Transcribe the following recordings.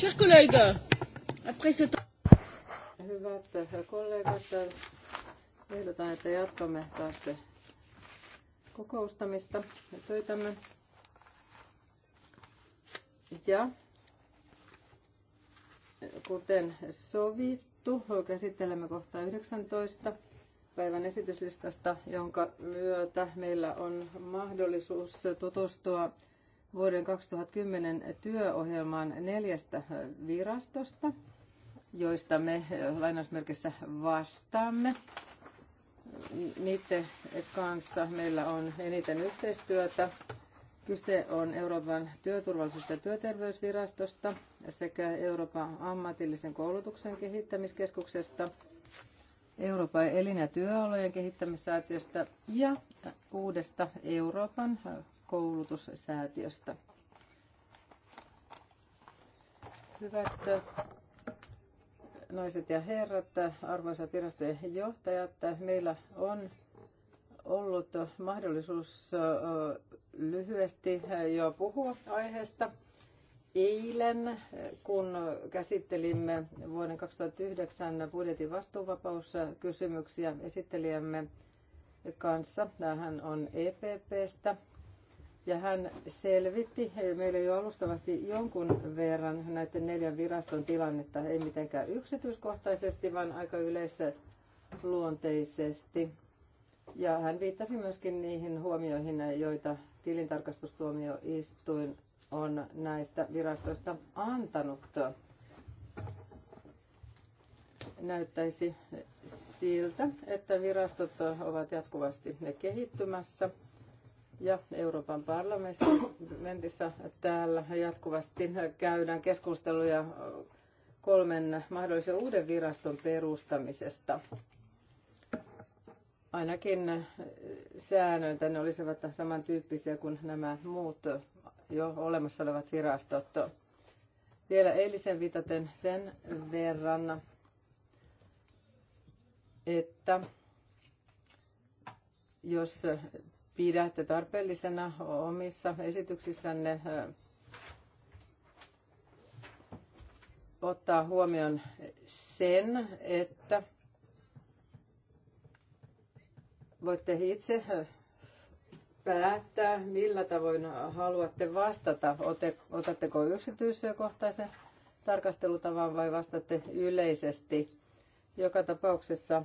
Chers collègues, après cette... Hyvät kollegat, ehdotan, että jatkamme taas kokoustamista ja töitämme. Ja kuten sovittu, käsittelemme kohta 19 päivän esityslistasta, jonka myötä meillä on mahdollisuus tutustua vuoden 2010 työohjelman neljästä äh, virastosta, joista me äh, lainausmerkissä vastaamme. Niiden kanssa meillä on eniten yhteistyötä. Kyse on Euroopan työturvallisuus- ja työterveysvirastosta sekä Euroopan ammatillisen koulutuksen kehittämiskeskuksesta, Euroopan elin- ja työolojen kehittämissäätiöstä ja uudesta Euroopan koulutussäätiöstä. Hyvät naiset ja herrat, arvoisat virastojen johtajat, meillä on ollut mahdollisuus lyhyesti jo puhua aiheesta. Eilen, kun käsittelimme vuoden 2009 budjetin vastuuvapauskysymyksiä esittelijämme kanssa, hän on EPPstä, ja hän selvitti meillä jo alustavasti jonkun verran näiden neljän viraston tilannetta, ei mitenkään yksityiskohtaisesti, vaan aika yleisessä luonteisesti. Ja hän viittasi myöskin niihin huomioihin, joita tilintarkastustuomioistuin on näistä virastoista antanut. Näyttäisi siltä, että virastot ovat jatkuvasti kehittymässä ja Euroopan parlamentissa täällä jatkuvasti käydään keskusteluja kolmen mahdollisen uuden viraston perustamisesta. Ainakin säännöiltä ne olisivat samantyyppisiä kuin nämä muut jo olemassa olevat virastot. Vielä eilisen viitaten sen verran, että jos pidätte tarpeellisena omissa esityksissänne ottaa huomioon sen, että voitte itse päättää, millä tavoin haluatte vastata. Otatteko yksityiskohtaisen tarkastelutavan vai vastatte yleisesti? Joka tapauksessa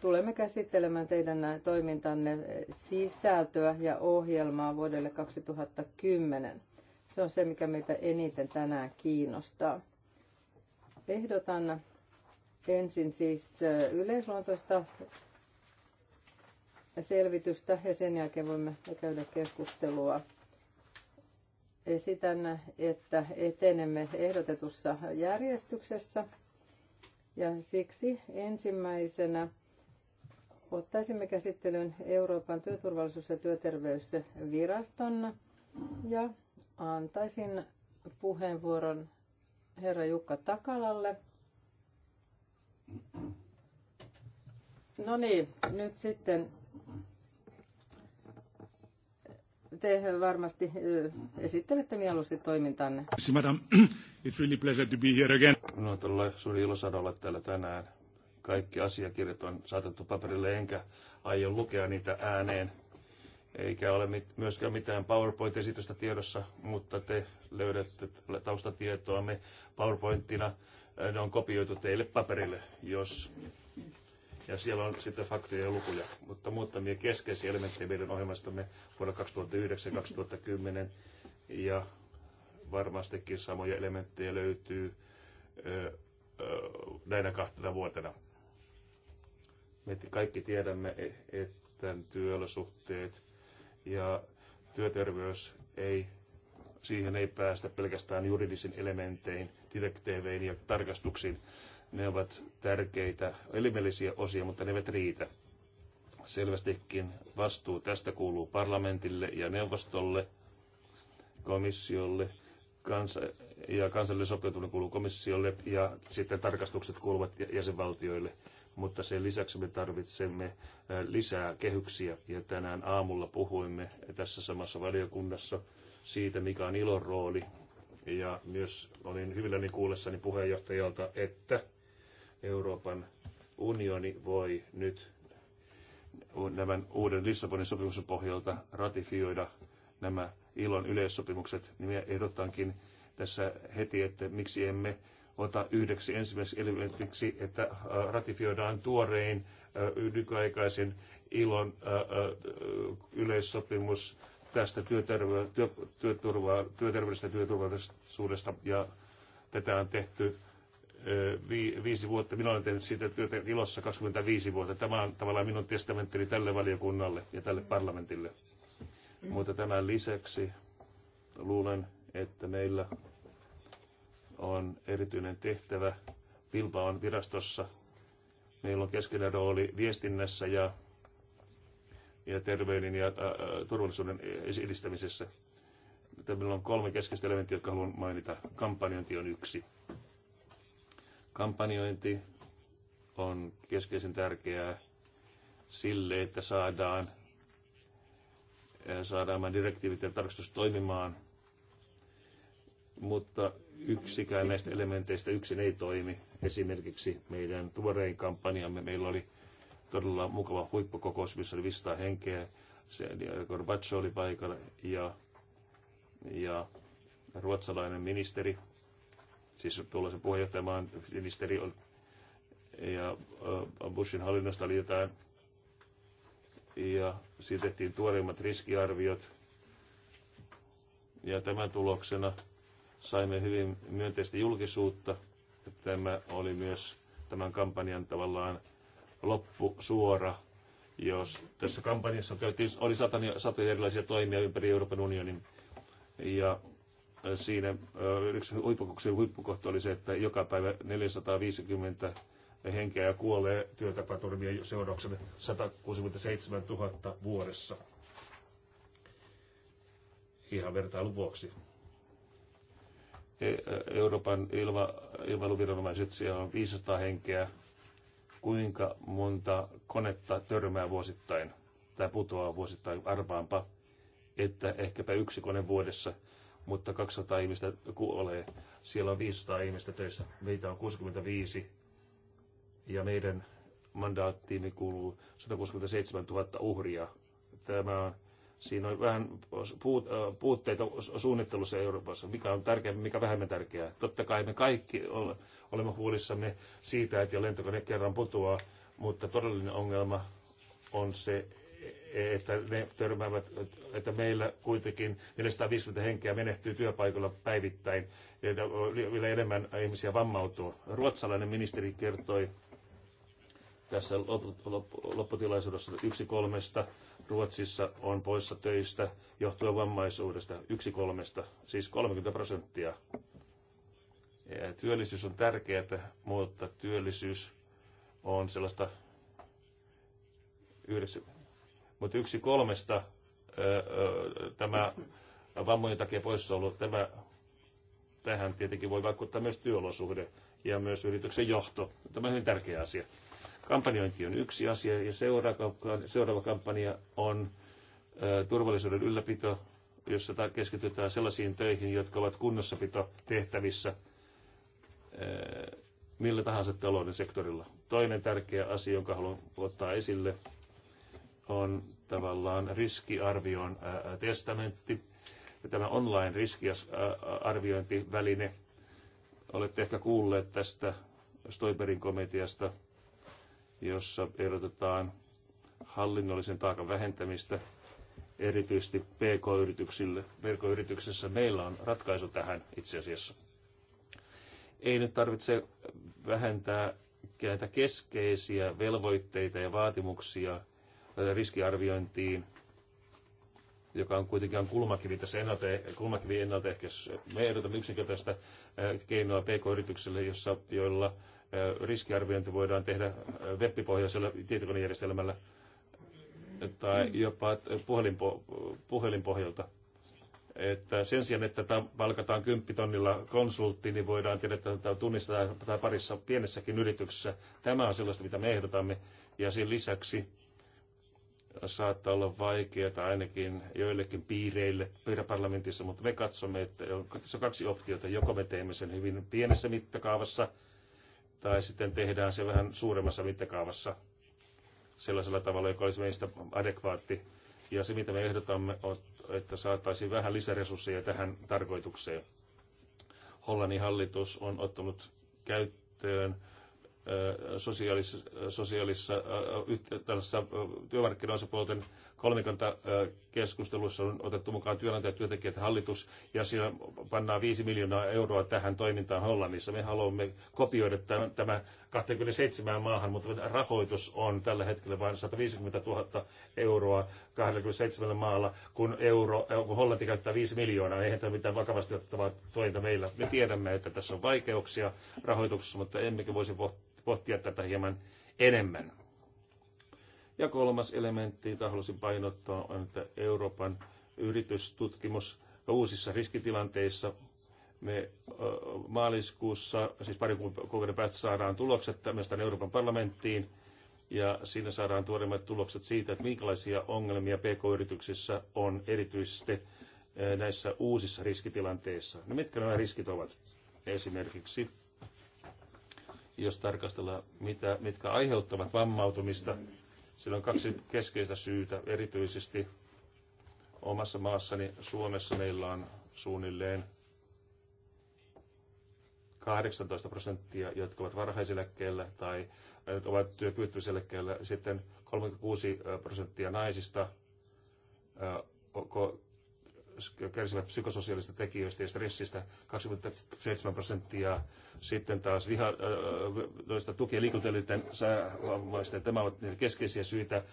tulemme käsittelemään teidän toimintanne sisältöä ja ohjelmaa vuodelle 2010. Se on se, mikä meitä eniten tänään kiinnostaa. Ehdotan ensin siis yleisluontoista selvitystä ja sen jälkeen voimme käydä keskustelua. Esitän, että etenemme ehdotetussa järjestyksessä – ja siksi ensimmäisenä ottaisimme käsittelyyn Euroopan työturvallisuus- ja työterveysviraston ja antaisin puheenvuoron herra Jukka Takalalle. No niin, nyt sitten te varmasti esittelette mieluusti toimintanne. Madame, It's really pleasure to be here again. No on todella suuri ilo saada olla täällä tänään. Kaikki asiakirjat on saatettu paperille, enkä aio lukea niitä ääneen. Eikä ole mit, myöskään mitään PowerPoint-esitystä tiedossa, mutta te löydätte taustatietoamme PowerPointina. Ne on kopioitu teille paperille, jos ja siellä on sitten faktoja ja lukuja, mutta muutamia keskeisiä elementtejä meidän ohjelmastamme vuonna 2009-2010 ja varmastikin samoja elementtejä löytyy näinä kahtena vuotena. Me kaikki tiedämme, e, että työolosuhteet ja työterveys ei, siihen ei päästä pelkästään juridisin elementein, direktiivein ja tarkastuksiin. Ne ovat tärkeitä elimellisiä osia, mutta ne eivät riitä. Selvästikin vastuu tästä kuuluu parlamentille ja neuvostolle, komissiolle Kans ja kansallinen sopeutuminen kuuluu komissiolle ja sitten tarkastukset kuuluvat jäsenvaltioille. Mutta sen lisäksi me tarvitsemme lisää kehyksiä ja tänään aamulla puhuimme tässä samassa valiokunnassa siitä, mikä on ilon rooli. Ja myös olin hyvilläni kuullessani puheenjohtajalta, että Euroopan unioni voi nyt nämän uuden Lissabonin sopimuksen pohjalta ratifioida nämä ilon yleissopimukset, niin minä ehdotankin tässä heti, että miksi emme ota yhdeksi ensimmäiseksi elementiksi, että äh, ratifioidaan tuorein äh, nykyaikaisen ilon äh, yleissopimus tästä työterve, työ, työturva, työterveydestä työturvallisuudesta ja tätä on tehty viisi vuotta. Minä olen tehnyt siitä työtä ilossa 25 vuotta. Tämä on tavallaan minun testamenttini tälle valiokunnalle ja tälle parlamentille. Mutta tämän lisäksi luulen, että meillä on erityinen tehtävä Bilbaon virastossa. Meillä on keskeinen rooli viestinnässä ja, ja terveyden ja ä, turvallisuuden edistämisessä. Meillä on kolme keskeistä elementtiä, jotka haluan mainita. Kampanjointi on yksi. Kampanjointi on keskeisen tärkeää sille, että saadaan saadaan direktiivit ja tarkastus toimimaan, mutta yksikään näistä elementeistä yksin ei toimi. Esimerkiksi meidän tuorein kampanjamme, meillä oli todella mukava huippukokous, missä oli 500 henkeä, Gorbachev oli paikalla ja, ja ruotsalainen ministeri, siis tuollaisen puheenjohtajamaan ministeri, ja Bushin hallinnosta oli jotain ja siitä tehtiin tuoreimmat riskiarviot. Ja tämän tuloksena saimme hyvin myönteistä julkisuutta. Tämä oli myös tämän kampanjan tavallaan loppusuora. Jos tässä kampanjassa käytiin, oli satania, satoja erilaisia toimia ympäri Euroopan unionin. Ja äh, siinä äh, yksi huippukoksen huippukohta oli se, että joka päivä 450 henkeä kuolee työtapaturmien seurauksena 167 000 vuodessa. Ihan vertailun vuoksi. E, Euroopan ilma, ilmailuviranomaiset, siellä on 500 henkeä. Kuinka monta konetta törmää vuosittain tai putoaa vuosittain? Arvaanpa, että ehkäpä yksi kone vuodessa, mutta 200 ihmistä kuolee. Siellä on 500 ihmistä töissä. Meitä on 65 ja meidän mandaattiimme kuuluu 167 000 uhria. Tämä on, siinä on vähän äh, puutteita suunnittelussa Euroopassa, mikä on tärkeää, mikä vähemmän tärkeää. Totta kai me kaikki olemme huolissamme siitä, että lentokone kerran putoaa, mutta todellinen ongelma on se, että ne törmäävät, että meillä kuitenkin 450 henkeä menehtyy työpaikalla päivittäin ja vielä enemmän ihmisiä vammautuu. Ruotsalainen ministeri kertoi tässä lopputilaisuudessa yksi kolmesta Ruotsissa on poissa töistä johtuen vammaisuudesta, yksi kolmesta, siis 30 prosenttia. Ja työllisyys on tärkeää, mutta työllisyys on sellaista yhdessä. Mutta yksi kolmesta tämä vammojen takia poissa ollut, tämä, tähän tietenkin voi vaikuttaa myös työolosuhde ja myös yrityksen johto. Tämä on hyvin tärkeä asia. Kampanjointi on yksi asia ja seuraava kampanja on turvallisuuden ylläpito, jossa keskitytään sellaisiin töihin, jotka ovat kunnossapito tehtävissä millä tahansa talouden sektorilla. Toinen tärkeä asia, jonka haluan ottaa esille, on tavallaan riskiarvion testamentti ja tämä online riskiarviointiväline. Olette ehkä kuulleet tästä Stoiberin komiteasta – jossa ehdotetaan hallinnollisen taakan vähentämistä erityisesti PK-yrityksille. PK-yrityksessä meillä on ratkaisu tähän itse asiassa. Ei nyt tarvitse vähentää näitä keskeisiä velvoitteita ja vaatimuksia äh, riskiarviointiin, joka on kuitenkin on kulmakivi tässä ennalta, kulmakivi ennaltaehkäisyssä. Me ehdotamme yksinkertaista äh, keinoa PK-yrityksille, jossa, joilla riskiarviointi voidaan tehdä webbipohjaisella tietokonejärjestelmällä tai jopa puhelinpo- puhelinpohjalta. Että sen sijaan, että palkataan kymppitonnilla konsultti, niin voidaan tehdä tämä tunnistetaan tämä parissa pienessäkin yrityksessä. Tämä on sellaista, mitä me ehdotamme. Ja sen lisäksi saattaa olla vaikeaa ainakin joillekin piireille parlamentissa, mutta me katsomme, että on, tässä on kaksi optiota. Joko me teemme sen hyvin pienessä mittakaavassa – tai sitten tehdään se vähän suuremmassa mittakaavassa sellaisella tavalla, joka olisi meistä adekvaatti. Ja se, mitä me ehdotamme, on, että saataisiin vähän lisäresursseja tähän tarkoitukseen. Hollannin hallitus on ottanut käyttöön sosiaalis, sosiaalissa, sosiaalissa kolmikanta keskustelussa on otettu mukaan työnantajat, työntekijät, hallitus, ja siinä pannaan 5 miljoonaa euroa tähän toimintaan Hollannissa. Me haluamme kopioida tämän, tämä 27 maahan, mutta rahoitus on tällä hetkellä vain 150 000 euroa 27 maalla, kun, euro, kun Hollanti käyttää 5 miljoonaa. Eihän tämä mitään vakavasti otettavaa toiminta meillä. Me tiedämme, että tässä on vaikeuksia rahoituksessa, mutta emmekö voisi pohtia tätä hieman enemmän. Ja kolmas elementti, jota haluaisin painottaa, on, että Euroopan yritystutkimus uusissa riskitilanteissa me maaliskuussa, siis pari kuukauden päästä saadaan tulokset myös tänne Euroopan parlamenttiin, ja siinä saadaan tuoreimmat tulokset siitä, että minkälaisia ongelmia PK-yrityksissä on erityisesti näissä uusissa riskitilanteissa. No mitkä nämä riskit ovat? Esimerkiksi, jos tarkastellaan, mitä, mitkä aiheuttavat vammautumista, sillä on kaksi keskeistä syytä. Erityisesti omassa maassani Suomessa meillä on suunnilleen 18 prosenttia, jotka ovat varhaiseläkkeellä tai ovat työkyvyttömyyseläkkeellä. Sitten 36 prosenttia naisista kärsivät psykososiaalista tekijöistä ja stressistä 27 prosenttia. Sitten taas viha, äh, noista tuki- ja liikuntaelinten sairaanvammaisten. Tämä on niitä keskeisiä syitä äh,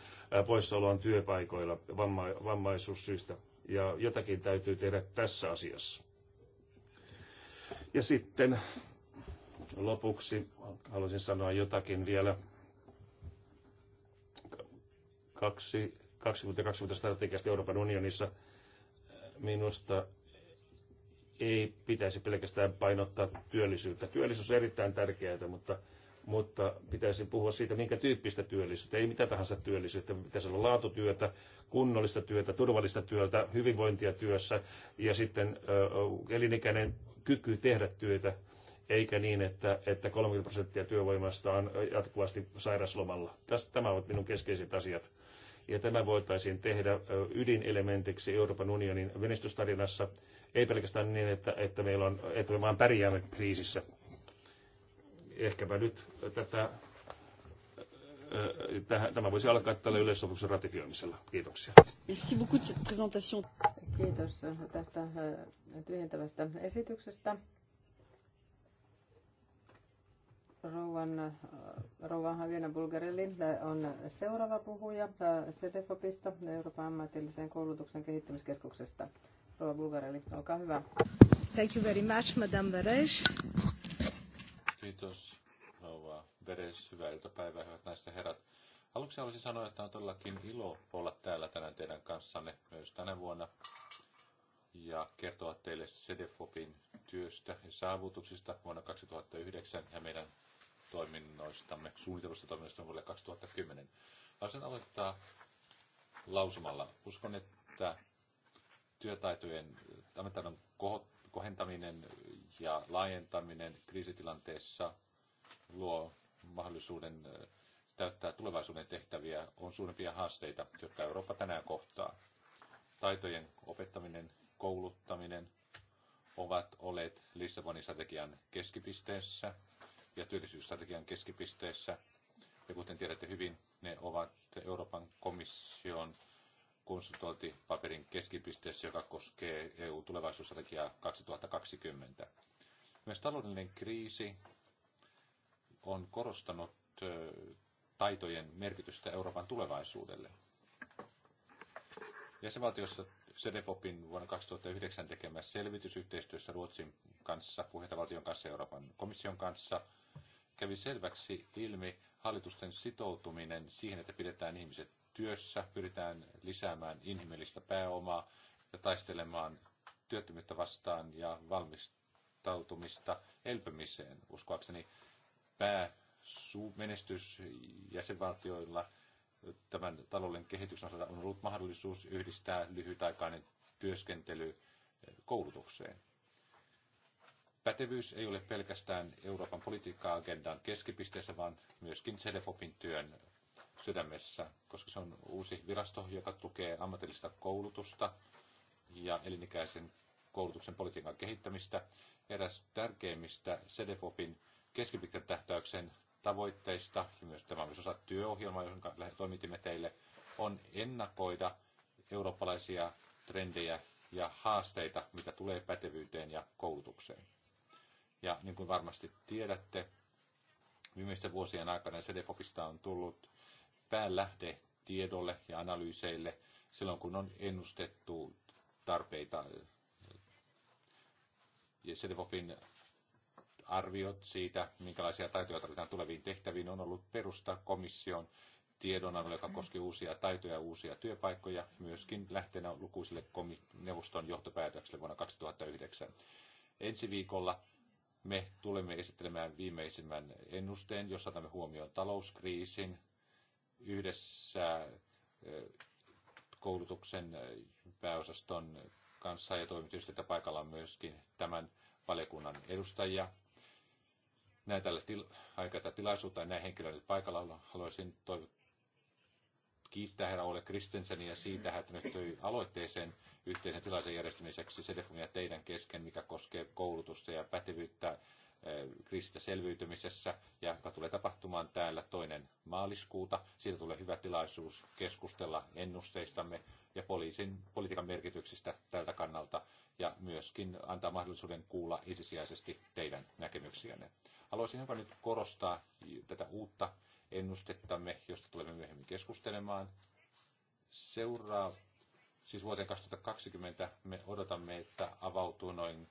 poissaoloon työpaikoilla vamma, vammaisuussyistä. Ja jotakin täytyy tehdä tässä asiassa. Ja sitten lopuksi haluaisin sanoa jotakin vielä. Kaksi 2020 strategiasta Euroopan unionissa – minusta ei pitäisi pelkästään painottaa työllisyyttä. Työllisyys on erittäin tärkeää, mutta, mutta pitäisi puhua siitä, minkä tyyppistä työllisyyttä. Ei mitä tahansa työllisyyttä. Pitäisi olla laatutyötä, kunnollista työtä, turvallista työtä, hyvinvointia työssä ja sitten ö, elinikäinen kyky tehdä työtä, eikä niin, että, että 30 prosenttia työvoimasta on jatkuvasti sairaslomalla. tämä ovat minun keskeiset asiat ja tämä voitaisiin tehdä ydinelementiksi Euroopan unionin menestystarinassa, ei pelkästään niin, että, että, meillä on, että me vaan pärjäämme kriisissä. Ehkäpä nyt tätä, tämä voisi alkaa tällä yleissopimuksen ratifioimisella. Kiitoksia. Merci beaucoup de cette présentation. Kiitos tästä tyhjentävästä esityksestä. Rouvan, rouva Havina Bulgarelli on seuraava puhuja CDFOPista, Euroopan ammatillisen koulutuksen kehittämiskeskuksesta. Rouva Bulgarelli, olkaa hyvä. Thank you very much, Madame Beres. Kiitos, rouva Beres Hyvää iltapäivää, hyvät naiset ja herrat. Aluksi haluaisin sanoa, että on todellakin ilo olla täällä tänään teidän kanssanne myös tänä vuonna ja kertoa teille Sedefopin työstä ja saavutuksista vuonna 2009 ja meidän toiminnoistamme, suunnitelusta toiminnoistamme vuodelle 2010. Haluaisin aloittaa lausumalla. Uskon, että työtaitojen ammattitaidon kohentaminen ja laajentaminen kriisitilanteessa luo mahdollisuuden täyttää tulevaisuuden tehtäviä, on suurimpia haasteita, jotka Eurooppa tänään kohtaa. Taitojen opettaminen, kouluttaminen ovat olleet Lissabonin strategian keskipisteessä ja työllisyysstrategian keskipisteessä. Ja kuten tiedätte hyvin, ne ovat Euroopan komission konsultointipaperin keskipisteessä, joka koskee EU-tulevaisuusstrategiaa 2020. Myös taloudellinen kriisi on korostanut taitojen merkitystä Euroopan tulevaisuudelle. Jäsenvaltiossa CDFOPin vuonna 2009 tekemä selvitysyhteistyössä Ruotsin kanssa, puheenjohtajavaltion kanssa ja Euroopan komission kanssa – kävi selväksi ilmi hallitusten sitoutuminen siihen, että pidetään ihmiset työssä, pyritään lisäämään inhimillistä pääomaa ja taistelemaan työttömyyttä vastaan ja valmistautumista elpymiseen. Uskoakseni päämenestys jäsenvaltioilla tämän talouden kehityksen osalta on ollut mahdollisuus yhdistää lyhytaikainen työskentely koulutukseen pätevyys ei ole pelkästään Euroopan politiikka-agendan keskipisteessä, vaan myöskin CEDEFOPin työn sydämessä, koska se on uusi virasto, joka tukee ammatillista koulutusta ja elinikäisen koulutuksen politiikan kehittämistä. Eräs tärkeimmistä CEDEFOPin keskipitkän tähtäyksen tavoitteista, ja myös tämä on myös osa työohjelmaa, jonka toimitimme teille, on ennakoida eurooppalaisia trendejä ja haasteita, mitä tulee pätevyyteen ja koulutukseen. Ja niin kuin varmasti tiedätte, viimeisten vuosien aikana Sedefokista on tullut päälähde tiedolle ja analyyseille silloin, kun on ennustettu tarpeita. Ja Sedefokin arviot siitä, minkälaisia taitoja tarvitaan tuleviin tehtäviin, on ollut perusta komission tiedonannolle, joka koski uusia taitoja ja uusia työpaikkoja, myöskin lähteenä lukuisille neuvoston johtopäätöksille vuonna 2009. Ensi viikolla me tulemme esittelemään viimeisimmän ennusteen, jossa otamme huomioon talouskriisin yhdessä koulutuksen pääosaston kanssa ja toimitusti, että paikalla on myöskin tämän valiokunnan edustajia. Näin tällä til- aikaa tilaisuutta ja näin henkilöille paikalla haluaisin toivottaa kiittää herra Ole Kristensenia siitä, että nyt ryhtyi aloitteeseen yhteisen tilaisen järjestämiseksi Sedefumia teidän kesken, mikä koskee koulutusta ja pätevyyttä eh, kriisistä selviytymisessä, ja joka tulee tapahtumaan täällä toinen maaliskuuta. Siitä tulee hyvä tilaisuus keskustella ennusteistamme ja poliisin, politiikan merkityksistä tältä kannalta, ja myöskin antaa mahdollisuuden kuulla ensisijaisesti teidän näkemyksiänne. Haluaisin joka nyt korostaa tätä uutta ennustettamme, josta tulemme myöhemmin keskustelemaan. Seuraa, siis vuoteen 2020 me odotamme, että avautuu noin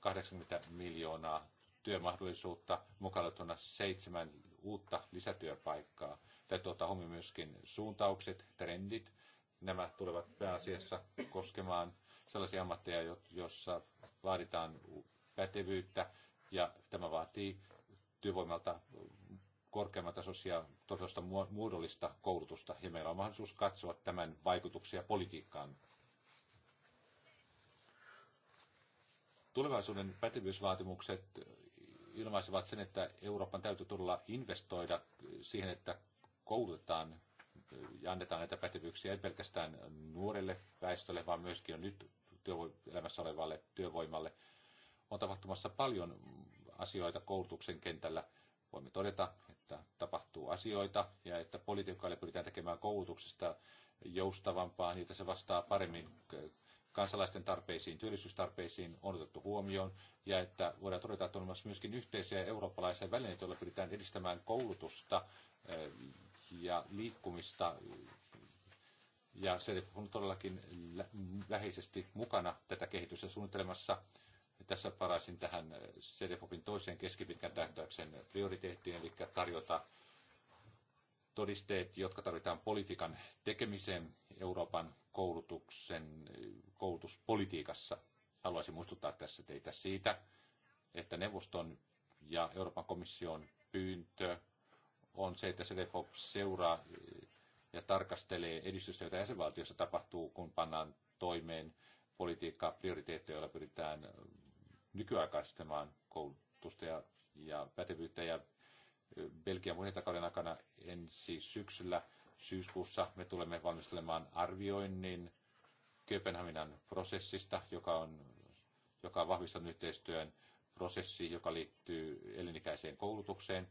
80 miljoonaa työmahdollisuutta, mukana seitsemän uutta lisätyöpaikkaa. Täytyy ottaa huomioon myöskin suuntaukset, trendit. Nämä tulevat pääasiassa koskemaan sellaisia ammatteja, joissa vaaditaan pätevyyttä ja tämä vaatii työvoimalta tasoisia todellista muodollista koulutusta ja meillä on mahdollisuus katsoa tämän vaikutuksia politiikkaan. Tulevaisuuden pätevyysvaatimukset ilmaisevat sen, että Euroopan täytyy todella investoida siihen, että koulutetaan ja annetaan näitä pätevyyksiä ei pelkästään nuorelle väestölle, vaan myöskin jo nyt työelämässä olevalle työvoimalle. On tapahtumassa paljon asioita koulutuksen kentällä. Voimme todeta, että tapahtuu asioita ja että politiikkaille pyritään tekemään koulutuksesta joustavampaa, niin että se vastaa paremmin kansalaisten tarpeisiin, työllisyystarpeisiin on otettu huomioon ja että voidaan todeta, että on myös myöskin yhteisiä eurooppalaisia välineitä, joilla pyritään edistämään koulutusta eh, ja liikkumista ja se on todellakin läheisesti mukana tätä kehitystä suunnittelemassa tässä paraisin tähän CDFOPin eh, toiseen keskipitkän tähtäyksen prioriteettiin, eli tarjota todisteet, jotka tarvitaan politiikan tekemiseen Euroopan koulutuksen, eh, koulutuspolitiikassa. Haluaisin muistuttaa tässä teitä siitä, että neuvoston ja Euroopan komission pyyntö on se, että CDFOP seuraa eh, ja tarkastelee edistystä, jota jäsenvaltiossa tapahtuu, kun pannaan toimeen politiikkaa, prioriteetteja, joilla pyritään nykyaikaistamaan koulutusta ja, ja pätevyyttä. Ja Belgian puheenjohtajakauden aikana ensi syksyllä syyskuussa me tulemme valmistelemaan arvioinnin Kööpenhaminan prosessista, joka on, joka on vahvistanut yhteistyön prosessi, joka liittyy elinikäiseen koulutukseen.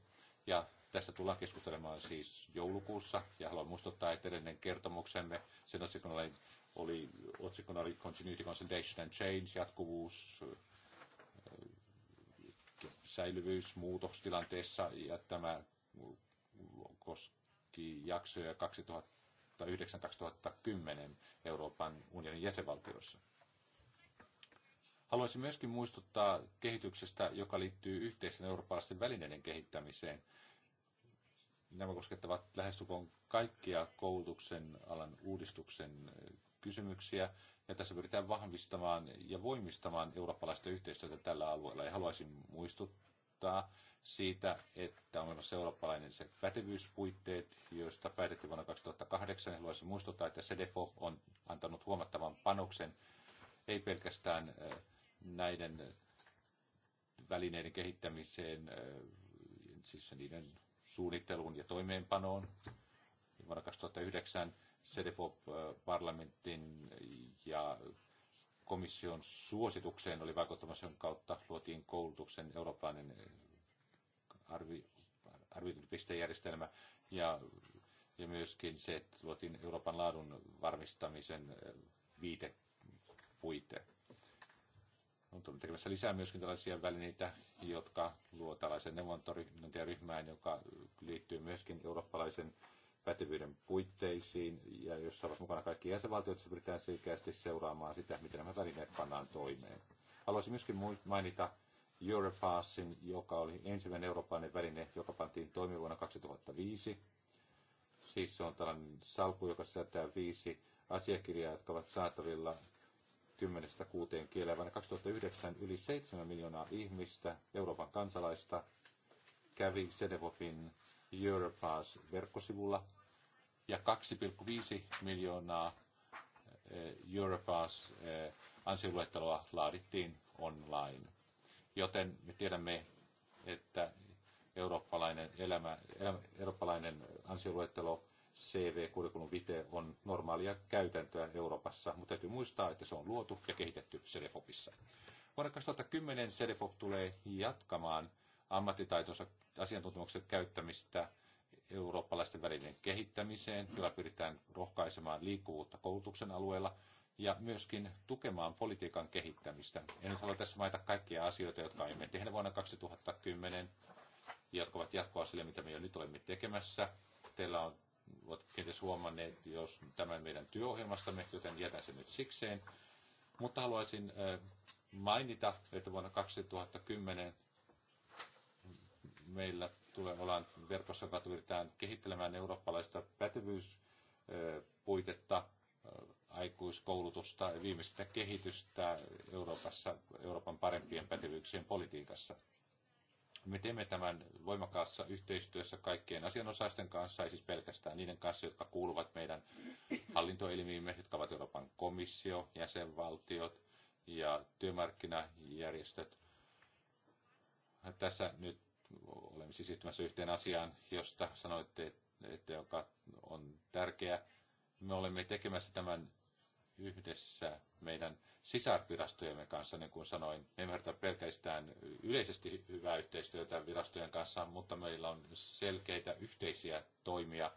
Ja tästä tullaan keskustelemaan siis joulukuussa. Ja haluan muistuttaa, että edellinen kertomuksemme, sen otsikon oli, oli, otsikon oli Continuity, Consolidation and Change, jatkuvuus, säilyvyys muutostilanteessa ja tämä koski jaksoja 2009-2010 Euroopan unionin jäsenvaltioissa. Haluaisin myöskin muistuttaa kehityksestä, joka liittyy yhteisen eurooppalaisten välineiden kehittämiseen – nämä koskettavat lähestulkoon kaikkia koulutuksen alan uudistuksen eh, kysymyksiä. Ja tässä pyritään vahvistamaan ja voimistamaan eurooppalaista yhteistyötä tällä alueella. Ja haluaisin muistuttaa siitä, että on olemassa eurooppalainen se pätevyyspuitteet, joista päätettiin vuonna 2008. Ja haluaisin muistuttaa, että SEDEFO on antanut huomattavan panoksen ei pelkästään eh, näiden välineiden kehittämiseen, eh, siis niiden suunnitteluun ja toimeenpanoon. Vuonna 2009 CDFO-parlamentin ja komission suositukseen oli vaikuttamassa, jonka kautta luotiin koulutuksen eurooppalainen arvi, arviointipistejärjestelmä ja, ja myöskin se, että luotiin Euroopan laadun varmistamisen viitepuite on tullut tekemässä lisää myöskin tällaisia välineitä, jotka luo tällaisen neuvontaryhmään, joka liittyy myöskin eurooppalaisen pätevyyden puitteisiin, ja jossa ovat mukana kaikki jäsenvaltiot, jossa pyritään selkeästi seuraamaan sitä, miten nämä välineet pannaan toimeen. Haluaisin myöskin mainita Europassin, joka oli ensimmäinen eurooppalainen väline, joka pantiin toimeen vuonna 2005. Siis se on tällainen salku, joka sisältää viisi asiakirjaa, jotka ovat saatavilla 10 kuuteen kieleen. Vuonna 2009 yli 7 miljoonaa ihmistä, Euroopan kansalaista, kävi Sedevopin Europass-verkkosivulla ja 2,5 miljoonaa eh, Europass-ansioluetteloa eh, laadittiin online. Joten me tiedämme, että eurooppalainen, elämä, elämä, eurooppalainen ansioluettelo CV-kurikulum vite on normaalia käytäntöä Euroopassa, mutta täytyy muistaa, että se on luotu ja kehitetty Serifopissa. Vuonna 2010 Serifop tulee jatkamaan ammattitaitonsa asiantuntemuksen käyttämistä eurooppalaisten välinen kehittämiseen, jolla pyritään rohkaisemaan liikkuvuutta koulutuksen alueella ja myöskin tukemaan politiikan kehittämistä. En nyt halua tässä mainita kaikkia asioita, jotka emme tehdä vuonna 2010 ja jotka ovat jatkoa sille, mitä me jo nyt olemme tekemässä. Teillä on ovat kenties huomanneet, jos tämän meidän työohjelmastamme, joten jätän sen nyt sikseen. Mutta haluaisin mainita, että vuonna 2010 meillä tulee ollaan verkossa, joka tulee kehittelemään eurooppalaista pätevyyspuitetta, aikuiskoulutusta ja viimeistä kehitystä Euroopassa, Euroopan parempien pätevyyksien politiikassa. Me teemme tämän voimakkaassa yhteistyössä kaikkien asianosaisten kanssa, ei siis pelkästään niiden kanssa, jotka kuuluvat meidän hallintoelimiimme, jotka ovat Euroopan komissio, jäsenvaltiot ja työmarkkinajärjestöt. Tässä nyt olemme siis siirtymässä yhteen asiaan, josta sanoitte, että joka on tärkeä. Me olemme tekemässä tämän yhdessä meidän sisarvirastojemme kanssa, niin kuin sanoin, me emme harjoita pelkästään yleisesti hyvää yhteistyötä virastojen kanssa, mutta meillä on selkeitä yhteisiä toimia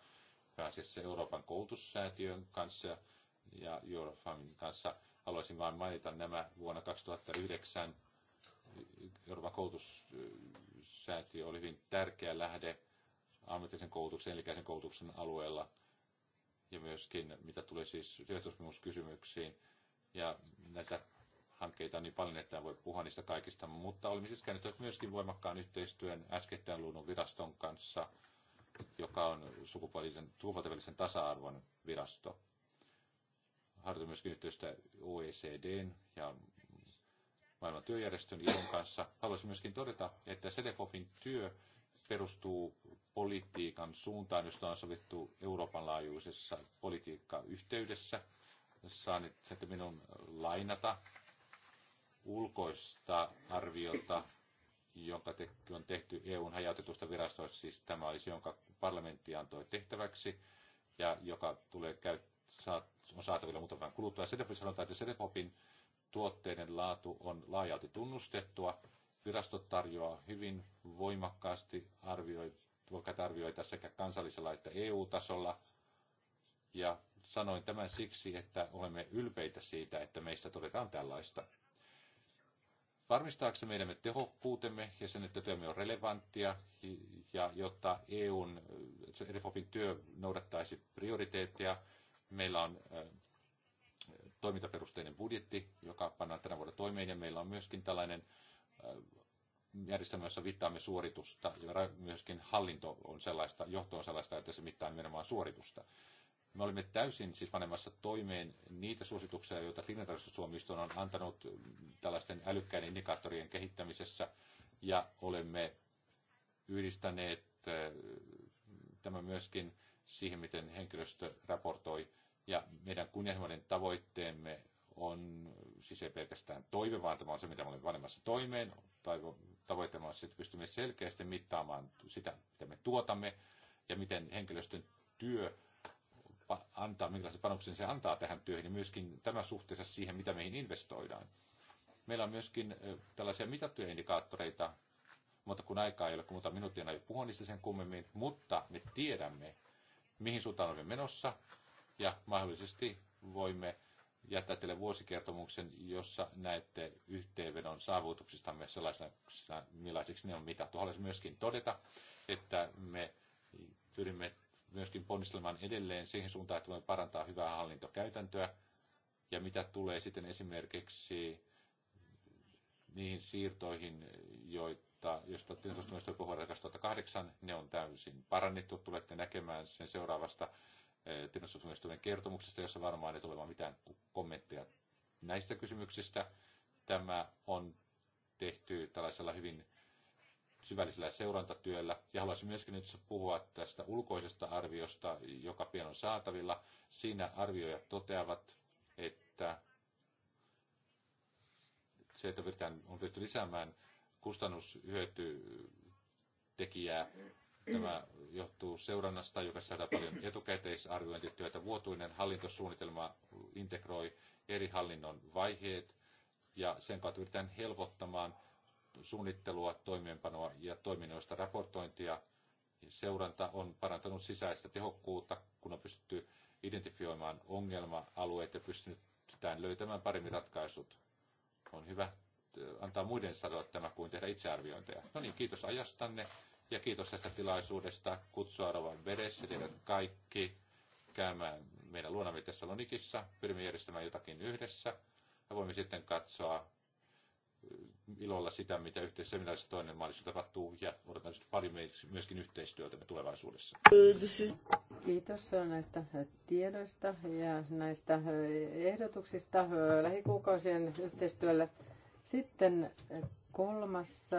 pääasiassa Euroopan koulutussäätiön kanssa ja Eurofamin kanssa. Haluaisin vain mainita nämä vuonna 2009 Euroopan koulutussäätiö oli hyvin tärkeä lähde ammatillisen koulutuksen, eli koulutuksen alueella – ja myöskin mitä tulee siis sijoitusmuuskysymyksiin. Ja näitä hankkeita on niin paljon, että voi puhua niistä kaikista, mutta olemme siis käännyttäneet myöskin voimakkaan yhteistyön äskettäin luunnon viraston kanssa, joka on sukupuolisen, sukupuolten välisen tasa-arvon virasto. Harjoitamme myöskin yhteistyötä OECDn ja maailman työjärjestön ilon kanssa. Haluaisin myöskin todeta, että Sedefofin työ perustuu politiikan suuntaan, josta on sovittu Euroopan laajuisessa politiikkayhteydessä. Saan että minun lainata ulkoista arviota, jonka te, on tehty EUn hajautetusta virastoista, siis tämä olisi, jonka parlamentti antoi tehtäväksi ja joka tulee käyt, saat, on saatavilla muutaman kuluttua. Sedefopin sanotaan, että Sedefopin tuotteiden laatu on laajalti tunnustettua Virasto tarjoaa hyvin voimakkaasti arvioi, arvioita sekä kansallisella että EU-tasolla. Ja sanoin tämän siksi, että olemme ylpeitä siitä, että meistä todetaan tällaista. Varmistaaksemme meidän tehokkuutemme ja sen, että työmme on relevanttia ja jotta EUn RFOPin työ noudattaisi prioriteetteja, meillä on toimintaperusteinen budjetti, joka pannaan tänä vuonna toimeen ja meillä on myöskin tällainen Äh, järjestelmä, jossa viittaamme suoritusta ja myöskin hallinto on sellaista, johto on sellaista, että se mittaa nimenomaan suoritusta. Me olimme täysin siis panemassa toimeen niitä suosituksia, joita tilintarkastustuomioistuin on antanut tällaisten älykkäiden indikaattorien kehittämisessä ja olemme yhdistäneet äh, tämä myöskin siihen, miten henkilöstö raportoi ja meidän kunnianhimoinen tavoitteemme on siis ei pelkästään toive, vaan tämä on se, mitä me olemme panemassa toimeen. Tavoitteena on se, että pystymme selkeästi mittaamaan sitä, mitä me tuotamme ja miten henkilöstön työ antaa, minkälaisen panoksen se antaa tähän työhön ja myöskin tämä suhteessa siihen, mitä meihin investoidaan. Meillä on myöskin tällaisia mitattuja indikaattoreita, mutta kun aikaa ei ole kuin muutama minuuttia, en puhua niistä sen kummemmin, mutta me tiedämme, mihin suuntaan olemme menossa ja mahdollisesti voimme jättää teille vuosikertomuksen, jossa näette yhteenvedon saavutuksistamme sellaisena, millaisiksi ne on mitattu. Haluaisin myöskin todeta, että me pyrimme myöskin ponnistelemaan edelleen siihen suuntaan, että voimme parantaa hyvää hallintokäytäntöä. Ja mitä tulee sitten esimerkiksi niihin siirtoihin, joita, joista tilintustumistoimen vuodelta 2008, ne on täysin parannettu. Tulette näkemään sen seuraavasta Eh, tiedonsuojelustuomioistuimen kertomuksesta, jossa varmaan ei tule olemaan mitään kommentteja näistä kysymyksistä. Tämä on tehty tällaisella hyvin syvällisellä seurantatyöllä. Ja haluaisin myöskin nyt puhua tästä ulkoisesta arviosta, joka pian on saatavilla. Siinä arvioijat toteavat, että se, että on pyritty lisäämään kustannushyötytekijää, Tämä johtuu seurannasta, joka saadaan paljon etukäteisarviointityötä. Vuotuinen hallintosuunnitelma integroi eri hallinnon vaiheet ja sen kautta yritetään helpottamaan suunnittelua, toimeenpanoa ja toiminnoista raportointia. Seuranta on parantanut sisäistä tehokkuutta, kun on pystytty identifioimaan ongelma-alueet ja pystytään löytämään paremmin ratkaisut. On hyvä äh, antaa muiden sanoa tämä kuin tehdä itsearviointeja. No niin, kiitos ajastanne. Ja kiitos tästä tilaisuudesta kutsua Rovan vedessä teidät kaikki käymään meidän luonamme lonikissa Pyrimme järjestämään jotakin yhdessä ja voimme sitten katsoa äh, ilolla sitä, mitä seminaarissa toinen maalissa tapahtuu ja odotan paljon myöskin yhteistyötä me tulevaisuudessa. Kiitos näistä tiedoista ja näistä äh, ehdotuksista äh, lähikuukausien yhteistyölle. Sitten kolmas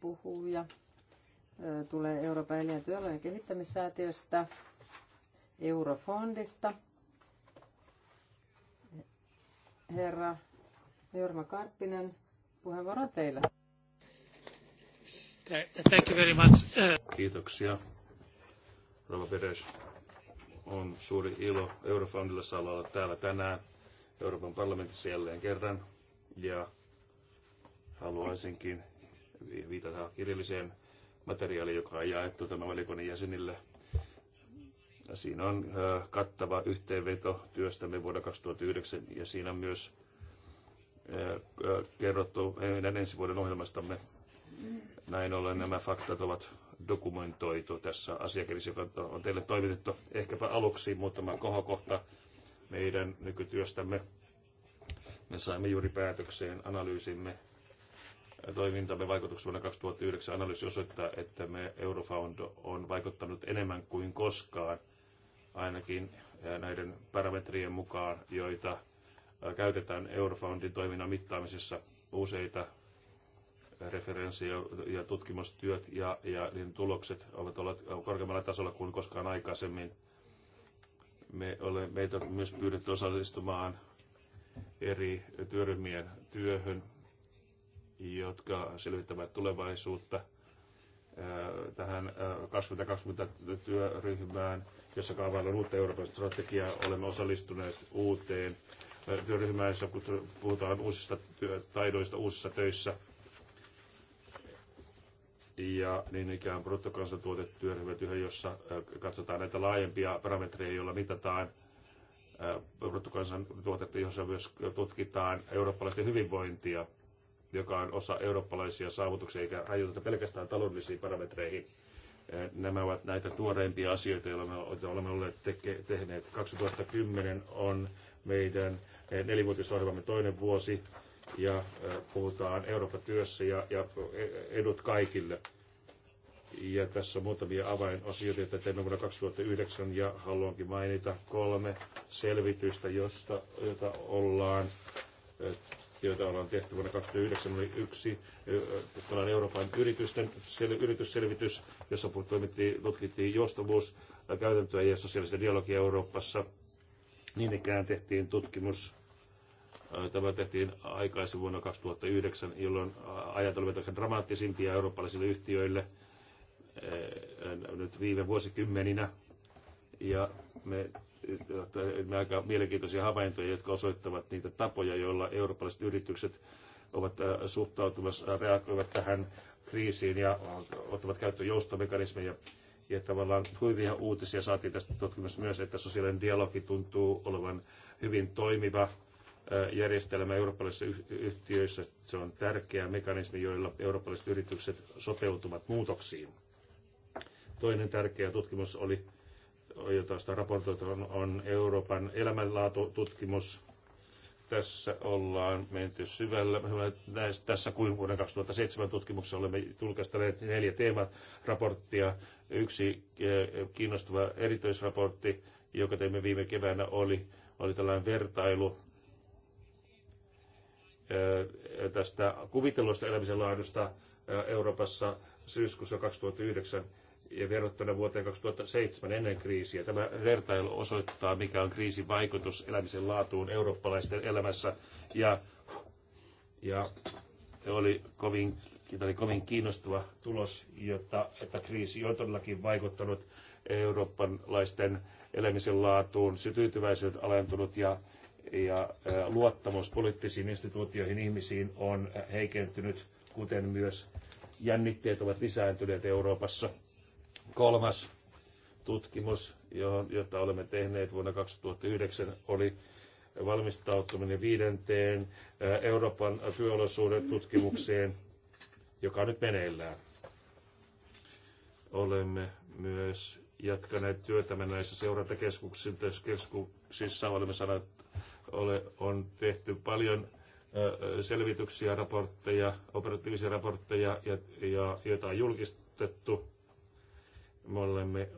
puhuja tulee Euroopan elin- ja työolojen kehittämissäätiöstä, Eurofondista. Herra Jorma Karppinen, puheenvuoro teille. Thank you very much. Kiitoksia. Rova Peres, on suuri ilo Eurofondilla saada olla täällä tänään Euroopan parlamentissa jälleen kerran. Ja haluaisinkin viitata kirjalliseen materiaali, joka on jaettu tämän valiokunnan jäsenille. Siinä on kattava yhteenveto työstämme vuonna 2009 ja siinä on myös kerrottu meidän ensi vuoden ohjelmastamme. Näin ollen nämä faktat ovat dokumentoitu tässä asiakirjassa, joka on teille toimitettu. Ehkäpä aluksi muutama kohokohta meidän nykytyöstämme. Me saimme juuri päätökseen analyysimme toimintamme vaikutuksen vuonna 2009 analyysi osoittaa, että me Eurofound on vaikuttanut enemmän kuin koskaan, ainakin näiden parametrien mukaan, joita käytetään Eurofoundin toiminnan mittaamisessa useita referenssejä ja tutkimustyöt ja, ja niin tulokset ovat olleet korkeammalla tasolla kuin koskaan aikaisemmin. Me ole, meitä on myös pyydetty osallistumaan eri työryhmien työhön jotka selvittävät tulevaisuutta tähän 2020-työryhmään, jossa kaavaillaan uutta Euroopan strategiaa. Olemme osallistuneet uuteen työryhmään, jossa puhutaan uusista taidoista uusissa töissä. Ja niin ikään bruttokansantuotetyöryhmä, jossa katsotaan näitä laajempia parametreja, joilla mitataan bruttokansantuotetta, jossa myös tutkitaan eurooppalaisten hyvinvointia – joka on osa eurooppalaisia saavutuksia, eikä rajoiteta pelkästään taloudellisiin parametreihin. Nämä ovat näitä tuoreimpia asioita, joilla me olemme olleet teke- tehneet. 2010 on meidän nelivuotisohjelmamme toinen vuosi ja puhutaan Euroopan työssä ja, ja e-, edut kaikille. Ja tässä on muutamia avainosioita, joita teemme vuonna 2009 ja haluankin mainita kolme selvitystä, josta, jota ollaan joita ollaan tehty vuonna 2009, oli yksi Euroopan yritysten sel, yritysselvitys, jossa toimittiin, tutkittiin joustavuuskäytäntöä ja sosiaalista dialogia Euroopassa. Niin ikään tehtiin tutkimus Tämä tehtiin aikaisin vuonna 2009, jolloin ajat olivat aika dramaattisimpia eurooppalaisille yhtiöille nyt viime vuosikymmeninä. Ja me aika mielenkiintoisia havaintoja, jotka osoittavat niitä tapoja, joilla eurooppalaiset yritykset ovat äh, suhtautumassa, äh, reagoivat tähän kriisiin ja ottavat käyttöön joustomekanismeja. Ja tavallaan hyviä uutisia saatiin tästä tutkimuksesta myös, että sosiaalinen dialogi tuntuu olevan hyvin toimiva äh, järjestelmä eurooppalaisissa yhtiöissä. Se on tärkeä mekanismi, joilla eurooppalaiset yritykset sopeutuvat muutoksiin. Toinen tärkeä tutkimus oli josta on raportoitu, on, on Euroopan elämänlaatututkimus. Tässä ollaan menty syvällä. Tässä kuin vuoden 2007 tutkimuksessa olemme julkaistaneet neljä teemaraporttia. Yksi eh, kiinnostava erityisraportti, joka teimme viime keväänä, oli, oli tällainen vertailu eh, tästä kuvitellusta elämisen laadusta eh, Euroopassa syyskuussa 2009 ja verrattuna vuoteen 2007 ennen kriisiä. Tämä vertailu osoittaa, mikä on kriisin vaikutus elämisen laatuun eurooppalaisten elämässä ja, ja oli kovin, oli kovin kiinnostava tulos, jotta, että kriisi on todellakin vaikuttanut eurooppalaisten elämisen laatuun, se tyytyväisyys alentunut ja, ja luottamus poliittisiin instituutioihin ihmisiin on heikentynyt, kuten myös jännitteet ovat lisääntyneet Euroopassa. Kolmas tutkimus, johon, jota olemme tehneet vuonna 2009, oli valmistautuminen viidenteen Euroopan työolosuuden tutkimukseen, joka nyt meneillään. Olemme myös jatkaneet työtämme näissä seurantakeskuksissa. Olemme sanoneet, ole, on tehty paljon selvityksiä, raportteja, operatiivisia raportteja, ja, ja, joita on julkistettu me olemme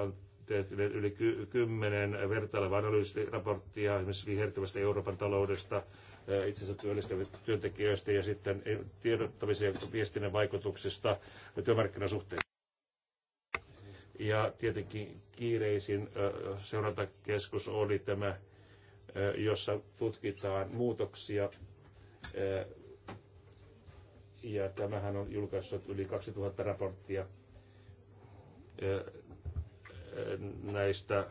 äh, tehneet yli kymmenen vertailevaa analyysiraporttia esimerkiksi vihertyvästä Euroopan taloudesta, äh, itsensä työllistävistä työntekijöistä ja sitten eh, tiedottamisen ja viestinnän vaikutuksista työmarkkinasuhteisiin. Ja tietenkin kiireisin äh, seurantakeskus oli tämä, jossa tutkitaan muutoksia ja tämähän on julkaissut yli 2000 raporttia näistä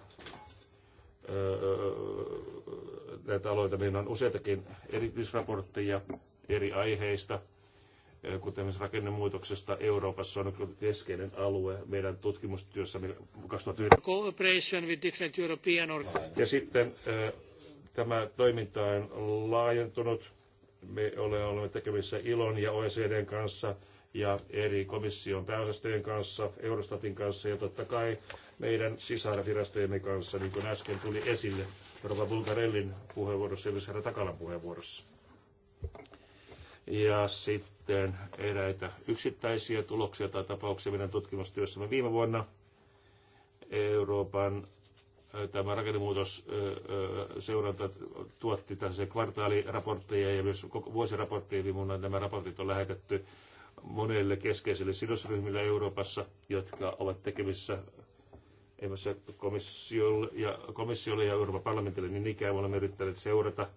näitä aloita. Meillä on useitakin erityisraportteja eri aiheista, kuten esimerkiksi rakennemuutoksesta Euroopassa on keskeinen alue meidän tutkimustyössä 2009. Cooperation with different European ja sitten tämä toiminta on laajentunut. Me olemme tekemisissä ILON ja OECDn kanssa ja eri komission pääosastojen kanssa, Eurostatin kanssa ja totta kai meidän sisarvirastojemme kanssa, niin kuin äsken tuli esille Rova Bulgarellin puheenvuorossa ja myös herra Takalan puheenvuorossa. Ja sitten eräitä yksittäisiä tuloksia tai tapauksia meidän tutkimustyössämme viime vuonna. Euroopan äh, tämä rakennemuutos äh, äh, seuranta tuotti tällaisia kvartaaliraportteja ja myös vuosiraportteja niin nämä raportit on lähetetty monelle keskeiselle sidosryhmille Euroopassa, jotka ovat tekemissä komissiolle ja, komissiolle ja Euroopan parlamentille, niin ikään me olemme yrittäneet seurata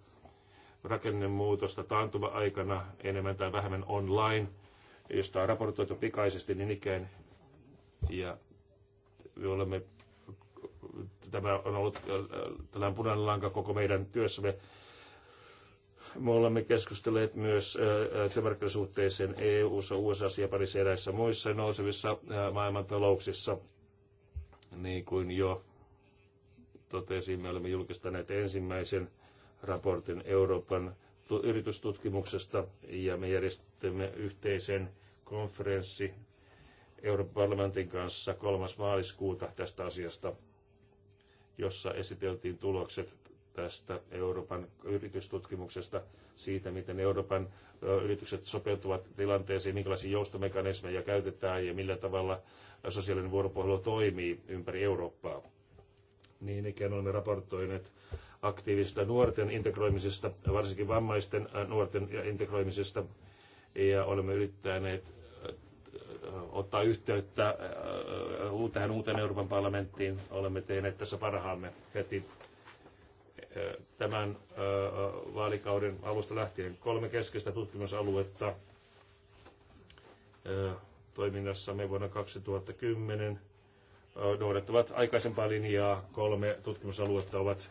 rakennemuutosta taantuma-aikana enemmän tai vähemmän online, josta on raportoitu pikaisesti niin ikään. Ja me olemme, tämä on ollut äh, tällainen punainen lanka koko meidän työssämme me olemme keskustelleet myös työmarkkinasuhteeseen EU-ssa, USA ja parissa eräissä muissa nousevissa maailmantalouksissa. Niin kuin jo totesin, me olemme julkistaneet ensimmäisen raportin Euroopan yritystutkimuksesta ja me järjestämme yhteisen konferenssi Euroopan parlamentin kanssa 3. maaliskuuta tästä asiasta, jossa esiteltiin tulokset tästä Euroopan yritystutkimuksesta, siitä, miten Euroopan yritykset sopeutuvat tilanteeseen, minkälaisia joustomekanismeja käytetään ja millä tavalla sosiaalinen vuoropuhelu toimii ympäri Eurooppaa. Niin ikään olemme raportoineet aktiivista nuorten integroimisesta, varsinkin vammaisten nuorten integroimisesta, ja olemme yrittäneet ottaa yhteyttä tähän uuteen Euroopan parlamenttiin. Olemme tehneet tässä parhaamme heti tämän vaalikauden alusta lähtien kolme keskeistä tutkimusaluetta toiminnassamme vuonna 2010 noudattavat aikaisempaa linjaa. Kolme tutkimusaluetta ovat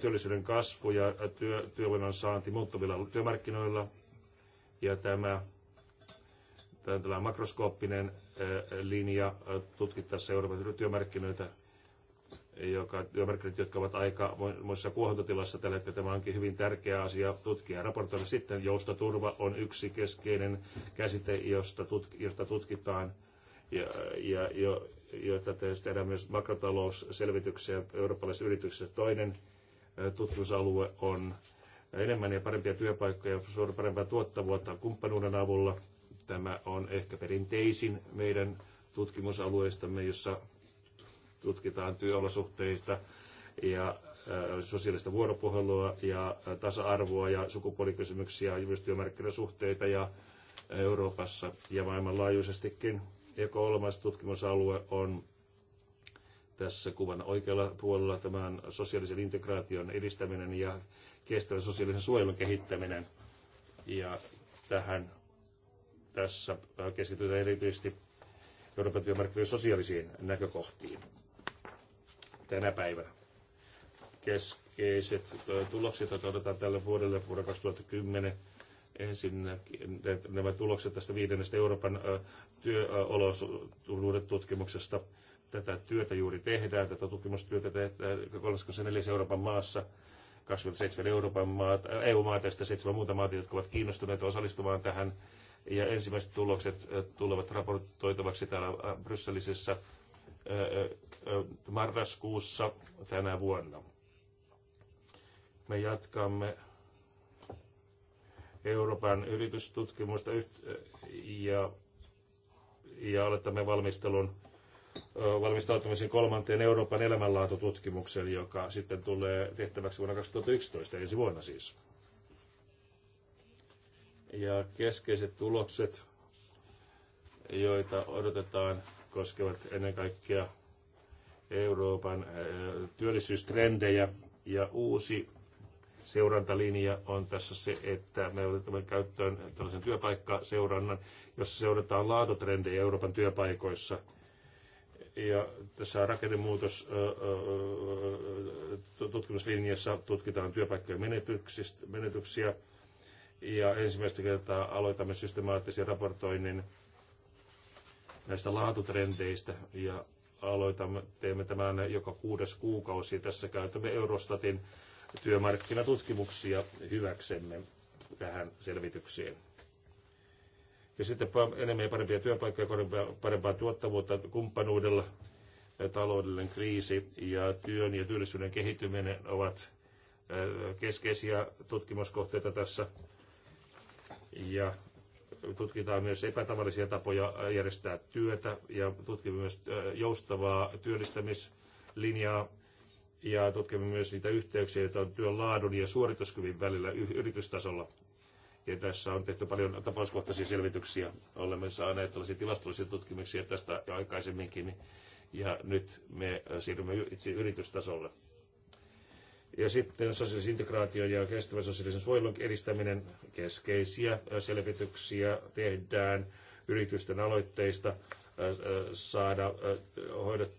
työllisyyden kasvu ja työ, työvoiman saanti muuttuvilla työmarkkinoilla. Ja tämä, tämä makroskooppinen linja tutkittaessa Euroopan työmarkkinoita joka, työmarkkinat, jotka ovat aika muissa kuohuntatilassa tällä hetkellä. Tämä onkin hyvin tärkeä asia tutkia ja raportoida. Sitten joustoturva on yksi keskeinen käsite, josta, tutk, josta tutkitaan ja, ja jo, jota tehdään myös makrotalousselvityksiä eurooppalaisissa yrityksissä. Toinen tutkimusalue on enemmän ja parempia työpaikkoja, suoraan parempaa tuottavuutta kumppanuuden avulla. Tämä on ehkä perinteisin meidän tutkimusalueistamme, jossa tutkitaan työolosuhteita ja äh, sosiaalista vuoropuhelua ja äh, tasa-arvoa ja sukupuolikysymyksiä, myös työmarkkinasuhteita ja äh, Euroopassa ja maailmanlaajuisestikin. Ja kolmas tutkimusalue on tässä kuvan oikealla puolella tämän sosiaalisen integraation edistäminen ja kestävän sosiaalisen suojelun kehittäminen. Ja tähän tässä keskitytään erityisesti Euroopan työmarkkinoiden sosiaalisiin näkökohtiin tänä päivänä. Keskeiset tulokset, joita odotetaan tälle vuodelle vuonna 2010, ensinnäkin nämä tulokset tästä viidennestä Euroopan työolosuudet tutkimuksesta. Tätä työtä juuri tehdään, tätä tutkimustyötä tehdään 34 Euroopan maassa. 27 Euroopan maat, EU-maata ja sitten seitsemän muuta maata, jotka ovat kiinnostuneita osallistumaan tähän. Ja ensimmäiset tulokset tulevat raportoitavaksi täällä Brysselissä marraskuussa tänä vuonna. Me jatkamme Euroopan yritystutkimusta ja, ja aloitamme valmistelun valmistautumisen kolmanteen Euroopan elämänlaatututkimuksen, joka sitten tulee tehtäväksi vuonna 2011, ensi vuonna siis. Ja keskeiset tulokset, joita odotetaan koskevat ennen kaikkea Euroopan työllisyystrendejä ja uusi seurantalinja on tässä se, että me otamme käyttöön tällaisen työpaikkaseurannan, jossa seurataan laatutrendejä Euroopan työpaikoissa. Ja tässä rakennemuutos tutkimuslinjassa tutkitaan työpaikkojen menetyksiä ja ensimmäistä kertaa aloitamme systemaattisen raportoinnin näistä laatutrendeistä ja aloitamme, teemme tämän joka kuudes kuukausi. Tässä käytämme Eurostatin työmarkkinatutkimuksia hyväksemme tähän selvitykseen. Ja sitten enemmän ja parempia työpaikkoja, parempaa tuottavuutta kumppanuudella, taloudellinen kriisi ja työn ja työllisyyden kehittyminen ovat keskeisiä tutkimuskohteita tässä. Ja tutkitaan myös epätavallisia tapoja järjestää työtä ja tutkimme myös joustavaa työllistämislinjaa ja tutkimme myös niitä yhteyksiä, joita on työn laadun ja suorituskyvyn välillä yritystasolla. Ja tässä on tehty paljon tapauskohtaisia selvityksiä. Olemme saaneet tällaisia tilastollisia tutkimuksia tästä jo aikaisemminkin. Ja nyt me siirrymme itse yritystasolle. Ja sitten sosiaalisen integraatio ja kestävän sosiaalisen suojelun edistäminen, keskeisiä selvityksiä tehdään yritysten aloitteista saada hoidot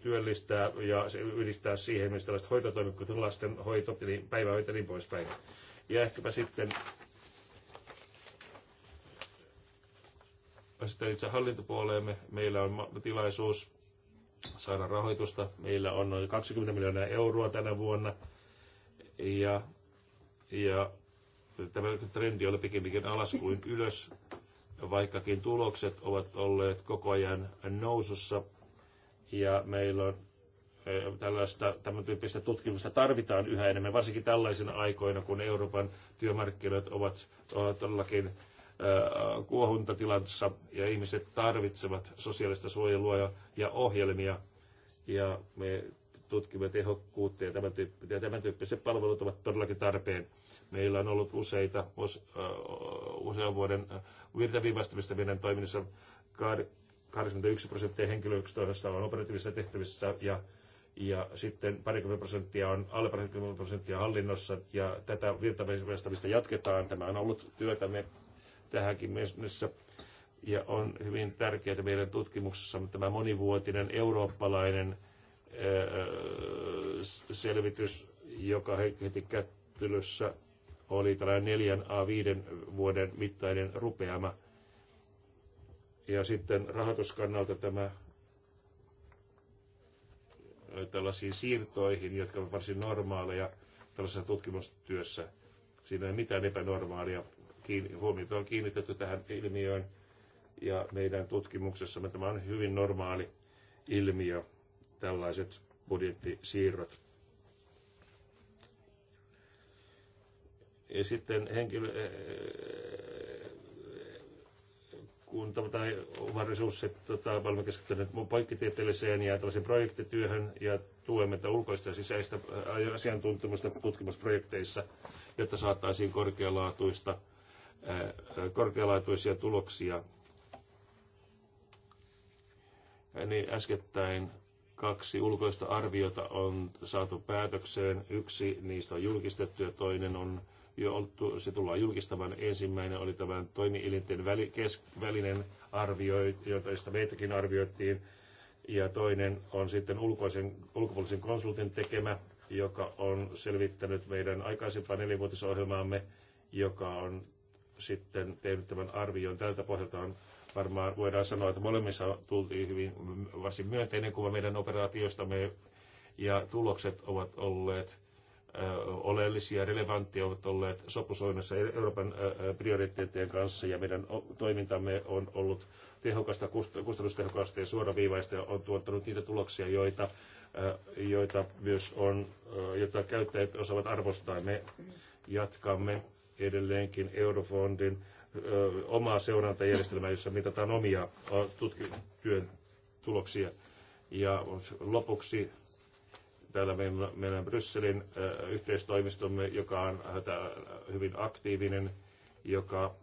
työllistää ja yhdistää siihen myös tällaiset hoitotoimikot, lasten hoito, eli päivähoito ja niin poispäin. Ja ehkäpä sitten sitten itse hallintopuoleemme meillä on tilaisuus saada rahoitusta. Meillä on noin 20 miljoonaa euroa tänä vuonna ja, ja tämä trendi oli pikemminkin alas kuin ylös, vaikkakin tulokset ovat olleet koko ajan nousussa ja meillä on e, tällaista, tämän tyyppistä tutkimusta tarvitaan yhä enemmän, varsinkin tällaisina aikoina, kun Euroopan työmarkkinat ovat todellakin kuohuntatilassa ja ihmiset tarvitsevat sosiaalista suojelua ja, ja ohjelmia ja me tutkimme tehokkuutta ja tämän, tyyppi, ja tämän tyyppiset palvelut ovat todellakin tarpeen. Meillä on ollut useita, os, uh, usean vuoden virtaviivastamista meidän toiminnassa. 81 prosenttia henkilöyksitoista on operatiivisissa tehtävissä ja, ja sitten parikymmentä prosenttia on alle parikymmentä prosenttia hallinnossa ja tätä virtaviivastamista jatketaan. Tämä on ollut työtämme tähänkin mennessä. Ja on hyvin tärkeää meidän tutkimuksessamme tämä monivuotinen eurooppalainen selvitys, joka heti kättelyssä oli tällainen neljän a viiden vuoden mittainen rupeama. Ja sitten rahoituskannalta tämä tällaisiin siirtoihin, jotka ovat varsin normaaleja tällaisessa tutkimustyössä. Siinä ei mitään epänormaalia huomiota on kiinnitetty tähän ilmiöön ja meidän tutkimuksessamme tämä on hyvin normaali ilmiö, tällaiset budjettisiirrot. Ja sitten henkilö, eh, kunta tai oman resurssit tota, olemme keskittyneet poikkitieteelliseen ja tällaisen projektityöhön ja tuemme ulkoista ja sisäistä asiantuntemusta tutkimusprojekteissa, jotta saataisiin korkealaatuista korkealaatuisia tuloksia. Niin äskettäin kaksi ulkoista arviota on saatu päätökseen. Yksi niistä on julkistettu ja toinen on jo oltu, se tullaan julkistamaan. Ensimmäinen oli tämän toimielinten väli, kesk, välinen arvio, joista meitäkin arvioitiin. Ja toinen on sitten ulkoisen, ulkopuolisen konsultin tekemä, joka on selvittänyt meidän aikaisempaa nelivuotisohjelmaamme, joka on sitten tehnyt tämän arvion. Tältä pohjalta on varmaan voidaan sanoa, että molemmissa tultiin hyvin varsin myönteinen kuva meidän operaatiostamme ja tulokset ovat olleet oleellisia ja relevantteja ovat olleet sopusoinnossa Euroopan prioriteettien kanssa ja meidän toimintamme on ollut tehokasta, kustannustehokasta ja suoraviivaista ja on tuottanut niitä tuloksia, joita, joita myös on, joita käyttäjät osaavat arvostaa. Me jatkamme edelleenkin Eurofondin ö, omaa seurantajärjestelmää, jossa mitataan omia tutkimustyön tuloksia. Ja lopuksi täällä meillä, meillä on Brysselin ö, yhteistoimistomme, joka on hyvin aktiivinen, joka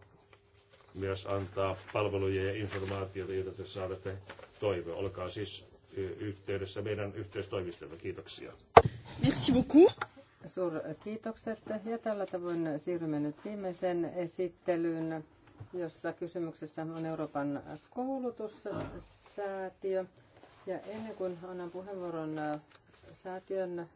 myös antaa palveluja ja informaatiota, joita te saatte toivoa. Olkaa siis yhteydessä meidän yhteistoimistomme. Kiitoksia. Merci beaucoup suurkiitokset. Ja tällä tavoin siirrymme nyt viimeisen esittelyyn, jossa kysymyksessä on Euroopan koulutussäätiö. Ja ennen kuin annan puheenvuoron äh, säätiön äh,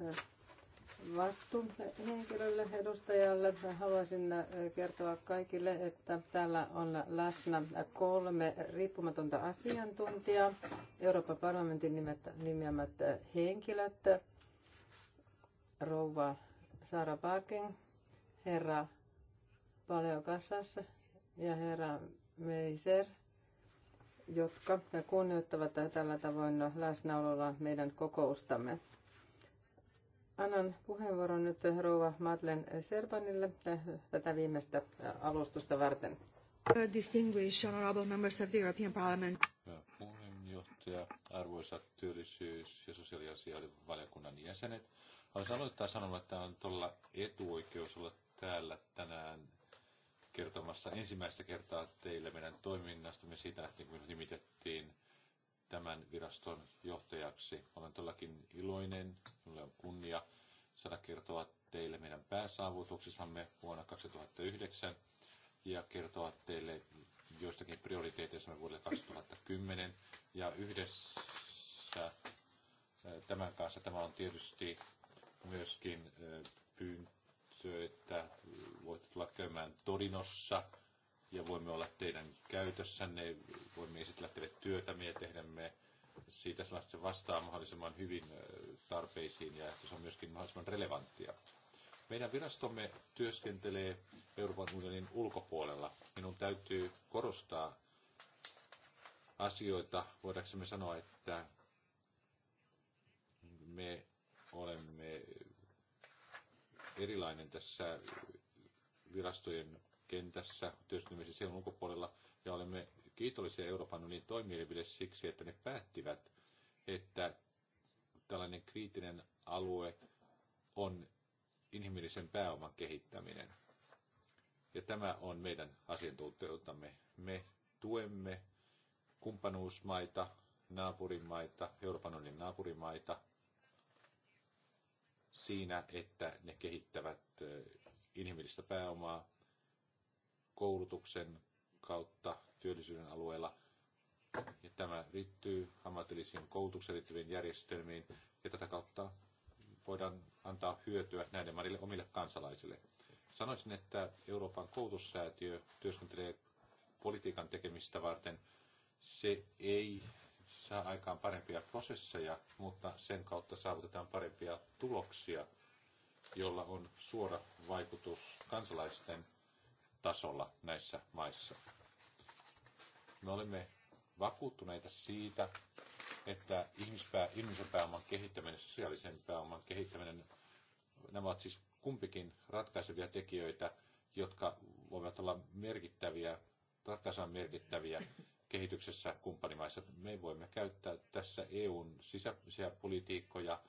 vastuuhenkilölle, edustajalle, haluaisin äh, kertoa kaikille, että täällä on läsnä kolme riippumatonta asiantuntijaa, Euroopan parlamentin nimet, nimeämät henkilöt, rouva Sara Parking, herra Paleo Kassas ja herra Meiser, jotka kunnioittavat tällä tavoin läsnäololla meidän kokoustamme. Annan puheenvuoron nyt rouva Madlen Serbanille tätä viimeistä alustusta varten. Distinguished honorable members of the European Parliament. Puheenjohtaja, arvoisat työllisyys- ja sosiaaliasioiden valiokunnan jäsenet, Haluaisin aloittaa sanomaan, että on todella etuoikeus olla täällä tänään kertomassa ensimmäistä kertaa teille meidän toiminnastamme siitä, että kun nimitettiin tämän viraston johtajaksi. Olen todellakin iloinen, minulle on kunnia saada kertoa teille meidän pääsaavutuksissamme vuonna 2009 ja kertoa teille joistakin prioriteeteista vuodelle 2010. Ja yhdessä tämän kanssa tämä on tietysti myöskin pyyntö, että voitte tulla käymään Torinossa ja voimme olla teidän käytössänne, voimme esitellä teille työtämme ja tehdämme siitä sellaista se vastaa mahdollisimman hyvin tarpeisiin ja että se on myöskin mahdollisimman relevanttia. Meidän virastomme työskentelee Euroopan unionin ulkopuolella. Minun täytyy korostaa asioita, voidaksemme sanoa, että me olemme erilainen tässä virastojen kentässä, työskentelemme sen ulkopuolella, ja olemme kiitollisia Euroopan unionin toimieliville siksi, että ne päättivät, että tällainen kriittinen alue on inhimillisen pääoman kehittäminen. Ja tämä on meidän asiantuntijoiltamme. Me tuemme kumppanuusmaita, naapurimaita, Euroopan unionin naapurimaita – siinä, että ne kehittävät inhimillistä pääomaa koulutuksen kautta työllisyyden alueella. Ja tämä liittyy ammatillisiin koulutukseen liittyviin järjestelmiin ja tätä kautta voidaan antaa hyötyä näiden maille omille kansalaisille. Sanoisin, että Euroopan koulutussäätiö työskentelee politiikan tekemistä varten. Se ei saa aikaan parempia prosesseja, mutta sen kautta saavutetaan parempia tuloksia, jolla on suora vaikutus kansalaisten tasolla näissä maissa. Me olemme vakuuttuneita siitä, että ihmispää, ihmisen pääoman kehittäminen, sosiaalisen pääoman kehittäminen, nämä ovat siis kumpikin ratkaisevia tekijöitä, jotka voivat olla merkittäviä, ratkaisevan merkittäviä kehityksessä kumppanimaissa. Me voimme käyttää tässä EUn sisäisiä politiikkoja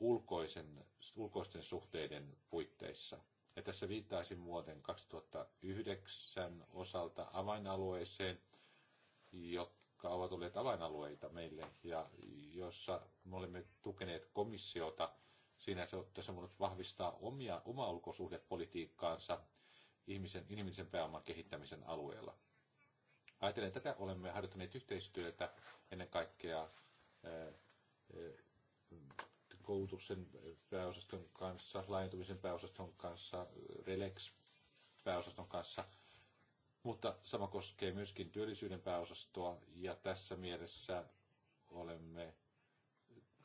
ulkoisen, ulkoisten suhteiden puitteissa. Ja tässä viittaisin vuoden 2009 osalta avainalueeseen, jotka ovat olleet avainalueita meille ja jossa me olemme tukeneet komissiota siinä, että se on voinut vahvistaa omia, omaa ulkosuhdepolitiikkaansa ihmisen, inhimillisen pääoman kehittämisen alueella. Ajatellen tätä olemme harjoittaneet yhteistyötä ennen kaikkea koulutuksen pääosaston kanssa, laajentumisen pääosaston kanssa, Relex pääosaston kanssa, mutta sama koskee myöskin työllisyyden pääosastoa ja tässä mielessä olemme,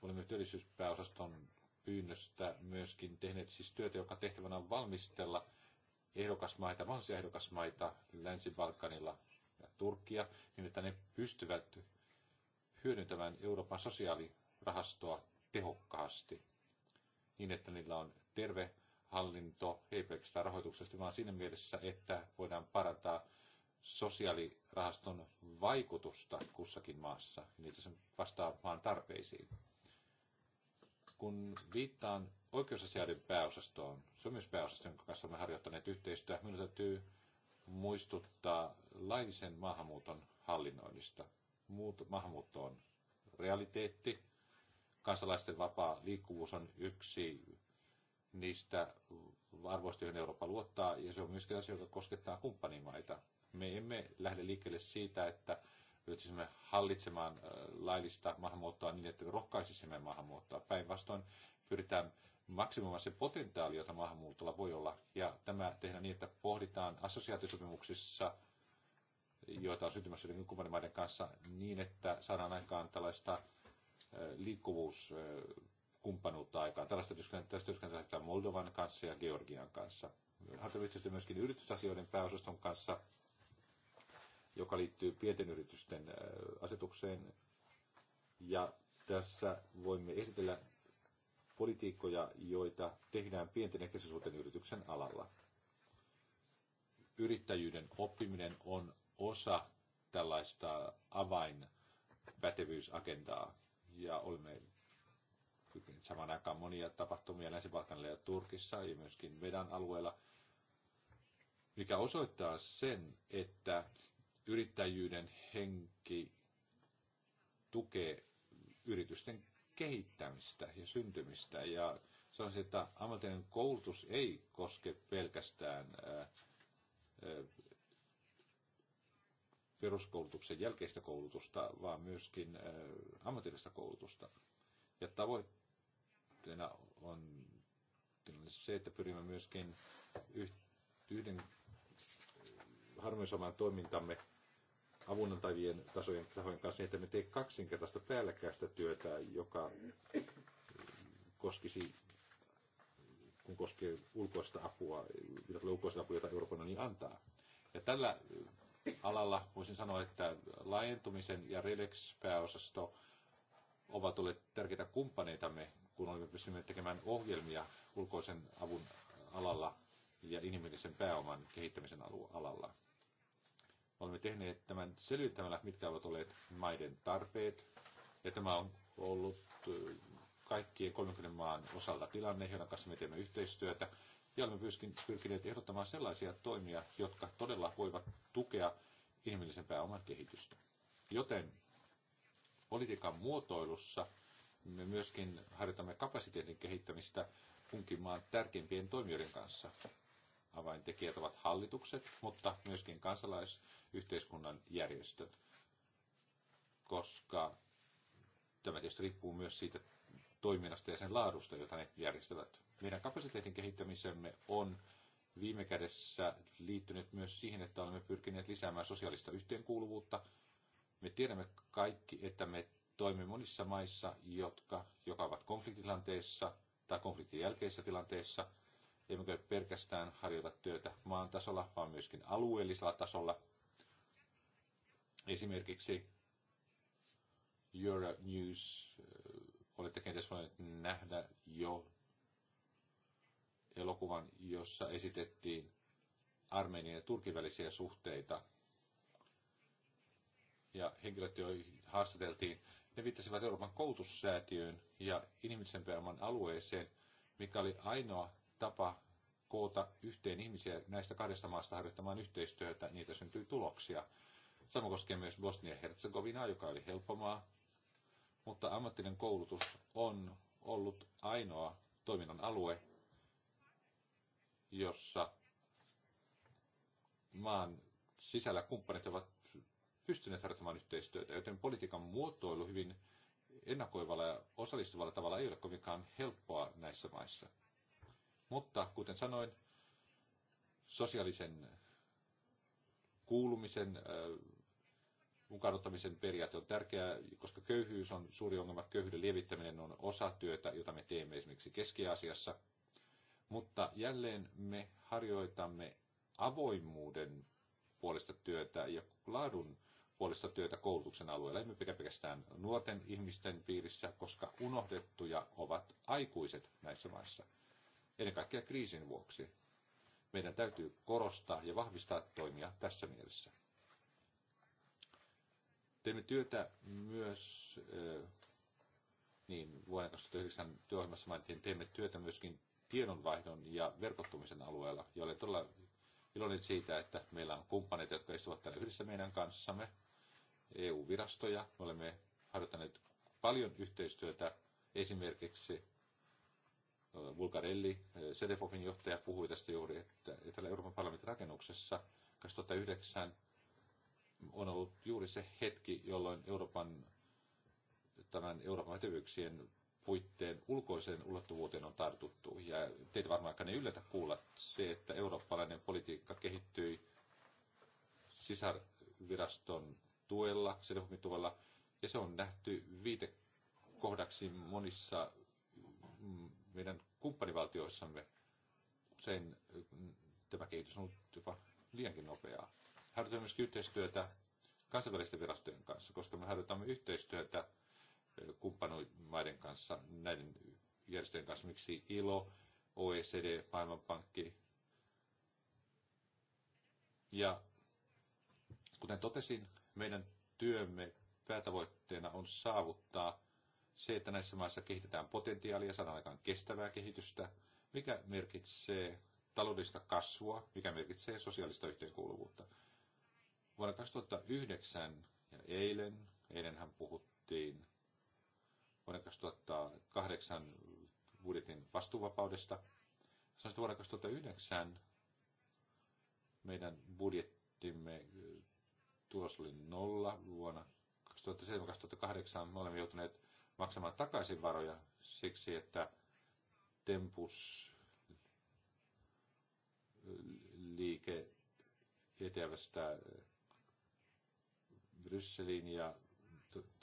olemme työllisyyspääosaston pyynnöstä myöskin tehneet siis työtä, joka tehtävänä on valmistella ehdokasmaita, mahdollisia ehdokasmaita Länsi-Balkanilla ja Turkkia, niin että ne pystyvät hyödyntämään Euroopan sosiaalirahastoa tehokkaasti, niin että niillä on terve hallinto, ei pelkästään rahoituksesta, vaan siinä mielessä, että voidaan parantaa sosiaalirahaston vaikutusta kussakin maassa, niin että se vastaa maan tarpeisiin. Kun viittaan oikeusasioiden pääosastoon, se on myös pääosasto, jonka kanssa olemme harjoittaneet yhteistyötä, minun täytyy muistuttaa laillisen maahanmuuton hallinnoinnista. Muut, maahanmuutto on realiteetti. Kansalaisten vapaa liikkuvuus on yksi niistä arvoista, joihin Eurooppa luottaa, ja se on myöskin asia, joka koskettaa kumppanimaita. Me emme lähde liikkeelle siitä, että pyrkisimme hallitsemaan äh, laillista maahanmuuttoa niin, että me rohkaisisimme maahanmuuttoa. Päinvastoin pyritään maksimoimaan se potentiaali, jota maahanmuutolla voi olla. Ja tämä tehdään niin, että pohditaan assosiaatiosopimuksissa, joita on syntymässä yli kumppanimaiden kanssa, niin että saadaan aikaan tällaista liikkuvuuskumppanuutta aikaan. Tällaista työskentelyä Moldovan kanssa ja Georgian kanssa. Harjoitamme yhteistyötä myöskin yritysasioiden pääosaston kanssa, joka liittyy pienten yritysten asetukseen. Ja tässä voimme esitellä politiikkoja, joita tehdään pienten ja keskisuurten yrityksen alalla. Yrittäjyyden oppiminen on osa tällaista avainpätevyysagendaa ja olemme saman aikaan monia tapahtumia länsi ja Turkissa ja myöskin meidän alueella, mikä osoittaa sen, että yrittäjyyden henki tukee yritysten kehittämistä ja syntymistä. Ja sanoisin, että ammatillinen koulutus ei koske pelkästään peruskoulutuksen jälkeistä koulutusta, vaan myöskin ammatillista koulutusta. Ja tavoitteena on se, että pyrimme myöskin yhden harmonisoimaan toimintamme avunantajien tasojen, tasojen kanssa, niin että me teemme kaksinkertaista päällekkäistä työtä, joka koskisi kun koskee ulkoista apua, mitä tulee ulkoista apua, jota Euroopan niin antaa. Ja tällä eh, alalla voisin sanoa, että laajentumisen ja Relex-pääosasto ovat olleet tärkeitä kumppaneitamme, kun olemme pystyneet tekemään ohjelmia ulkoisen avun alalla ja inhimillisen pääoman kehittämisen alalla. Olemme tehneet tämän selvittämällä, mitkä ovat olleet maiden tarpeet. Ja tämä on ollut kaikkien 30 maan osalta tilanne, joiden kanssa me teemme yhteistyötä. Ja olemme myöskin pyrkineet ehdottamaan sellaisia toimia, jotka todella voivat tukea inhimillisen pääoman kehitystä. Joten politiikan muotoilussa me myöskin harjoitamme kapasiteetin kehittämistä kunkin maan tärkeimpien toimijoiden kanssa avaintekijät ovat hallitukset, mutta myöskin kansalaisyhteiskunnan järjestöt, koska tämä tietysti riippuu myös siitä toiminnasta ja sen laadusta, jota ne järjestävät. Meidän kapasiteetin kehittämisemme on viime kädessä liittynyt myös siihen, että olemme pyrkineet lisäämään sosiaalista yhteenkuuluvuutta. Me tiedämme kaikki, että me toimimme monissa maissa, jotka, jotka ovat konfliktitilanteessa tai konfliktin jälkeisessä tilanteessa – emmekä pelkästään harjoita työtä maan tasolla, vaan myöskin alueellisella tasolla. Esimerkiksi News, äh, olette kenties voineet nähdä jo elokuvan, jossa esitettiin Armenian ja Turkin välisiä suhteita. Ja henkilöt, joihin haastateltiin, ne viittasivat Euroopan koulutussäätiöön ja inhimillisen pääoman alueeseen, mikä oli ainoa tapa koota yhteen ihmisiä näistä kahdesta maasta harjoittamaan yhteistyötä, niitä syntyi tuloksia. Sama koskee myös bosnia herzegovina joka oli helppo maa, mutta ammattinen koulutus on ollut ainoa toiminnan alue, jossa maan sisällä kumppanit ovat pystyneet harjoittamaan yhteistyötä, joten politiikan muotoilu hyvin ennakoivalla ja osallistuvalla tavalla ei ole kovinkaan helppoa näissä maissa. Mutta kuten sanoin, sosiaalisen kuulumisen mukaanottamisen periaate on tärkeää, koska köyhyys on suuri ongelma. Köyhyyden lievittäminen on osa työtä, jota me teemme esimerkiksi Keski-Aasiassa. Mutta jälleen me harjoitamme avoimuuden puolesta työtä ja laadun puolesta työtä koulutuksen alueella, emme pelkästään nuorten ihmisten piirissä, koska unohdettuja ovat aikuiset näissä maissa ennen kaikkea kriisin vuoksi. Meidän täytyy korostaa ja vahvistaa toimia tässä mielessä. Teemme työtä myös, niin vuoden 2009 työohjelmassa mainittiin, teemme työtä myöskin tiedonvaihdon ja verkottumisen alueella, ja olen todella iloinen siitä, että meillä on kumppaneita, jotka istuvat täällä yhdessä meidän kanssamme, EU-virastoja. Me olemme harjoittaneet paljon yhteistyötä esimerkiksi Vulgarelli, CDFOPin eh, johtaja, puhui tästä juuri, että täällä Euroopan parlamentin rakennuksessa 2009 on ollut juuri se hetki, jolloin Euroopan, tämän Euroopan pätevyyksien puitteen ulkoiseen ulottuvuuteen on tartuttu. Ja teitä varmaan ei yllätä kuulla se, että eurooppalainen politiikka kehittyi sisarviraston tuella, CDFOPin tuella, ja se on nähty viitekohdaksi monissa mm, meidän kumppanivaltioissamme usein mm, tämä kehitys on ollut jopa liiankin nopeaa. Harjoitamme myös yhteistyötä kansainvälisten virastojen kanssa, koska me harjoitamme yhteistyötä kumppanoimaiden kanssa, näiden järjestöjen kanssa, miksi ILO, OECD, Maailmanpankki. Ja kuten totesin, meidän työmme päätavoitteena on saavuttaa se, että näissä maissa kehitetään potentiaalia, saadaan aikaan kestävää kehitystä, mikä merkitsee taloudellista kasvua, mikä merkitsee sosiaalista yhteenkuuluvuutta. Vuonna 2009 ja eilen, eilenhän puhuttiin vuoden 2008 budjetin vastuuvapaudesta. Sanoisin, että vuonna 2009 meidän budjettimme tulos oli nolla vuonna 2007-2008. Me olemme joutuneet maksamaan takaisin varoja siksi, että tempus liike etevästä äh, Brysseliin ja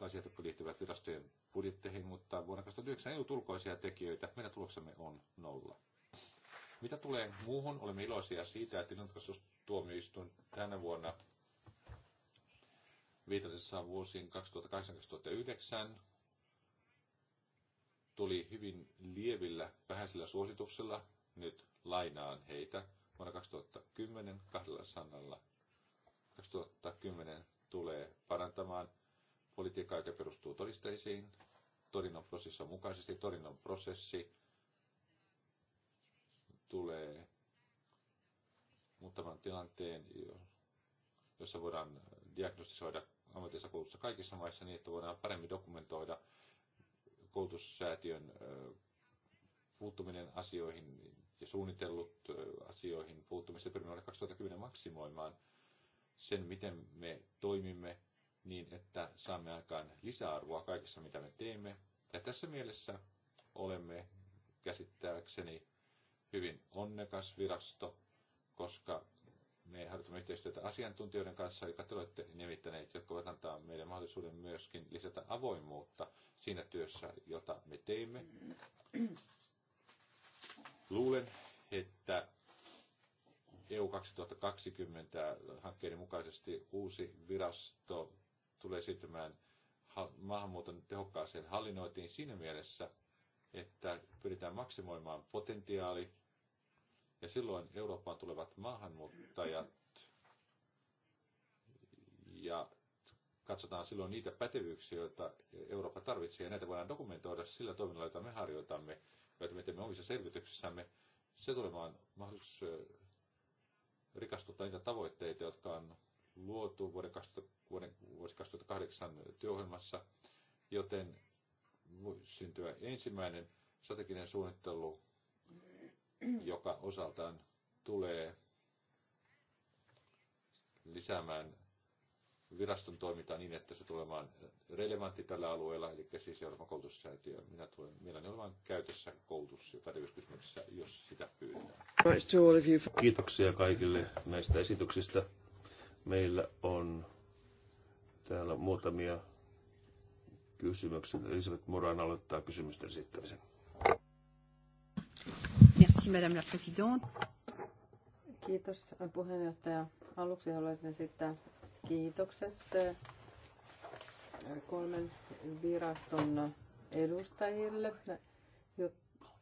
asiat, jotka liittyvät virastojen budjetteihin, mutta vuonna 2009 ei ollut ulkoisia tekijöitä. Meidän tuloksemme on nolla. Mitä tulee muuhun, olemme iloisia siitä, että tilintarkastustuomioistuin tänä vuonna viitatessaan vuosiin 2008-2009 tuli hyvin lievillä, vähäisillä suosituksilla. Nyt lainaan heitä vuonna 2010 kahdella sanalla. 2010 tulee parantamaan politiikkaa, joka perustuu todisteisiin. Torinon prosessin mukaisesti Torinon prosessi tulee muuttamaan tilanteen, jossa voidaan diagnostisoida ammatillisessa koulussa kaikissa maissa niin, että voidaan paremmin dokumentoida koulutussäätiön puuttuminen asioihin ja suunnitellut asioihin puuttumista pyrimme vuonna 2010 maksimoimaan sen, miten me toimimme niin, että saamme aikaan lisäarvoa kaikessa, mitä me teemme. Ja tässä mielessä olemme käsittääkseni hyvin onnekas virasto, koska me harjoitamme yhteistyötä asiantuntijoiden kanssa, jotka te olette nimittäneet, jotka voivat antaa meille mahdollisuuden myöskin lisätä avoimuutta siinä työssä, jota me teimme. Luulen, että EU 2020 hankkeiden mukaisesti uusi virasto tulee siirtymään maahanmuuton tehokkaaseen hallinnointiin siinä mielessä, että pyritään maksimoimaan potentiaali ja silloin Eurooppaan tulevat maahanmuuttajat ja katsotaan silloin niitä pätevyyksiä, joita Eurooppa tarvitsee, ja näitä voidaan dokumentoida sillä toiminnalla, jota me harjoitamme, joita me teemme omissa selvityksissämme. Se tulemaan mahdollisuus rikastuttaa niitä tavoitteita, jotka on luotu vuoden, vuoden vuosi 2008 työohjelmassa, joten voi syntyä ensimmäinen strateginen suunnittelu joka osaltaan tulee lisäämään viraston toimintaa niin, että se tulee olemaan relevantti tällä alueella, eli siis Euroopan koulutussäätiö. Minä tulen mielelläni olemaan käytössä koulutus- ja pätevyyskysymyksissä, jos sitä pyydetään. Kiitoksia kaikille näistä esityksistä. Meillä on täällä muutamia kysymyksiä. Elisabeth Moran aloittaa kysymysten esittämisen. Merci, Madame la Présidente. Kiitos puheenjohtaja. Aluksi haluaisin esittää kiitokset eh, kolmen viraston edustajille.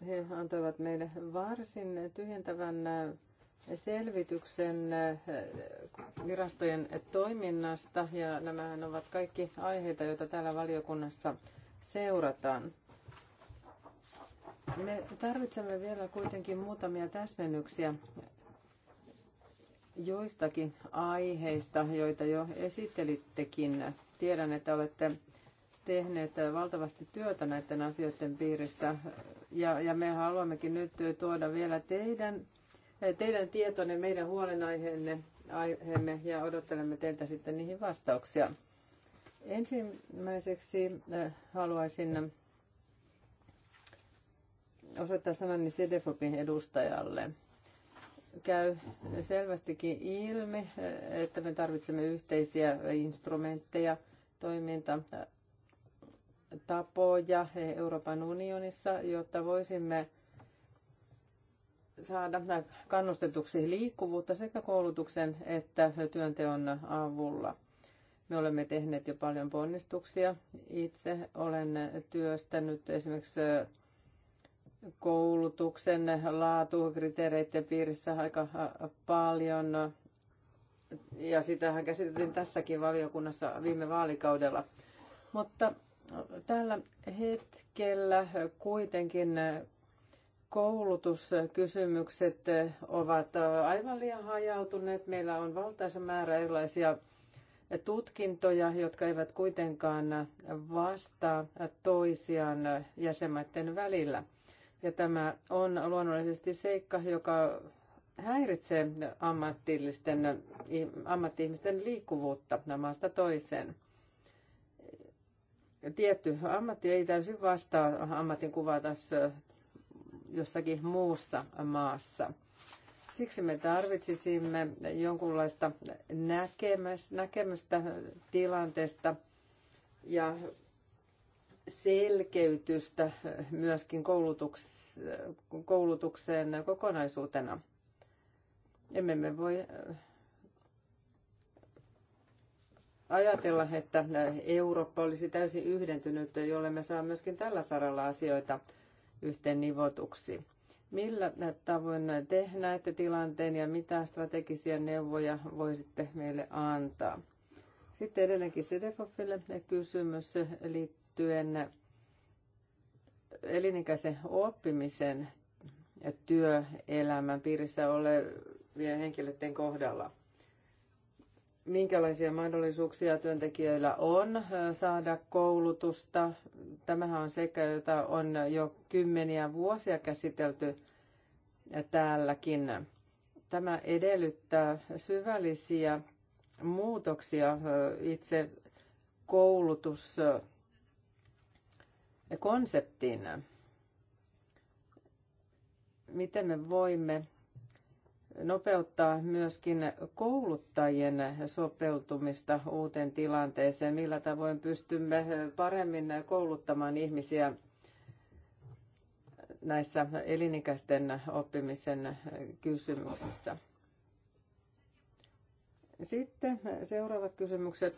He antoivat meille varsin tyhjentävän eh, selvityksen eh, virastojen toiminnasta ja nämähän ovat kaikki aiheita, joita täällä valiokunnassa seurataan. Me tarvitsemme vielä kuitenkin muutamia täsmennyksiä joistakin aiheista, joita jo esittelittekin. Tiedän, että olette tehneet valtavasti työtä näiden asioiden piirissä ja, ja me haluammekin nyt tuoda vielä teidän, teidän tietonne, meidän huolenaiheenne aiheemme ja odottelemme teiltä sitten niihin vastauksia. Ensimmäiseksi äh, haluaisin osoittaa sanani Sedefopin edustajalle. Käy selvästikin ilmi, että me tarvitsemme yhteisiä instrumentteja, toiminta tapoja Euroopan unionissa, jotta voisimme saada kannustetuksi liikkuvuutta sekä koulutuksen että työnteon avulla. Me olemme tehneet jo paljon ponnistuksia. Itse olen työstänyt esimerkiksi koulutuksen laatukriteereiden piirissä aika paljon. Ja sitähän käsiteltiin tässäkin valiokunnassa viime vaalikaudella. Mutta tällä hetkellä kuitenkin koulutuskysymykset ovat aivan liian hajautuneet. Meillä on valtaisa määrä erilaisia tutkintoja, jotka eivät kuitenkaan vastaa toisiaan jäsenmaiden välillä. Ja tämä on luonnollisesti seikka, joka häiritsee ammatillisten, ammatti-ihmisten liikkuvuutta maasta toiseen. Tietty ammatti ei täysin vastaa ammatin kuvaa tässä jossakin muussa maassa. Siksi me tarvitsisimme jonkunlaista näkemystä tilanteesta ja selkeytystä myöskin koulutukseen kokonaisuutena. Emme me voi äh, ajatella, että Eurooppa olisi täysin yhdentynyt, jolle me saa myöskin tällä saralla asioita yhteen nivotuksi. Millä tavoin te näette tilanteen ja mitä strategisia neuvoja voisitte meille antaa? Sitten edelleenkin Sedefopille kysymys liittyy liittyen elinikäisen oppimisen ja työelämän piirissä olevien henkilöiden kohdalla. Minkälaisia mahdollisuuksia työntekijöillä on saada koulutusta? Tämähän on sekä, jota on jo kymmeniä vuosia käsitelty täälläkin. Tämä edellyttää syvällisiä muutoksia itse koulutus- konseptin, miten me voimme nopeuttaa myöskin kouluttajien sopeutumista uuteen tilanteeseen, millä tavoin pystymme paremmin kouluttamaan ihmisiä näissä elinikäisten oppimisen kysymyksissä. Sitten seuraavat kysymykset.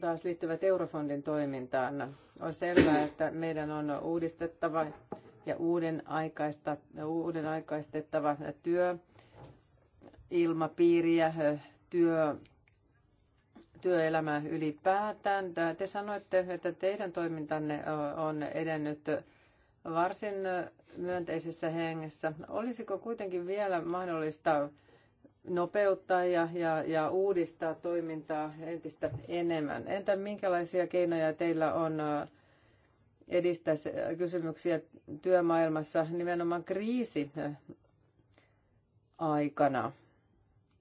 taas liittyvät Eurofondin toimintaan. On selvää, että meidän on uudistettava ja uuden, aikaista, uuden aikaistettava työ, ilmapiiriä, työ, työelämää ylipäätään. Te sanoitte, että teidän toimintanne on edennyt varsin myönteisessä hengessä. Olisiko kuitenkin vielä mahdollista nopeuttaa ja, ja, ja uudistaa toimintaa entistä enemmän. Entä minkälaisia keinoja teillä on edistää kysymyksiä työmaailmassa nimenomaan kriisi aikana?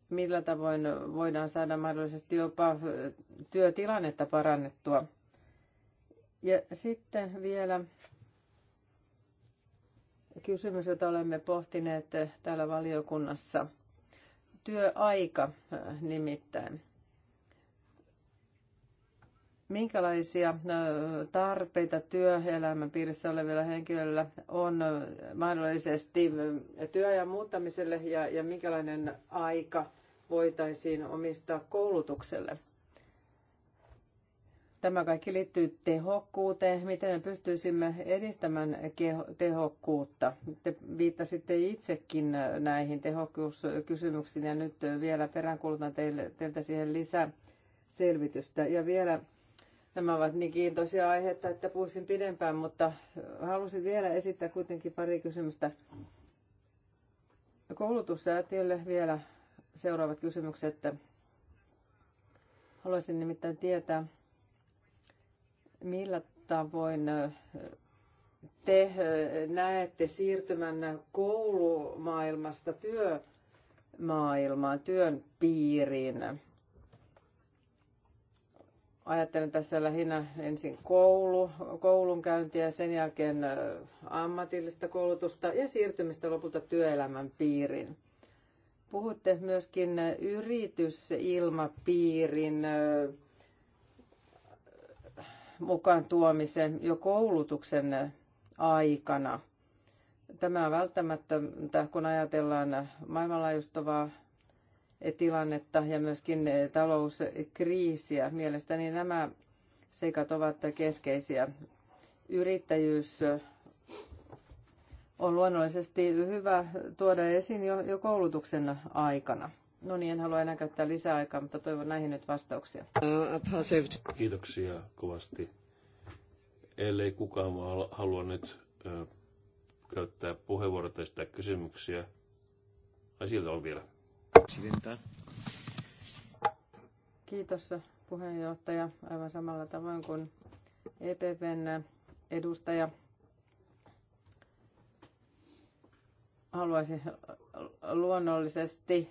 Millä tavoin voidaan saada mahdollisesti jopa työtilannetta parannettua? Ja sitten vielä kysymys, jota olemme pohtineet täällä valiokunnassa – työaika äh, nimittäin. Minkälaisia äh, tarpeita työelämän piirissä olevilla henkilöillä on äh, mahdollisesti työajan muuttamiselle ja, ja minkälainen aika voitaisiin omistaa koulutukselle? Tämä kaikki liittyy tehokkuuteen, miten me pystyisimme edistämään tehokkuutta. Te viittasitte itsekin näihin tehokkuuskysymyksiin ja nyt vielä peräänkuulutan teille, teiltä siihen lisää selvitystä. Ja vielä nämä ovat niin kiintoisia aiheita, että puhuisin pidempään, mutta halusin vielä esittää kuitenkin pari kysymystä koulutussäätiölle vielä seuraavat kysymykset. Haluaisin nimittäin tietää, Millä tavoin te näette siirtymän koulumaailmasta työmaailmaan, työn piiriin? Ajattelen tässä lähinnä ensin koulu, koulunkäyntiä, sen jälkeen ammatillista koulutusta ja siirtymistä lopulta työelämän piiriin. Puhutte myöskin yritysilmapiirin mukaan tuomisen jo koulutuksen aikana. Tämä on välttämättä, kun ajatellaan maailmanlaajuistavaa tilannetta ja myöskin talouskriisiä. Mielestäni nämä seikat ovat keskeisiä. Yrittäjyys on luonnollisesti hyvä tuoda esiin jo, jo koulutuksen aikana. No niin, en halua enää käyttää lisää aikaa, mutta toivon näihin nyt vastauksia. Kiitoksia kovasti. Ellei kukaan halua nyt ö, käyttää puheenvuoroa tai sitä kysymyksiä. Ai siltä on vielä. Kiitos puheenjohtaja. Aivan samalla tavoin kuin EPPn edustaja haluaisin luonnollisesti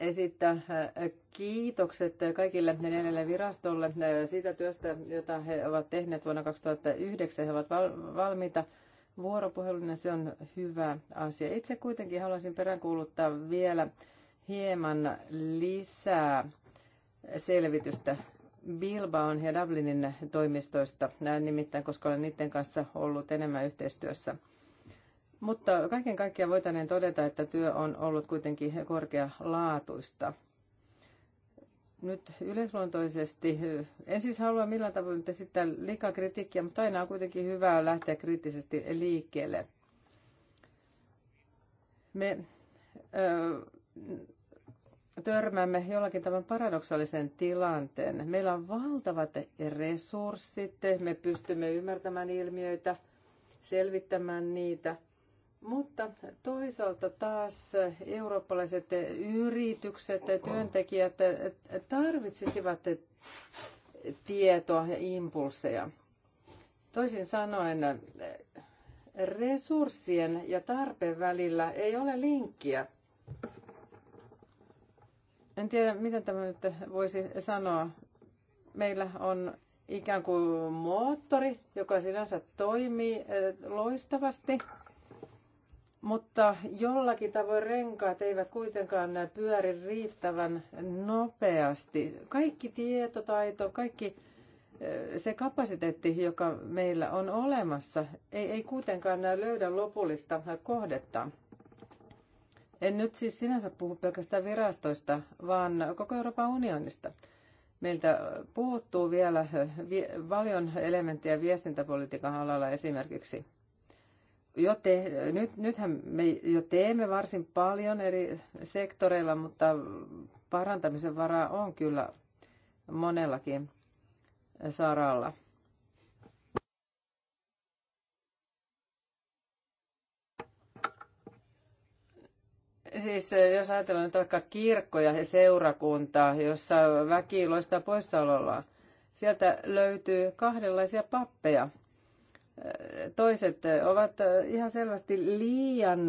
esittää äh, kiitokset kaikille neljälle virastolle äh, siitä työstä, jota he ovat tehneet vuonna 2009. He ovat valmiita vuoropuhelun ja se on hyvä asia. Itse kuitenkin haluaisin peräänkuuluttaa vielä hieman lisää selvitystä Bilbaon ja Dublinin toimistoista, nimittäin koska olen niiden kanssa ollut enemmän yhteistyössä – mutta kaiken kaikkiaan voitaneen todeta, että työ on ollut kuitenkin korkealaatuista. Nyt yleisluontoisesti, eh, en siis halua millään tavoin esittää liikaa kritiikkiä, mutta aina on kuitenkin hyvä lähteä kriittisesti liikkeelle. Me ö, eh, törmäämme jollakin tämän paradoksaalisen tilanteen. Meillä on valtavat resurssit, me pystymme ymmärtämään ilmiöitä, selvittämään niitä – mutta toisaalta taas eurooppalaiset yritykset, ja työntekijät tarvitsisivat tietoa ja impulseja. Toisin sanoen, resurssien ja tarpeen välillä ei ole linkkiä. En tiedä, miten tämä nyt voisi sanoa. Meillä on ikään kuin moottori, joka sinänsä toimii eh, loistavasti – mutta jollakin tavoin renkaat eivät kuitenkaan pyöri riittävän nopeasti. Kaikki tietotaito, kaikki se kapasiteetti, joka meillä on olemassa, ei, ei kuitenkaan löydä lopullista kohdetta. En nyt siis sinänsä puhu pelkästään virastoista, vaan koko Euroopan unionista. Meiltä puuttuu vielä paljon elementtejä viestintäpolitiikan alalla esimerkiksi jo te, nyt, nythän me jo teemme varsin paljon eri sektoreilla, mutta parantamisen varaa on kyllä monellakin saralla. Siis eh, jos ajatellaan nyt vaikka kirkkoja ja seurakuntaa, jossa väki loistaa poissaolollaan, sieltä löytyy kahdenlaisia pappeja – toiset ovat ihan selvästi liian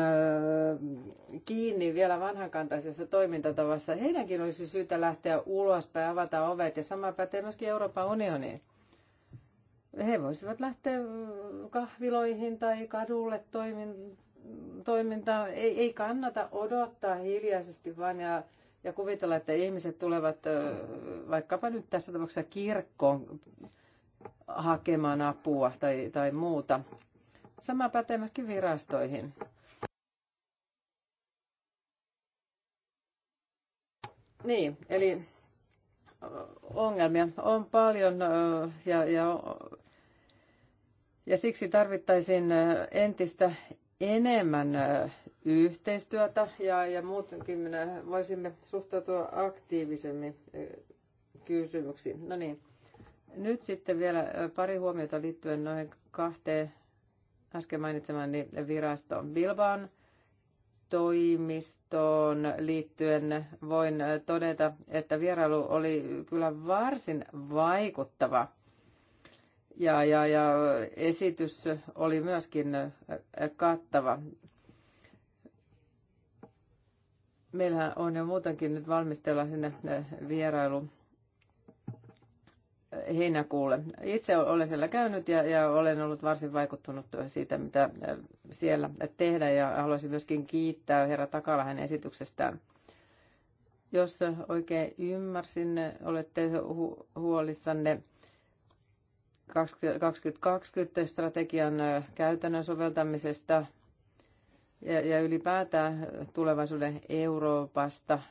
kiinni vielä vanhankantaisessa toimintatavassa. Heidänkin olisi syytä lähteä ulospäin, avata ovet ja sama pätee myöskin Euroopan unioniin. He voisivat lähteä kahviloihin tai kadulle toimin, toimintaan. Ei, ei kannata odottaa hiljaisesti vaan ja, ja kuvitella, että ihmiset tulevat vaikkapa nyt tässä tapauksessa kirkkoon hakemaan apua tai, tai muuta. Sama pätee myöskin virastoihin. Niin, eli ongelmia on paljon ja, ja, ja siksi tarvittaisiin entistä enemmän yhteistyötä ja, ja muutenkin voisimme suhtautua aktiivisemmin kysymyksiin. No niin, nyt sitten vielä pari huomiota liittyen noihin kahteen äsken mainitsemani virastoon Bilbaan toimistoon liittyen voin todeta, että vierailu oli kyllä varsin vaikuttava. Ja, ja, ja esitys oli myöskin kattava. Meillähän on jo muutenkin nyt valmistella sinne vierailu heinäkuulle. Itse olen siellä käynyt ja, ja olen ollut varsin vaikuttunut siitä, mitä äh, siellä tehdään ja haluaisin myöskin kiittää herra Takala hänen esityksestään. Jos oikein ymmärsin, olette hu- huolissanne 2020-strategian äh, käytännön soveltamisesta ja, ja ylipäätään tulevaisuuden Euroopasta –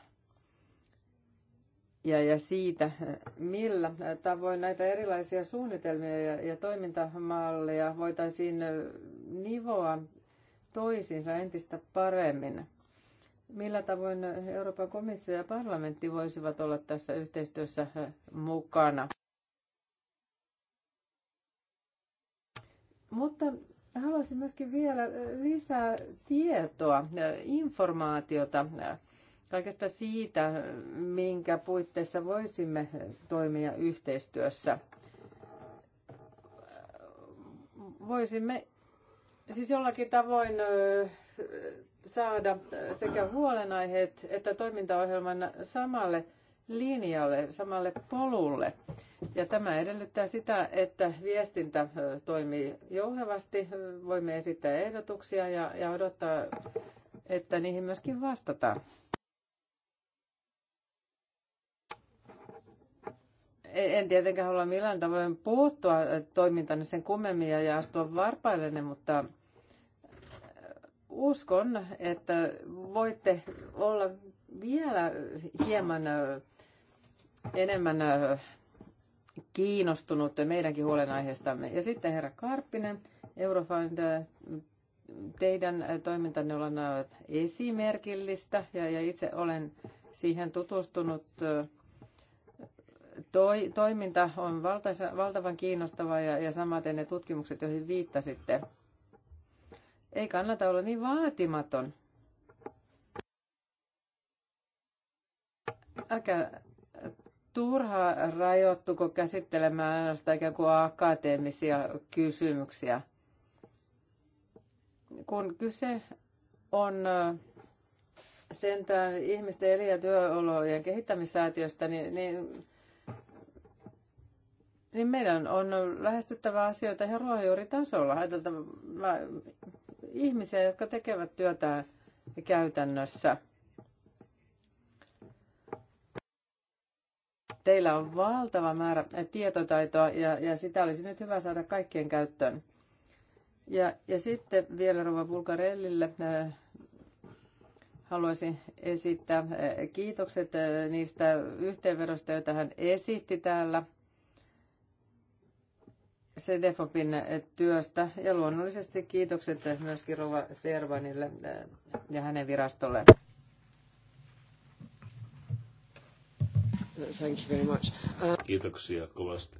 ja, ja siitä, millä tavoin näitä erilaisia suunnitelmia ja, ja toimintamalleja voitaisiin nivoa toisiinsa entistä paremmin. Millä tavoin Euroopan komissio ja parlamentti voisivat olla tässä yhteistyössä mukana? Mutta haluaisin myöskin vielä lisää tietoa, informaatiota kaikesta siitä, minkä puitteissa voisimme toimia yhteistyössä. Voisimme siis jollakin tavoin saada sekä huolenaiheet että toimintaohjelman samalle linjalle, samalle polulle. Ja tämä edellyttää sitä, että viestintä toimii jouhevasti, voimme esittää ehdotuksia ja, ja odottaa, että niihin myöskin vastataan. En tietenkään halua millään tavoin puuttua toimintanne sen kummemmin ja astua varpaillenne, mutta äh, uskon, että voitte olla vielä hieman äh, enemmän äh, kiinnostunut meidänkin huolenaiheestamme. Ja sitten herra Karppinen, Eurofund, teidän toimintanne on esimerkillistä ja, ja itse olen siihen tutustunut toi, toiminta on valtaisa, valtavan kiinnostavaa ja, ja samaten ne tutkimukset, joihin viittasitte. Ei kannata olla niin vaatimaton. Älkää turha rajoittuko käsittelemään ainoastaan ikään kuin akateemisia kysymyksiä. Kun kyse on sentään ihmisten eli- ja työolojen kehittämissäätiöstä, niin, niin niin meidän on lähestyttävä asioita ihan ruohonjuuritasolla, ajateltava ihmisiä, jotka tekevät työtä käytännössä. Teillä on valtava määrä tietotaitoa ja, ja sitä olisi nyt hyvä saada kaikkien käyttöön. Ja, ja sitten vielä Rova Bulgarellille äh, haluaisin esittää äh, kiitokset äh, niistä yhteenvedosta, joita hän esitti täällä – CDFOPin työstä ja luonnollisesti kiitokset myöskin Rova Servanille eh, ja hänen virastolle. Thank you very much. Uh... Kiitoksia kovasti.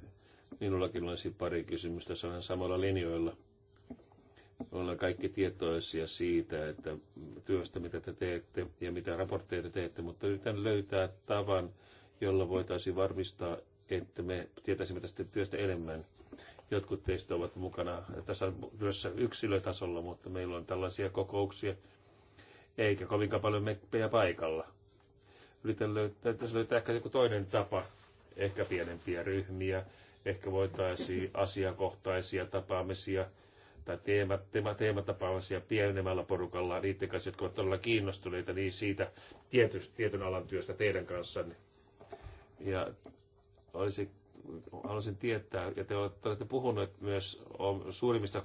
Minullakin olisi pari kysymystä sanan samalla linjoilla. Ollaan kaikki tietoisia siitä, että työstä mitä te teette ja mitä raportteja te teette, mutta yritän löytää tavan, jolla voitaisiin varmistaa, että me tietäisimme tästä työstä enemmän Jotkut teistä ovat mukana tässä työssä yksilötasolla, mutta meillä on tällaisia kokouksia, eikä kovinkaan paljon meppejä paikalla. Yritän löytää, löytää ehkä joku toinen tapa, ehkä pienempiä ryhmiä, ehkä voitaisiin asiakohtaisia tapaamisia tai teema, teema, teematapaamisia pienemmällä porukalla niiden kanssa, jotka ovat todella kiinnostuneita niin siitä tietyn, tietyn alan työstä teidän kanssanne. Ja olisi haluaisin tietää, ja te olette puhuneet myös suurimmista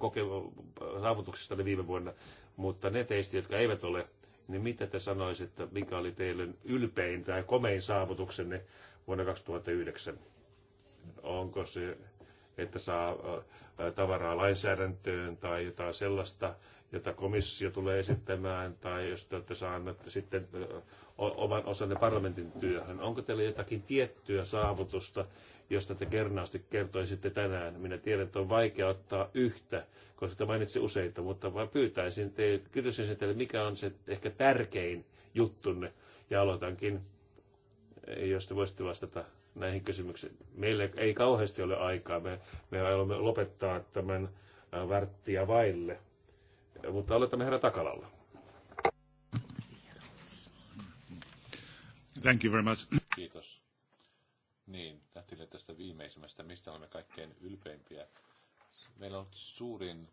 saavutuksista viime vuonna, mutta ne teistä, jotka eivät ole, niin mitä te sanoisitte, mikä oli teille ylpein tai komein saavutuksenne vuonna 2009? Onko se, että saa tavaraa lainsäädäntöön tai jotain sellaista, jota komissio tulee esittämään, tai jos te olette saaneet sitten ovat osanne parlamentin työhön. Onko teillä jotakin tiettyä saavutusta, josta te kernaasti kertoisitte tänään? Minä tiedän, että on vaikea ottaa yhtä, koska te mainitsi useita, mutta vaan pyytäisin teille, kysyisin teille, mikä on se ehkä tärkein juttunne. Ja aloitankin, jos te voisitte vastata näihin kysymyksiin. Meillä ei kauheasti ole aikaa. Me, me haluamme lopettaa tämän värttiä vaille. Mutta aloitamme herra Takalalla. Thank you very much. Kiitos. Niin, lähtien tästä viimeisimmästä, mistä olemme kaikkein ylpeimpiä. Meillä on suurin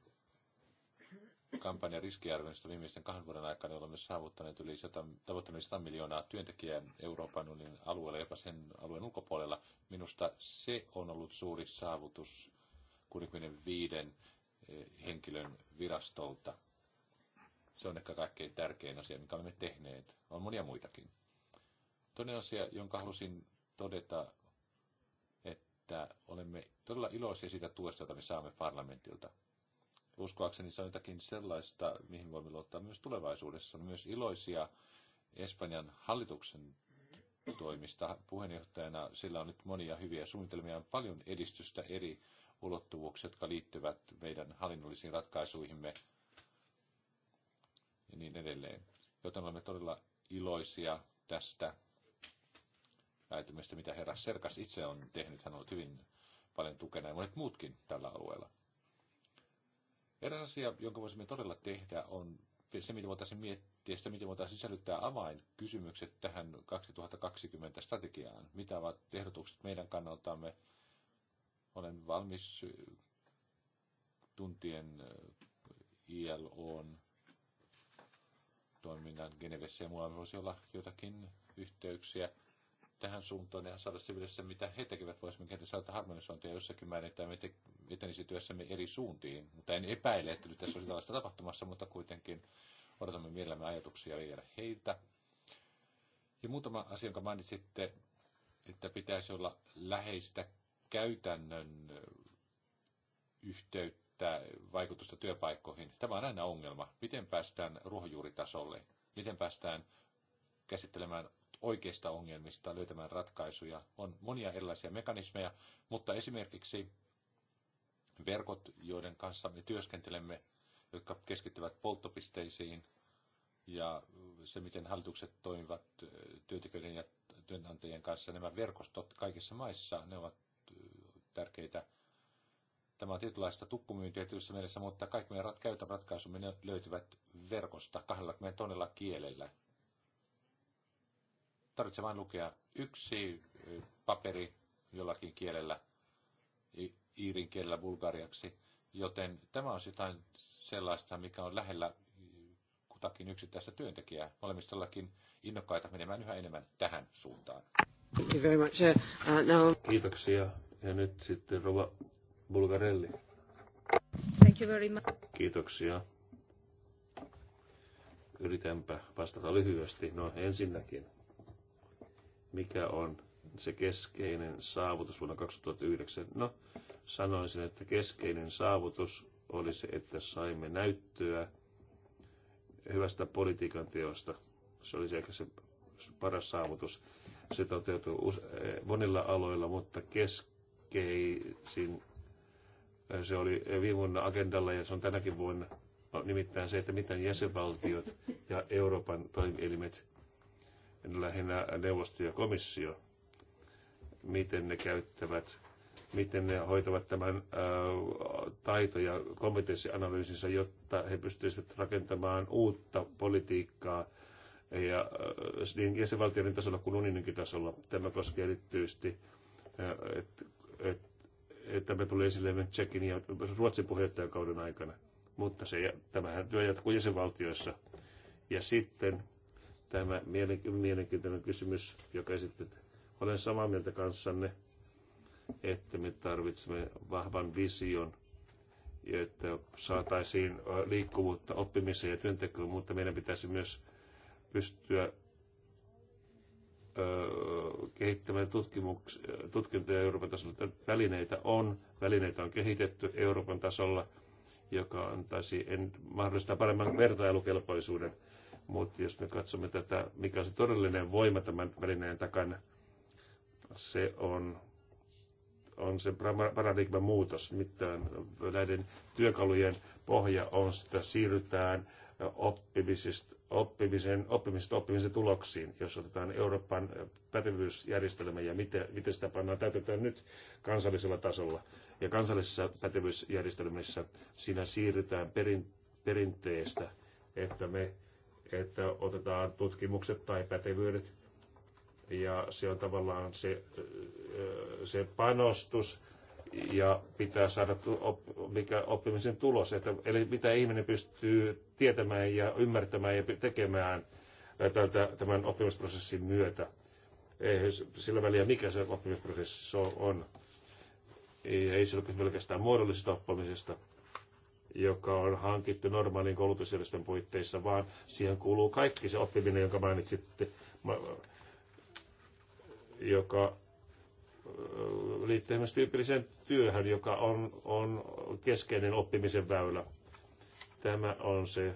kampanja riskiarvioinnista viimeisten kahden vuoden aikana olemme saavuttaneet yli 100, tavoittaneet 100 miljoonaa työntekijää Euroopan unionin alueella, jopa sen alueen ulkopuolella. Minusta se on ollut suuri saavutus 65 eh, henkilön virastolta. Se on ehkä kaikkein tärkein asia, mikä olemme tehneet. On monia muitakin. Toinen asia, jonka halusin todeta, että olemme todella iloisia siitä tuesta, jota me saamme parlamentilta. Uskoakseni se on jotakin sellaista, mihin voimme luottaa myös tulevaisuudessa. On myös iloisia Espanjan hallituksen toimista puheenjohtajana. Sillä on nyt monia hyviä suunnitelmia paljon edistystä eri ulottuvuuksia, jotka liittyvät meidän hallinnollisiin ratkaisuihimme ja niin edelleen. Joten olemme todella iloisia tästä äitymistä, mitä herra Serkas itse on tehnyt. Hän on ollut hyvin paljon tukena ja monet muutkin tällä alueella. Eräs asia, jonka voisimme todella tehdä, on se, miten voitaisiin miettiä sitä, miten voitaisiin sisällyttää avainkysymykset tähän 2020 strategiaan. Mitä ovat ehdotukset meidän kannaltamme? Olen valmis äh, tuntien äh, ILOn toiminnan Genevessä ja muualla voisi olla jotakin yhteyksiä tähän suuntaan ja saada selville mitä he tekevät. Voisimme kenties saada harmonisointia jossakin määrin, että me etenisi työssämme eri suuntiin. Mutta en epäile, että nyt tässä olisi tällaista tapahtumassa, mutta kuitenkin odotamme mielellämme ajatuksia vielä heiltä. Ja muutama asia, jonka mainitsitte, että pitäisi olla läheistä käytännön yhteyttä, vaikutusta työpaikkoihin. Tämä on aina ongelma. Miten päästään ruohonjuuritasolle? Miten päästään käsittelemään oikeista ongelmista löytämään ratkaisuja. On monia erilaisia mekanismeja, mutta esimerkiksi verkot, joiden kanssa me työskentelemme, jotka keskittyvät polttopisteisiin ja se, miten hallitukset toimivat työntekijöiden ja työnantajien kanssa, nämä verkostot kaikissa maissa, ne ovat tärkeitä. Tämä on tietynlaista tukkumyyntiä tietyissä mielessä, mutta kaikki meidän rat- käytön ratkaisumme löytyvät verkosta tonnella kielellä tarvitse vain lukea yksi paperi jollakin kielellä, iirin kielellä bulgariaksi, joten tämä on jotain sellaista, mikä on lähellä kutakin yksittäistä työntekijää. Olemme todellakin innokkaita menemään yhä enemmän tähän suuntaan. Thank you very much. Uh, Kiitoksia. Ja nyt sitten Rova Bulgarelli. Thank you very much. Kiitoksia. Yritänpä vastata lyhyesti. No ensinnäkin mikä on se keskeinen saavutus vuonna 2009? No, sanoisin, että keskeinen saavutus oli se, että saimme näyttöä hyvästä politiikan teosta. Se oli ehkä se paras saavutus. Se toteutui eh, monilla aloilla, mutta keskeisin eh, se oli viime vuonna agendalla ja se on tänäkin vuonna no, nimittäin se, että miten jäsenvaltiot ja Euroopan toimielimet lähinnä neuvosto ja komissio, miten ne käyttävät, miten ne hoitavat tämän taito- ja kompetenssianalyysinsa, jotta he pystyisivät rakentamaan uutta politiikkaa ja niin jäsenvaltioiden tasolla kuin unioninkin tasolla. Tämä koskee erityisesti, että me tulee esille Tsekin ja Ruotsin puheenjohtajakauden aikana, mutta se, tämähän työ jatkuu jäsenvaltioissa. Ja sitten Tämä mielenkiintoinen kysymys, joka esitit. Olen samaa mieltä kanssanne, että me tarvitsemme vahvan vision, että saataisiin liikkuvuutta oppimiseen ja työntekoon, mutta meidän pitäisi myös pystyä kehittämään tutkintoja Euroopan tasolla. Välineitä on, välineitä on kehitetty Euroopan tasolla, joka antaisi en, mahdollistaa paremman vertailukelpoisuuden mutta jos me katsomme tätä, mikä on se todellinen voima tämän välineen takana, se on, on se paradigman muutos, mitään näiden työkalujen pohja on, sitä siirrytään oppimisesta, oppimisen, oppimisesta oppimisen tuloksiin, jos otetaan Euroopan pätevyysjärjestelmä ja miten, miten sitä pannaan täytetään nyt kansallisella tasolla. Ja kansallisessa pätevyysjärjestelmässä siinä siirrytään perin, perinteestä, että me että otetaan tutkimukset tai pätevyydet ja se on tavallaan se, se panostus ja pitää saada op, mikä oppimisen tulos, että, eli mitä ihminen pystyy tietämään ja ymmärtämään ja tekemään tältä, tämän oppimisprosessin myötä. Ei sillä väliä, mikä se oppimisprosessi on. Ei, ei se ole pelkästään muodollisesta oppimisesta, joka on hankittu normaalin koulutusjärjestön puitteissa, vaan siihen kuuluu kaikki se oppiminen, jonka mainitsitte, joka liittyy myös tyypilliseen työhön, joka on, on keskeinen oppimisen väylä. Tämä on se,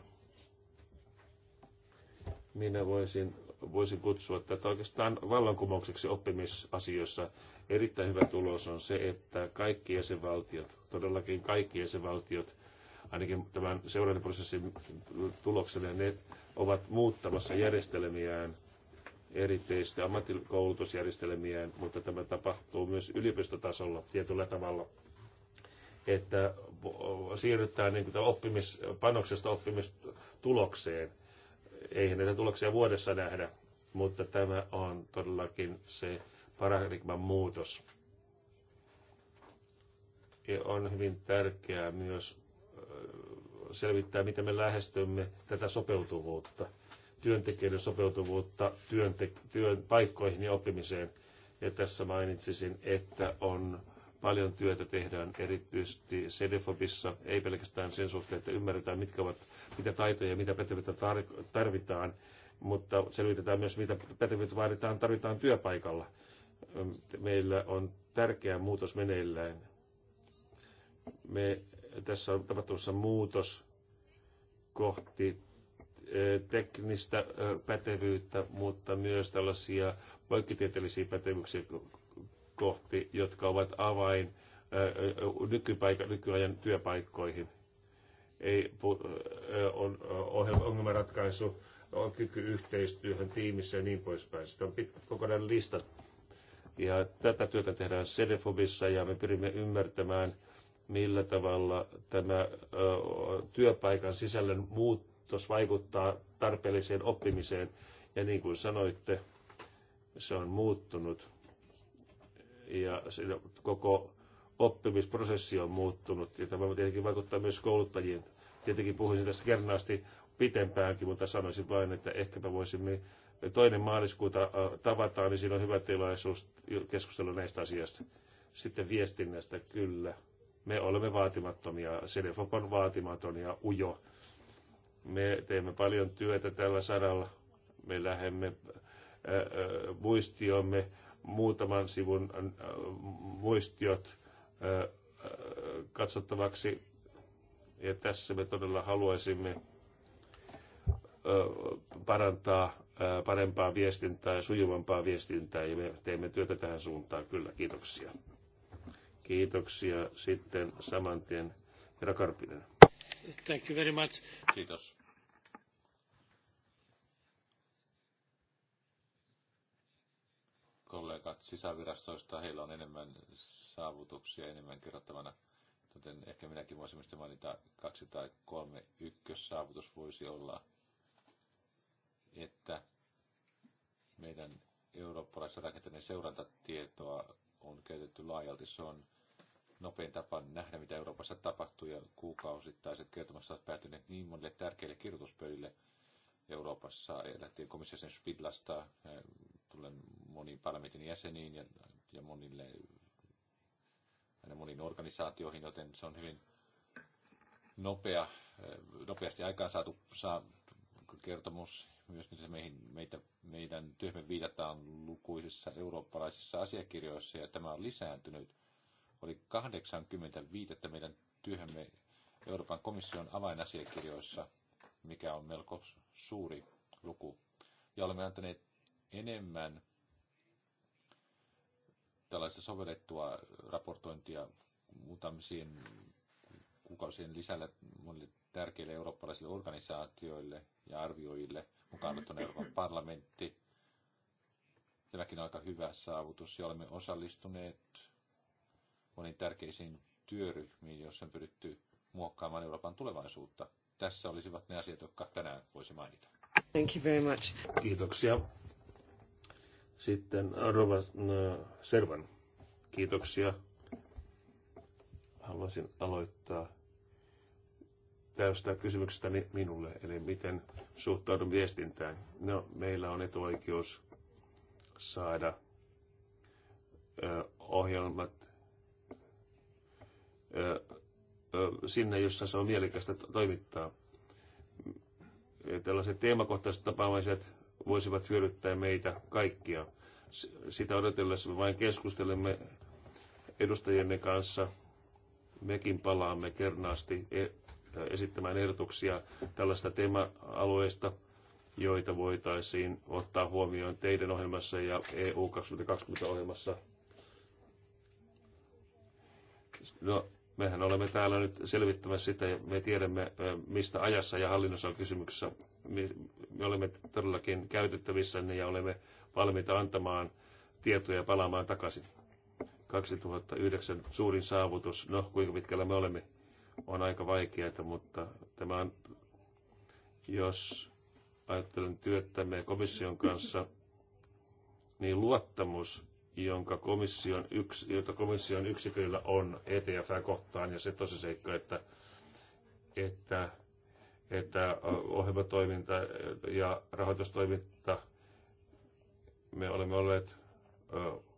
minä voisin, voisin kutsua tätä oikeastaan vallankumoukseksi oppimisasioissa. Erittäin hyvä tulos on se, että kaikki jäsenvaltiot, todellakin kaikki jäsenvaltiot, ainakin tämän seurantaprosessin tuloksena, ne ovat muuttamassa järjestelmiään, erityisesti ammattikoulutusjärjestelmiään, mutta tämä tapahtuu myös yliopistotasolla tietyllä tavalla, että siirrytään niin kuin oppimispanoksesta oppimistulokseen. Eihän näitä tuloksia vuodessa nähdä, mutta tämä on todellakin se paradigman muutos. Ja on hyvin tärkeää myös selvittää, miten me lähestymme tätä sopeutuvuutta, työntekijöiden sopeutuvuutta työntek- työn paikkoihin ja oppimiseen. Ja tässä mainitsisin, että on paljon työtä tehdään erityisesti Sedefobissa, ei pelkästään sen suhteen, että ymmärretään, mitkä ovat, mitä taitoja ja mitä pätevyyttä tarvitaan, mutta selvitetään myös, mitä pätevyyttä vaaditaan, tarvitaan työpaikalla. Meillä on tärkeä muutos meneillään. Me tässä on tapahtumassa muutos kohti eh, teknistä eh, pätevyyttä, mutta myös tällaisia poikkitieteellisiä pätevyyksiä kohti, jotka ovat avain eh, nykyajan työpaikkoihin. Ei, on ongelmanratkaisu, on kyky yhteistyöhön tiimissä ja niin poispäin. Sitten on pitkä kokonainen lista. Ja tätä työtä tehdään Sedefobissa ja me pyrimme ymmärtämään, millä tavalla tämä työpaikan sisällön muutos vaikuttaa tarpeelliseen oppimiseen. Ja niin kuin sanoitte, se on muuttunut ja koko oppimisprosessi on muuttunut. Ja tämä tietenkin vaikuttaa myös kouluttajien. Tietenkin puhuisin tästä kernaasti pitempäänkin, mutta sanoisin vain, että ehkäpä voisimme toinen maaliskuuta tavataan, niin siinä on hyvä tilaisuus keskustella näistä asioista. Sitten viestinnästä, kyllä. Me olemme vaatimattomia, Sedefop on vaatimaton ja ujo. Me teemme paljon työtä tällä saralla. Me lähemme ää, äh, äh, muistiomme muutaman sivun ää, äh, muistiot ää, katsottavaksi. Ja tässä me todella haluaisimme parantaa parempaa viestintää ja sujuvampaa viestintää ja me teemme työtä tähän suuntaan. Kyllä, kiitoksia. Kiitoksia sitten saman tien. Herra Karpinen. Thank you very much. Kiitos. kollegat sisävirastoista, heillä on enemmän saavutuksia, enemmän kerrottavana. Joten ehkä minäkin voisin myös mainita kaksi tai kolme ykkössaavutus voisi olla, että meidän eurooppalaisen rakenteiden seurantatietoa on käytetty laajalti. Se on nopein tapa nähdä, mitä Euroopassa tapahtuu, ja kuukausittaiset kertomukset ovat päätyneet niin monille tärkeille kirjoituspöydille Euroopassa. Lähtien komissiosen Spidlasta, tulen moniin parlamentin jäseniin ja, ja monille, aina moniin organisaatioihin, joten se on hyvin nopea, eh, nopeasti aikaansaatu saa kertomus, myös mitä meihin, meitä, meidän työhön viitataan lukuisissa eurooppalaisissa asiakirjoissa, ja tämä on lisääntynyt – oli 85 meidän työhömme Euroopan komission avainasiakirjoissa, mikä on melko suuri luku. Ja olemme antaneet enemmän tällaista sovellettua raportointia muutamisiin kuukausien lisällä monille tärkeille eurooppalaisille organisaatioille ja arvioijille, mukaan on Euroopan parlamentti. Tämäkin on aika hyvä saavutus ja olemme osallistuneet moniin tärkeisiin työryhmiin, joissa on pyritty muokkaamaan Euroopan tulevaisuutta. Tässä olisivat ne asiat, jotka tänään voisi mainita. Thank you very much. Kiitoksia. Sitten Rova äh, Servan. Kiitoksia. Haluaisin aloittaa täystä kysymyksestä minulle, eli miten suhtaudun viestintään. No, meillä on etuoikeus saada ohjelmat sinne, jossa se on mielekästä toimittaa. Tällaiset teemakohtaiset tapaamiset voisivat hyödyttää meitä kaikkia. Sitä odotellessa me vain keskustelemme edustajienne kanssa. Mekin palaamme kernaasti e, esittämään ehdotuksia tällaista teema-alueesta, joita voitaisiin ottaa huomioon teidän ohjelmassa ja EU 2020 ohjelmassa. No, Mehän olemme täällä nyt selvittämässä sitä ja me tiedämme, mistä ajassa ja hallinnossa on kysymyksessä. Me olemme todellakin käytettävissänne ja olemme valmiita antamaan tietoja ja palaamaan takaisin. 2009 suurin saavutus, no kuinka pitkällä me olemme, on aika vaikeaa, mutta tämä on, jos ajattelen työtämme komission kanssa, niin luottamus jonka komission yks, jota komission yksiköillä on ETF kohtaan ja se tosiseikka, että, että, että ohjelmatoiminta ja rahoitustoiminta, me olemme olleet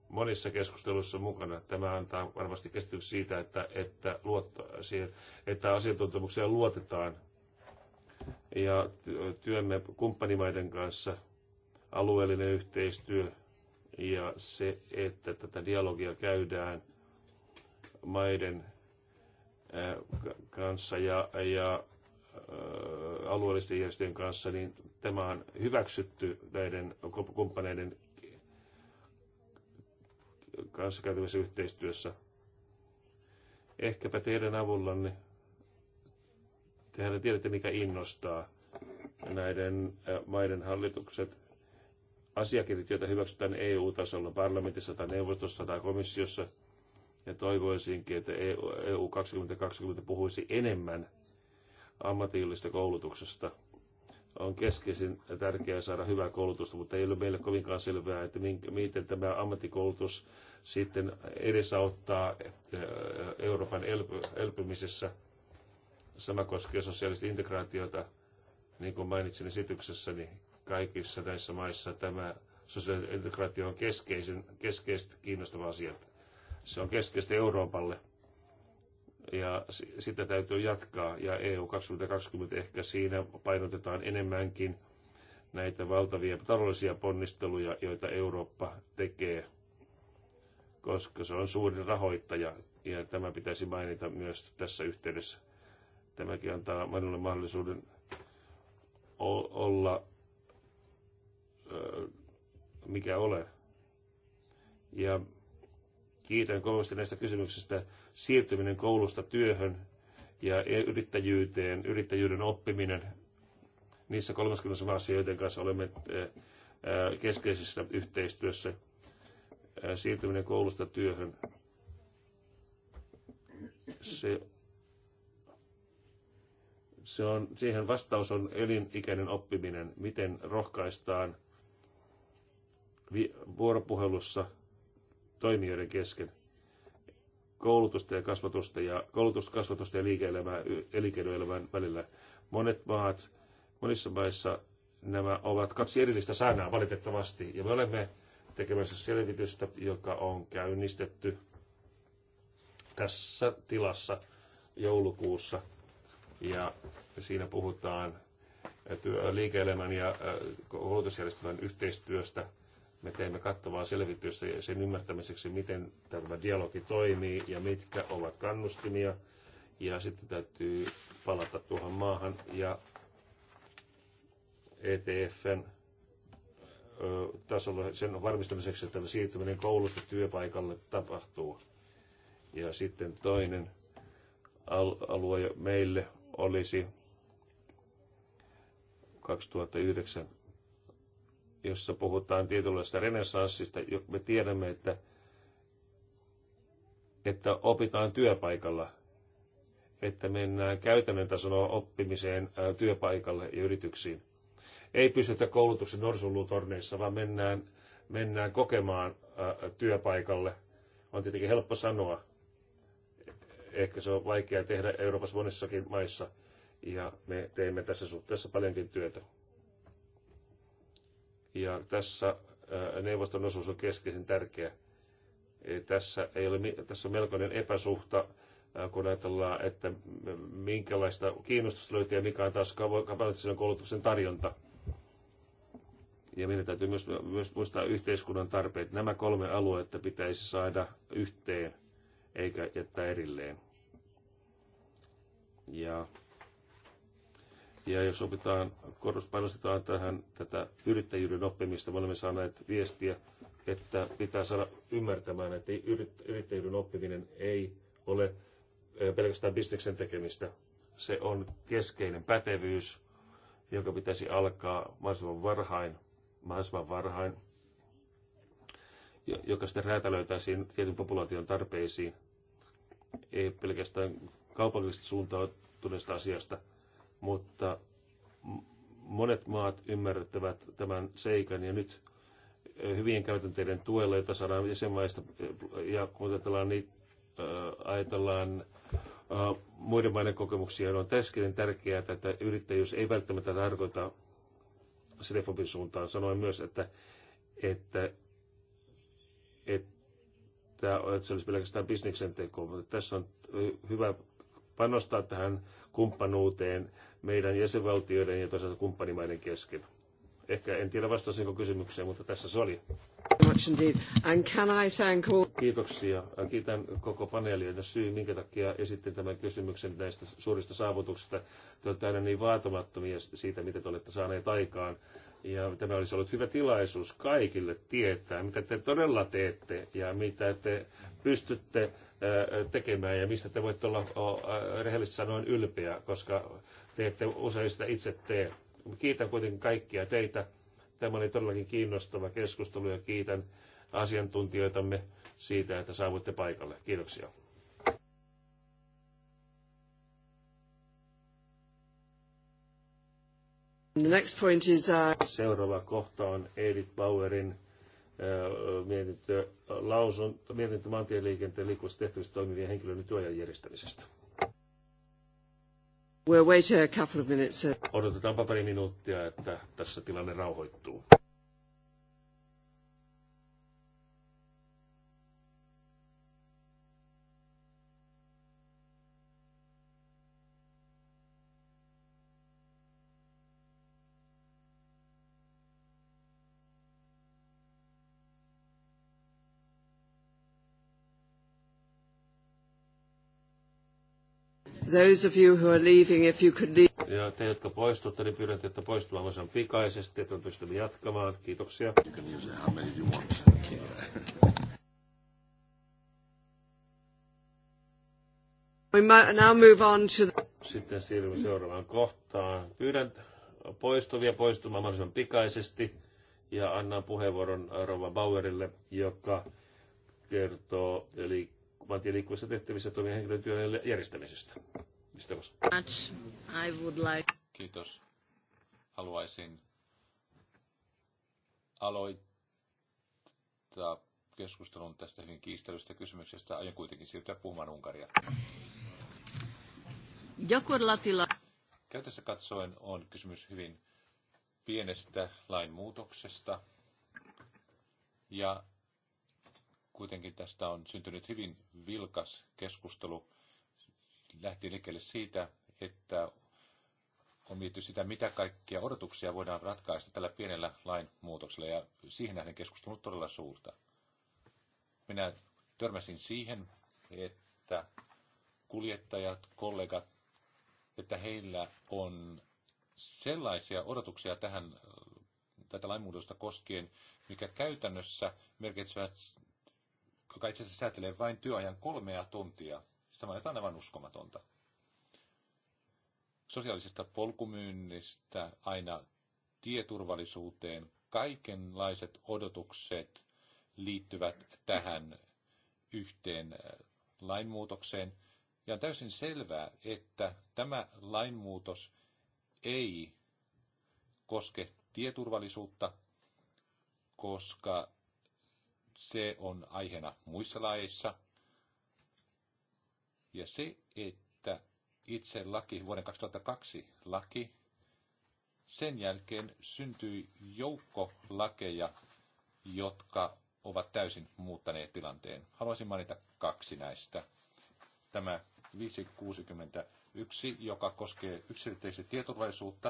monissa keskusteluissa mukana. Tämä antaa varmasti käsityksen siitä, että, että, luotto, siihen, että asiantuntemukseen luotetaan ja työmme kumppanimaiden kanssa, alueellinen yhteistyö, ja se, että tätä dialogia käydään maiden kanssa ja, ja alueellisten järjestöjen kanssa, niin tämä on hyväksytty näiden kumppaneiden kanssa käytävässä yhteistyössä. Ehkäpä teidän avullanne, tehän tiedätte mikä innostaa näiden maiden hallitukset asiakirjat, joita hyväksytään EU-tasolla, parlamentissa tai neuvostossa tai komissiossa. Ja toivoisinkin, että EU 2020 e puhuisi enemmän ammatillisesta koulutuksesta. On keskeisin tärkeää saada hyvää koulutusta, mutta ei ole meille kovinkaan selvää, että miten tämä ammattikoulutus sitten edesauttaa eh, Euroopan elpymisessä. Sama koskee sosiaalista integraatiota, niin kuin mainitsin esityksessäni, niin kaikissa näissä maissa tämä sosiaalinen integraatio on keskeisen, keskeisesti kiinnostava asia. Se on keskeistä Euroopalle ja sitä täytyy jatkaa. Ja EU 2020 ehkä siinä painotetaan enemmänkin näitä valtavia taloudellisia ponnisteluja, joita Eurooppa tekee, koska se on suurin rahoittaja. Ja tämä pitäisi mainita myös tässä yhteydessä. Tämäkin antaa minulle mahdollisuuden olla mikä ole Ja kiitän kovasti näistä kysymyksistä. Siirtyminen koulusta työhön ja e- yrittäjyyteen, yrittäjyyden oppiminen, niissä 30 maassa, joiden kanssa olemme keskeisessä yhteistyössä, siirtyminen koulusta työhön, se, se on, siihen vastaus on elinikäinen oppiminen, miten rohkaistaan – vuoropuhelussa toimijoiden kesken koulutusta ja kasvatusta ja koulutusta, kasvatusta ja elinkeinoelämän välillä. Monet maat, monissa maissa nämä ovat kaksi erillistä säännää valitettavasti. Ja me olemme tekemässä selvitystä, joka on käynnistetty tässä tilassa joulukuussa. Ja siinä puhutaan liike-elämän ja koulutusjärjestelmän yhteistyöstä – me teemme kattavaa selvitystä sen ymmärtämiseksi, miten tämä dialogi toimii ja mitkä ovat kannustimia. Ja sitten täytyy palata tuohon maahan ja ETFn tasolla sen varmistamiseksi, että siirtyminen koulusta työpaikalle tapahtuu. Ja sitten toinen alue meille olisi 2009 jossa puhutaan tietynlaista renessanssista. Me tiedämme, että, että opitaan työpaikalla, että mennään käytännön tason oppimiseen työpaikalle ja yrityksiin. Ei pystytä koulutuksen norsulutorneissa, vaan mennään, mennään kokemaan työpaikalle. On tietenkin helppo sanoa. Ehkä se on vaikea tehdä Euroopassa monissakin maissa. Ja me teemme tässä suhteessa paljonkin työtä. Ja tässä neuvoston osuus on keskeisen tärkeä. Tässä, ei ole, tässä on melkoinen epäsuhta, kun ajatellaan, että minkälaista kiinnostusta löytyy ja mikä on taas kapasiteetin koulutuksen tarjonta. Ja meidän täytyy myös, myös muistaa yhteiskunnan tarpeet. Nämä kolme aluetta pitäisi saada yhteen, eikä jättää erilleen. Ja ja jos opitaan, korostetaan tähän tätä yrittäjyyden oppimista, me olemme saaneet viestiä, että pitää saada ymmärtämään, että yrittäjyyden oppiminen ei ole eh, pelkästään bisneksen tekemistä. Se on keskeinen pätevyys, joka pitäisi alkaa mahdollisimman varhain, mahdollisimman varhain joka sitten räätälöitäisiin tietyn populaation tarpeisiin, ei pelkästään kaupallisesti suuntautuneesta asiasta – mutta monet maat ymmärtävät tämän seikan ja nyt eh, hyvien käytänteiden tuella, jota saadaan jäsenmaista, eh, ja kun ajatellaan, niin, äh, ajatellaan äh, muiden maiden kokemuksia, niin on täskin tärkeää, että yrittäjyys ei välttämättä tarkoita Sinefobin suuntaan. Sanoin myös, että, että, että, että se olisi pelkästään bisneksen teko, mutta tässä on hyvä panostaa tähän kumppanuuteen meidän jäsenvaltioiden ja toisaalta kumppanimaiden kesken. Ehkä en tiedä vastasinko kysymykseen, mutta tässä se oli. Kiitoksia. Kiitän koko paneelia ja syy, minkä takia esitin tämän kysymyksen näistä suurista saavutuksista. Te olette aina niin vaatimattomia siitä, mitä te olette saaneet aikaan. Ja tämä olisi ollut hyvä tilaisuus kaikille tietää, mitä te todella teette ja mitä te pystytte tekemään ja mistä te voitte olla rehellisesti sanoen ylpeä, koska te ette usein sitä itse tee. Kiitän kuitenkin kaikkia teitä. Tämä oli todellakin kiinnostava keskustelu ja kiitän asiantuntijoitamme siitä, että saavuitte paikalle. Kiitoksia. The next point is, uh, Seuraava kohta on Edith Bauerin äh, mietintö, lausun, mietintö maantieliikenteen liikkuvassa tehtävissä toimivien henkilöiden työajan järjestämisestä. We'll wait a couple of minutes. Uh, Odotetaanpa pari minuuttia, että tässä tilanne rauhoittuu. Those of you who are leaving, if you could leave. Ja te, jotka poistutte, niin pyydän teitä poistumaan mahdollisimman pikaisesti, että me pystymme jatkamaan. Kiitoksia. You can use how many you want. We now move on to the... Sitten siirrymme seuraavaan kohtaan. Pyydän poistuvia poistumaan mahdollisimman pikaisesti ja annan puheenvuoron Rova Bauerille, joka kertoo eli maantien tehtävissä toimia henkilön työn järjestämisestä. Mistä I would like... Kiitos. Haluaisin aloittaa keskustelun tästä hyvin kiistelystä kysymyksestä. Aion kuitenkin siirtyä puhumaan Unkaria. Gyakorlatilla... Käytännössä katsoen on kysymys hyvin pienestä lainmuutoksesta ja Kuitenkin tästä on syntynyt hyvin vilkas keskustelu. Lähti liikkeelle siitä, että on mietitty sitä, mitä kaikkia odotuksia voidaan ratkaista tällä pienellä lainmuutoksella, ja siihen nähden keskustelu todella suurta. Minä törmäsin siihen, että kuljettajat, kollegat, että heillä on sellaisia odotuksia tähän, tätä lainmuutosta koskien, mikä käytännössä merkitsevät joka itse asiassa säätelee vain työajan kolmea tuntia. Tämä on jotain aivan uskomatonta. Sosiaalisesta polkumyynnistä aina tieturvallisuuteen, kaikenlaiset odotukset liittyvät tähän yhteen äh, lainmuutokseen. Ja on täysin selvää, että tämä lainmuutos ei koske tieturvallisuutta, koska se on aiheena muissa laeissa. Ja se, että itse laki, vuoden 2002 laki, sen jälkeen syntyi joukko lakeja, jotka ovat täysin muuttaneet tilanteen. Haluaisin mainita kaksi näistä. Tämä 561, joka koskee yksilöllistä tietoturvallisuutta,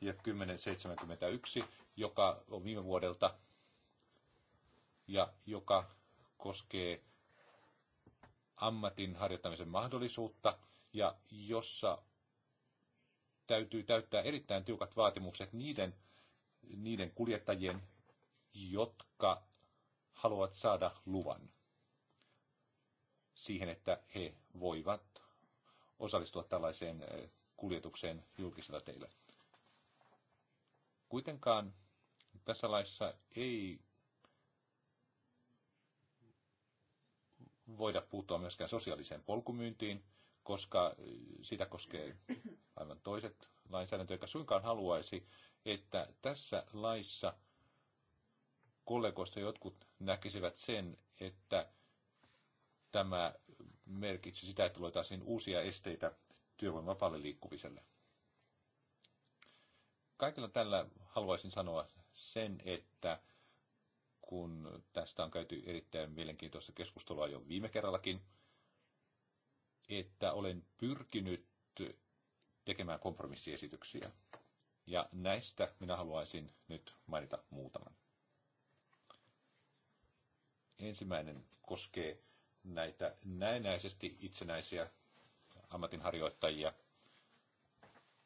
ja 1071, joka on viime vuodelta ja joka koskee ammatin harjoittamisen mahdollisuutta ja jossa täytyy täyttää erittäin tiukat vaatimukset niiden, niiden kuljettajien, jotka haluavat saada luvan siihen, että he voivat osallistua tällaiseen eh, kuljetukseen julkisilla teillä. Kuitenkaan tässä laissa ei voida puuttua myöskään sosiaaliseen polkumyyntiin, koska äh, sitä koskee aivan toiset lainsäädäntö, joka suinkaan haluaisi, että tässä laissa kollegoista jotkut näkisivät sen, että tämä merkitsi sitä, että luotaisiin uusia esteitä työvoiman vapaalle liikkuviselle. Kaikilla tällä haluaisin sanoa sen, että kun tästä on käyty erittäin mielenkiintoista keskustelua jo viime kerrallakin, että olen pyrkinyt tekemään kompromissiesityksiä. Ja näistä minä haluaisin nyt mainita muutaman. Ensimmäinen koskee näitä näennäisesti itsenäisiä ammatinharjoittajia.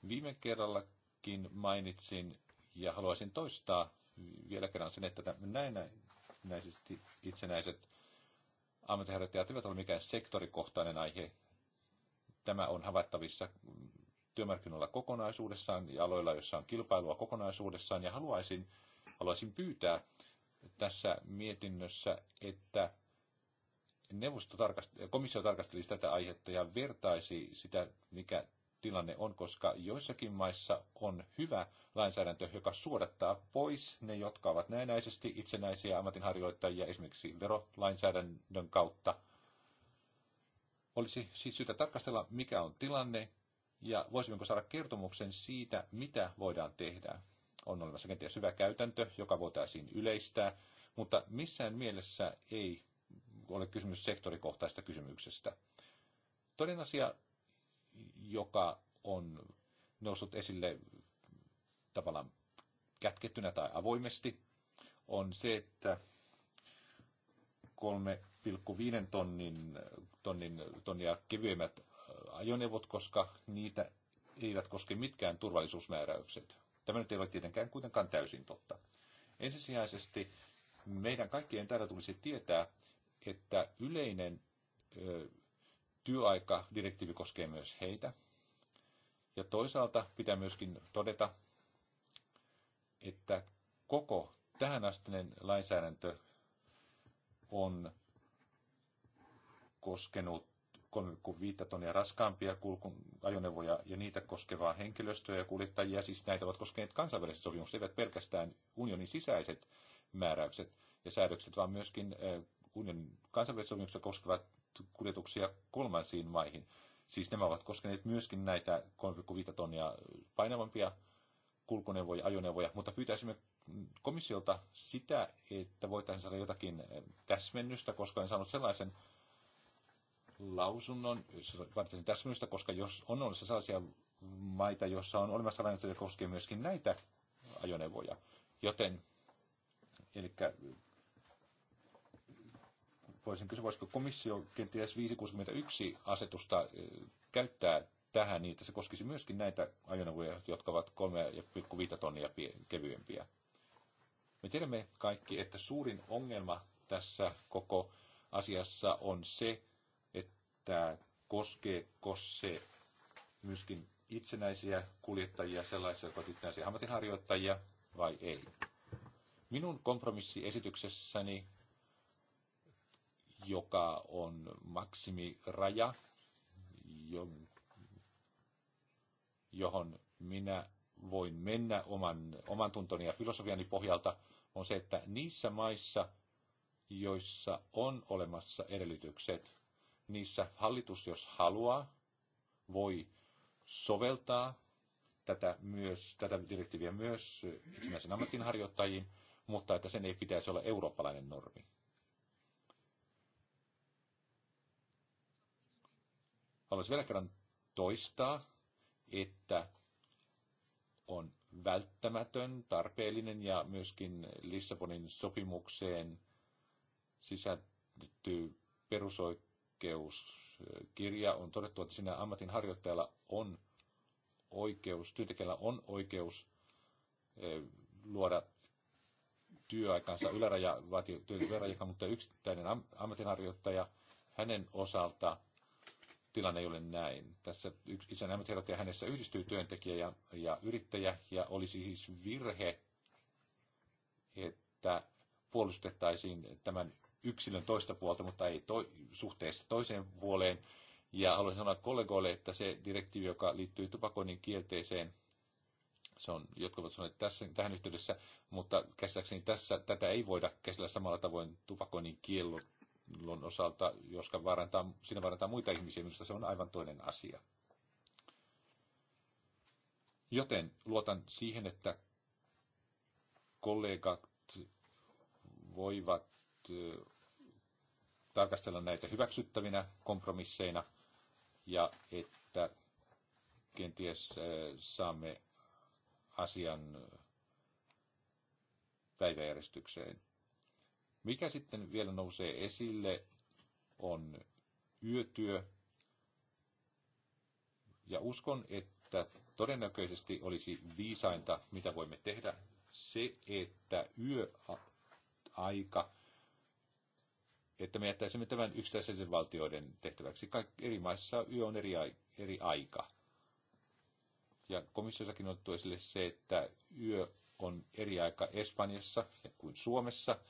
Viime kerrallakin mainitsin ja haluaisin toistaa vielä kerran sen, että näisesti itsenäiset ammattiharjoittajat eivät ole mikään sektorikohtainen aihe. Tämä on havaittavissa työmarkkinoilla kokonaisuudessaan ja aloilla, joissa on kilpailua kokonaisuudessaan. Ja haluaisin, haluaisin pyytää tässä mietinnössä, että neuvosto tarkast- komissio tarkastelisi tätä aihetta ja vertaisi sitä, mikä tilanne on, koska joissakin maissa on hyvä lainsäädäntö, joka suodattaa pois ne, jotka ovat näennäisesti itsenäisiä ammatinharjoittajia esimerkiksi verolainsäädännön kautta. Olisi siis syytä tarkastella, mikä on tilanne ja voisimmeko saada kertomuksen siitä, mitä voidaan tehdä. On olemassa kenties hyvä käytäntö, joka voitaisiin yleistää, mutta missään mielessä ei ole kysymys sektorikohtaista kysymyksestä. Toinen asia joka on noussut esille tavallaan kätkettynä tai avoimesti, on se, että 3,5 tonnin, tonnin, tonnia kevyemmät äh, ajoneuvot, koska niitä eivät koske mitkään turvallisuusmääräykset. Tämä nyt ei ole tietenkään kuitenkaan täysin totta. Ensisijaisesti meidän kaikkien täällä tulisi tietää, että yleinen Työaikadirektiivi koskee myös heitä. Ja toisaalta pitää myöskin todeta, että koko tähänastinen lainsäädäntö on koskenut 3,5 tonnia raskaampia ajoneuvoja ja niitä koskevaa henkilöstöä ja kuljettajia. Siis näitä ovat koskeneet kansainväliset sopimukset, eivät pelkästään unionin sisäiset määräykset ja säädökset, vaan myöskin eh, unionin kansainväliset sopimukset koskevat kuljetuksia kolmansiin maihin. Siis nämä ovat koskeneet myöskin näitä 3,5 tonnia painavampia kulkuneuvoja, ajoneuvoja, mutta pyytäisimme komissiolta sitä, että voitaisiin saada jotakin eh, täsmennystä, koska en saanut sellaisen lausunnon, varten täsmennystä, koska jos on olemassa sellaisia maita, joissa on olemassa lainsäädäntö, joka koskee myöskin näitä ajoneuvoja, joten eli voisin kysyä, voisiko komissio kenties 561 asetusta eh, käyttää tähän niin, että se koskisi myöskin näitä ajoneuvoja, jotka ovat 3,5 tonnia kevyempiä. Me tiedämme kaikki, että suurin ongelma tässä koko asiassa on se, että koskeeko se myöskin itsenäisiä kuljettajia, sellaisia, jotka ovat itsenäisiä ammatinharjoittajia vai ei. Minun kompromissiesityksessäni joka on maksimiraja, johon minä voin mennä oman, oman tuntoni ja filosofiani pohjalta, on se, että niissä maissa, joissa on olemassa edellytykset, niissä hallitus, jos haluaa, voi soveltaa tätä, myös, tätä direktiiviä myös itsenäisen ammatinharjoittajiin, mutta että sen ei pitäisi olla eurooppalainen normi. Haluaisin vielä kerran toistaa, että on välttämätön, tarpeellinen ja myöskin Lissabonin sopimukseen sisältyy perusoikeuskirja. On todettu, että siinä ammatin harjoittajalla on oikeus, työntekijällä on oikeus e, luoda työaikansa yläraja, vaatii työrajakaan, mutta yksittäinen ammatinharjoittaja, hänen osalta tilanne ei ole näin. Tässä isännämät herättäjä hänessä yhdistyy työntekijä ja, ja yrittäjä, ja olisi siis virhe, että puolustettaisiin tämän yksilön toista puolta, mutta ei to, suhteessa toiseen puoleen. Ja haluaisin sanoa kollegoille, että se direktiivi, joka liittyy tupakoinnin kielteeseen, se on, jotkut ovat sanoneet tässä, tähän yhteydessä, mutta käsittääkseni tässä tätä ei voida käsitellä samalla tavoin tupakoinnin kiellon osalta, joska vaarantaa, siinä vaarantaa muita ihmisiä, minusta se on aivan toinen asia. Joten luotan siihen, että kollegat voivat tarkastella näitä hyväksyttävinä kompromisseina ja että kenties saamme asian päiväjärjestykseen. Mikä sitten vielä nousee esille on yötyö. Ja uskon, että todennäköisesti olisi viisainta, mitä voimme tehdä, se, että yöaika, että me jättäisimme tämän yksittäisen valtioiden tehtäväksi. Kaikki eri maissa yö on eri, eri aika. Ja komissiossakin on tuotu esille se, että yö on eri aika Espanjassa kuin Suomessa –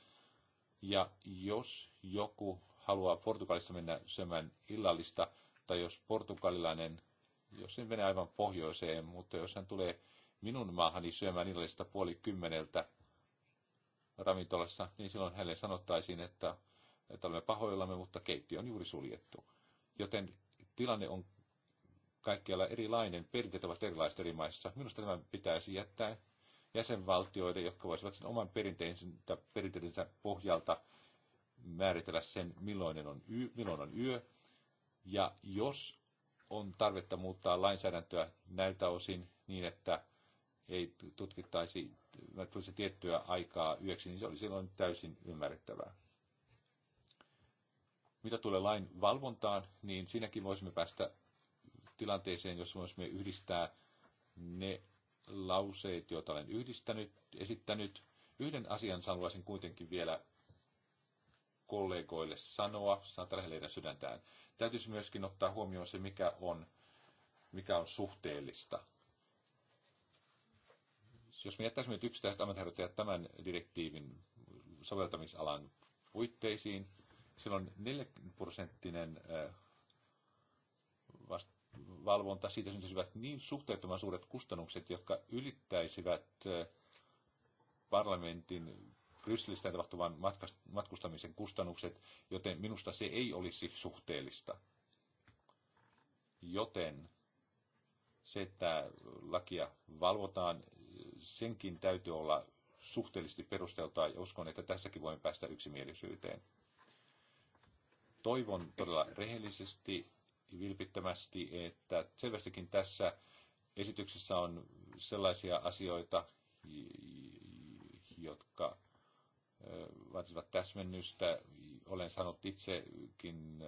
ja jos joku haluaa Portugalissa mennä syömään illallista, tai jos portugalilainen, jos en mene aivan pohjoiseen, mutta jos hän tulee minun maahani syömään illallista puoli kymmeneltä ravintolassa, niin silloin hänelle sanottaisiin, että, että olemme pahoillamme, mutta keittiö on juuri suljettu. Joten tilanne on kaikkialla erilainen, perinteet ovat erilaiset eri maissa. Minusta tämä pitäisi jättää jäsenvaltioiden, jotka voisivat sen oman perinteisensä, perinteisensä pohjalta määritellä sen, milloin on, yö, milloin on yö. Ja jos on tarvetta muuttaa lainsäädäntöä näiltä osin niin, että ei tutkittaisi, tulisi tiettyä aikaa yöksi, niin se oli silloin täysin ymmärrettävää. Mitä tulee lain valvontaan, niin siinäkin voisimme päästä tilanteeseen, jossa voisimme yhdistää ne lauseet, joita olen yhdistänyt, esittänyt. Yhden asian haluaisin kuitenkin vielä kollegoille sanoa, sanotaan lähelle heidän sydäntään. Täytyisi myöskin ottaa huomioon se, mikä on, mikä on suhteellista. Jos me jättäisimme nyt yksittäiset ammattiharjoittajat tämän direktiivin soveltamisalan puitteisiin, silloin 4 prosenttinen äh, valvonta, siitä syntyisivät niin suhteettoman suuret kustannukset, jotka ylittäisivät eh, parlamentin Brysselistä tapahtuvan matkustamisen kustannukset, joten minusta se ei olisi suhteellista. Joten se, että lakia valvotaan, senkin täytyy olla suhteellisesti perusteltua ja uskon, että tässäkin voimme päästä yksimielisyyteen. Toivon todella rehellisesti, vilpittömästi, että selvästikin tässä esityksessä on sellaisia asioita, jotka vaativat täsmennystä. Olen saanut itsekin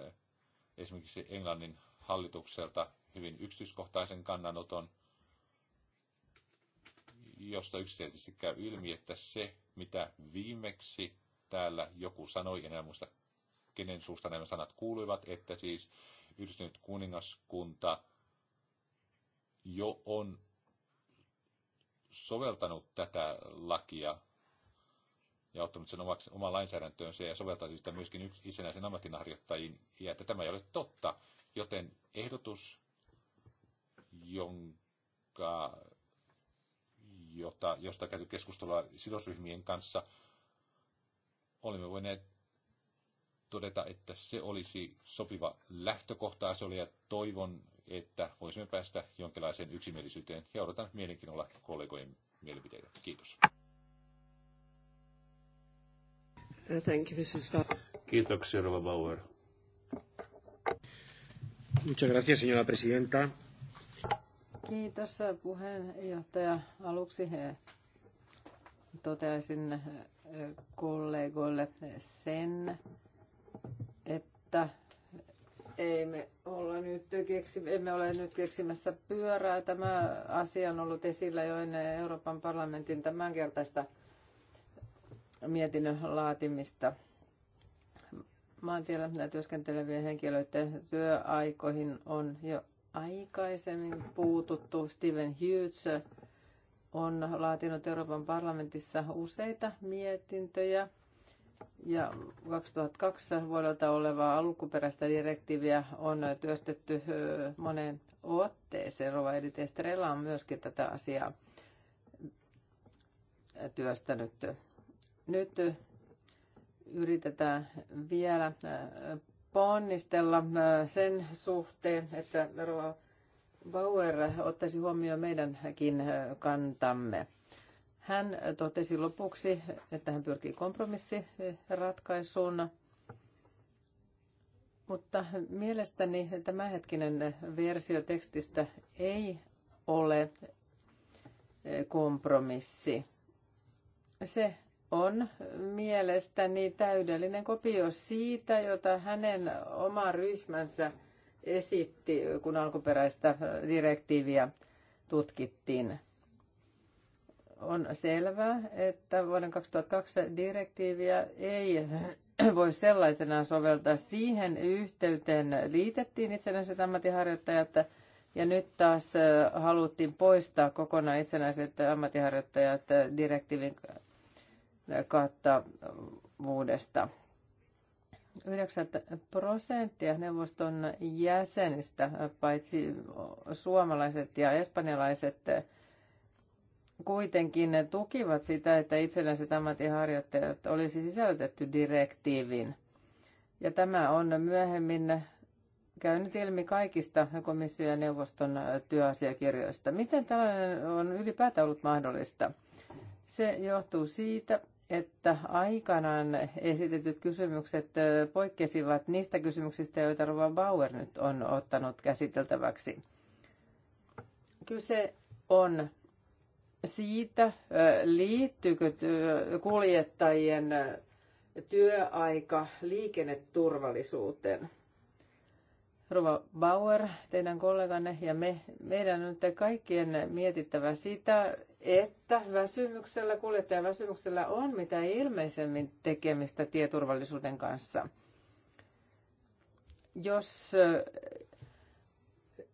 esimerkiksi Englannin hallitukselta hyvin yksityiskohtaisen kannanoton, josta yksiselitteisesti käy ilmi, että se, mitä viimeksi täällä joku sanoi, enää muista kenen suusta nämä sanat kuuluivat, että siis yhdistynyt kuningaskunta jo on soveltanut tätä lakia ja ottanut sen omaksi, oman lainsäädäntöönsä ja soveltaa sitä myöskin itsenäisen ammattinharjoittajiin, ja että tämä ei ole totta. Joten ehdotus, jonka, jota, josta käyty keskustelua sidosryhmien kanssa, olimme voineet todeta, että se olisi sopiva lähtökohta asialle ja toivon, että voisimme päästä jonkinlaiseen yksimielisyyteen ja odotan mielenkiinnolla kollegojen mielipiteitä. Kiitos. Thank you, Mrs. Bauer. Kiitoksia, Rova Bauer. Muchas gracias, señora presidenta. Kiitos eh, puheenjohtaja. Aluksi he eh, toteaisin eh, kollegoille sen, että ei me olla nyt keksi, emme ole nyt keksimässä pyörää. Tämä asia on ollut esillä jo ennen Euroopan parlamentin tämänkertaista mietinnön laatimista. Maantiellä työskentelevien henkilöiden työaikoihin on jo aikaisemmin puututtu. Steven Hughes on laatinut Euroopan parlamentissa useita mietintöjä ja 2002 vuodelta olevaa alkuperäistä direktiiviä on työstetty moneen otteeseen. Rova Edith Estrella on myöskin tätä asiaa työstänyt. Nyt yritetään vielä ponnistella sen suhteen, että Rova Bauer ottaisi huomioon meidänkin kantamme. Hän totesi lopuksi, että hän pyrkii kompromissiratkaisuun, mutta mielestäni tämänhetkinen versio tekstistä ei ole kompromissi. Se on mielestäni täydellinen kopio siitä, jota hänen oma ryhmänsä esitti, kun alkuperäistä direktiiviä tutkittiin on selvää, että vuoden 2002 direktiiviä ei voi sellaisenaan soveltaa. Siihen yhteyteen liitettiin itsenäiset ammattiharjoittajat ja nyt taas haluttiin poistaa kokonaan itsenäiset ammattiharjoittajat direktiivin kattavuudesta. 9 prosenttia neuvoston jäsenistä, paitsi suomalaiset ja espanjalaiset kuitenkin ne tukivat sitä, että itsenäiset ammattiharjoittajat olisi sisältetty direktiivin. Ja tämä on myöhemmin käynyt ilmi kaikista komission ja neuvoston työasiakirjoista. Miten tällainen on ylipäätään ollut mahdollista? Se johtuu siitä, että aikanaan esitetyt kysymykset poikkesivat niistä kysymyksistä, joita Rova Bauer nyt on ottanut käsiteltäväksi. Kyse on siitä, liittyykö kuljettajien työaika liikenneturvallisuuteen. Rova Bauer, teidän kolleganne ja me, meidän on nyt kaikkien mietittävä sitä, että väsymyksellä, kuljettajan väsymyksellä on mitä ilmeisemmin tekemistä tieturvallisuuden kanssa. Jos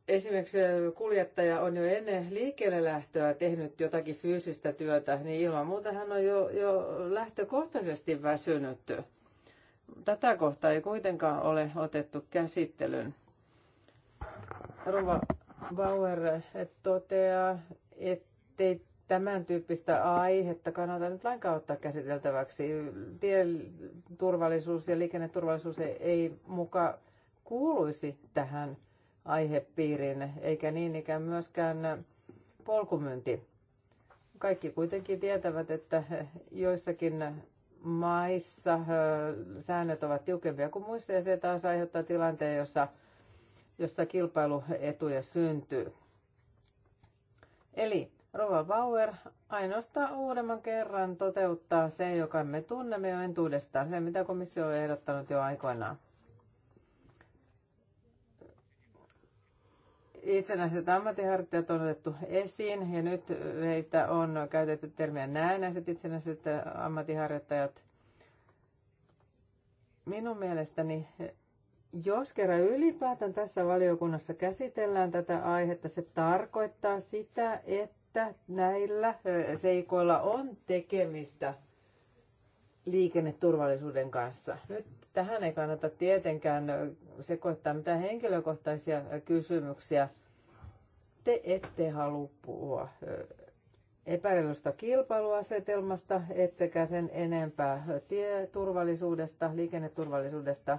esimerkiksi äh, kuljettaja on jo ennen liikkeelle lähtöä tehnyt jotakin fyysistä työtä, niin ilman muuta hän on jo, jo lähtökohtaisesti väsynyt. Tätä kohtaa ei kuitenkaan ole otettu käsittelyn. Rova Bauer toteaa, ettei tämän tyyppistä aihetta kannata nyt lainkaan ottaa käsiteltäväksi. Tieturvallisuus ja liikenneturvallisuus ei muka kuuluisi tähän aihepiirin, eikä niin ikään myöskään polkumyynti. Kaikki kuitenkin tietävät, että joissakin maissa säännöt ovat tiukempia kuin muissa ja se taas aiheuttaa tilanteen, jossa, jossa kilpailuetuja syntyy. Eli Rova Bauer ainoastaan uudemman kerran toteuttaa se, joka me tunnemme jo entuudestaan, se mitä komissio on ehdottanut jo aikoinaan. itsenäiset ammattiharjoittajat on otettu esiin ja nyt heistä on käytetty termiä näennäiset itsenäiset ammattiharjoittajat. Minun mielestäni, jos kerran ylipäätään tässä valiokunnassa käsitellään tätä aihetta, se tarkoittaa sitä, että näillä seikoilla on tekemistä liikenneturvallisuuden kanssa. Nyt tähän ei kannata tietenkään sekoittaa mitään henkilökohtaisia kysymyksiä – te ette halua puhua epäreilusta kilpailuasetelmasta, ettekä sen enempää tieturvallisuudesta, liikenneturvallisuudesta.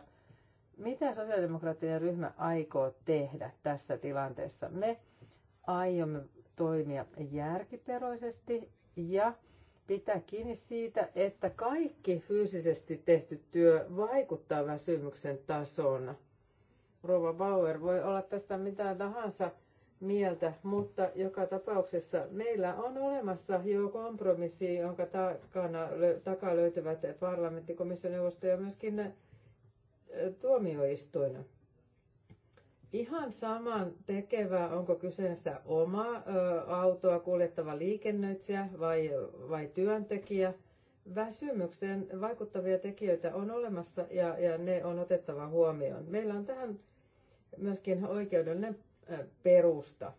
Mitä sosiaalidemokraattinen ryhmä aikoo tehdä tässä tilanteessa? Me aiomme toimia järkiperoisesti ja pitää kiinni siitä, että kaikki fyysisesti tehty työ vaikuttaa väsymyksen tasoon. Rova Bauer voi olla tästä mitä tahansa mieltä, mutta joka tapauksessa meillä on olemassa jo kompromissi, jonka takana, takaa löytyvät parlamenttikomissioneuvosto ja myöskin tuomioistuin. Ihan saman tekevää, onko kyseessä oma ö, autoa kuljettava liikennöitsijä vai, vai työntekijä. Väsymykseen vaikuttavia tekijöitä on olemassa ja, ja ne on otettava huomioon. Meillä on tähän myöskin oikeudellinen perusta.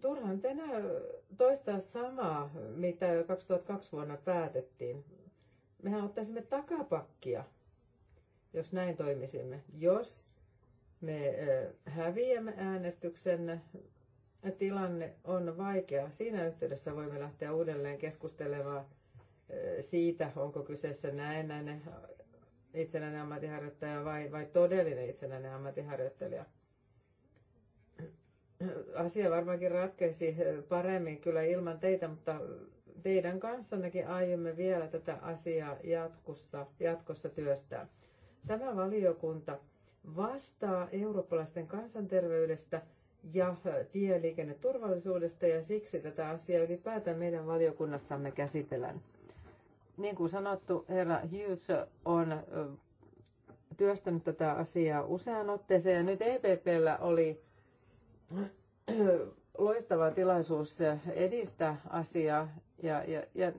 Turhan tänään toistaa samaa, mitä jo 2002 vuonna päätettiin. Mehän ottaisimme takapakkia, jos näin toimisimme. Jos me häviämme äänestyksen, tilanne on vaikea. Siinä yhteydessä voimme lähteä uudelleen keskustelemaan siitä, onko kyseessä näennäinen itsenäinen ammattiharjoittaja vai, vai todellinen itsenäinen ammattiharjoittelija. Asia varmaankin ratkeisi paremmin kyllä ilman teitä, mutta teidän kanssannekin aiomme vielä tätä asiaa jatkossa, jatkossa työstää. Tämä valiokunta vastaa eurooppalaisten kansanterveydestä ja tieliikenneturvallisuudesta ja siksi tätä asiaa ylipäätään meidän valiokunnassamme käsitellään. Niin kuin sanottu, herra Hughes on työstänyt tätä asiaa useaan otteeseen ja nyt EPPllä oli loistava tilaisuus edistää asiaa ja, ja, ja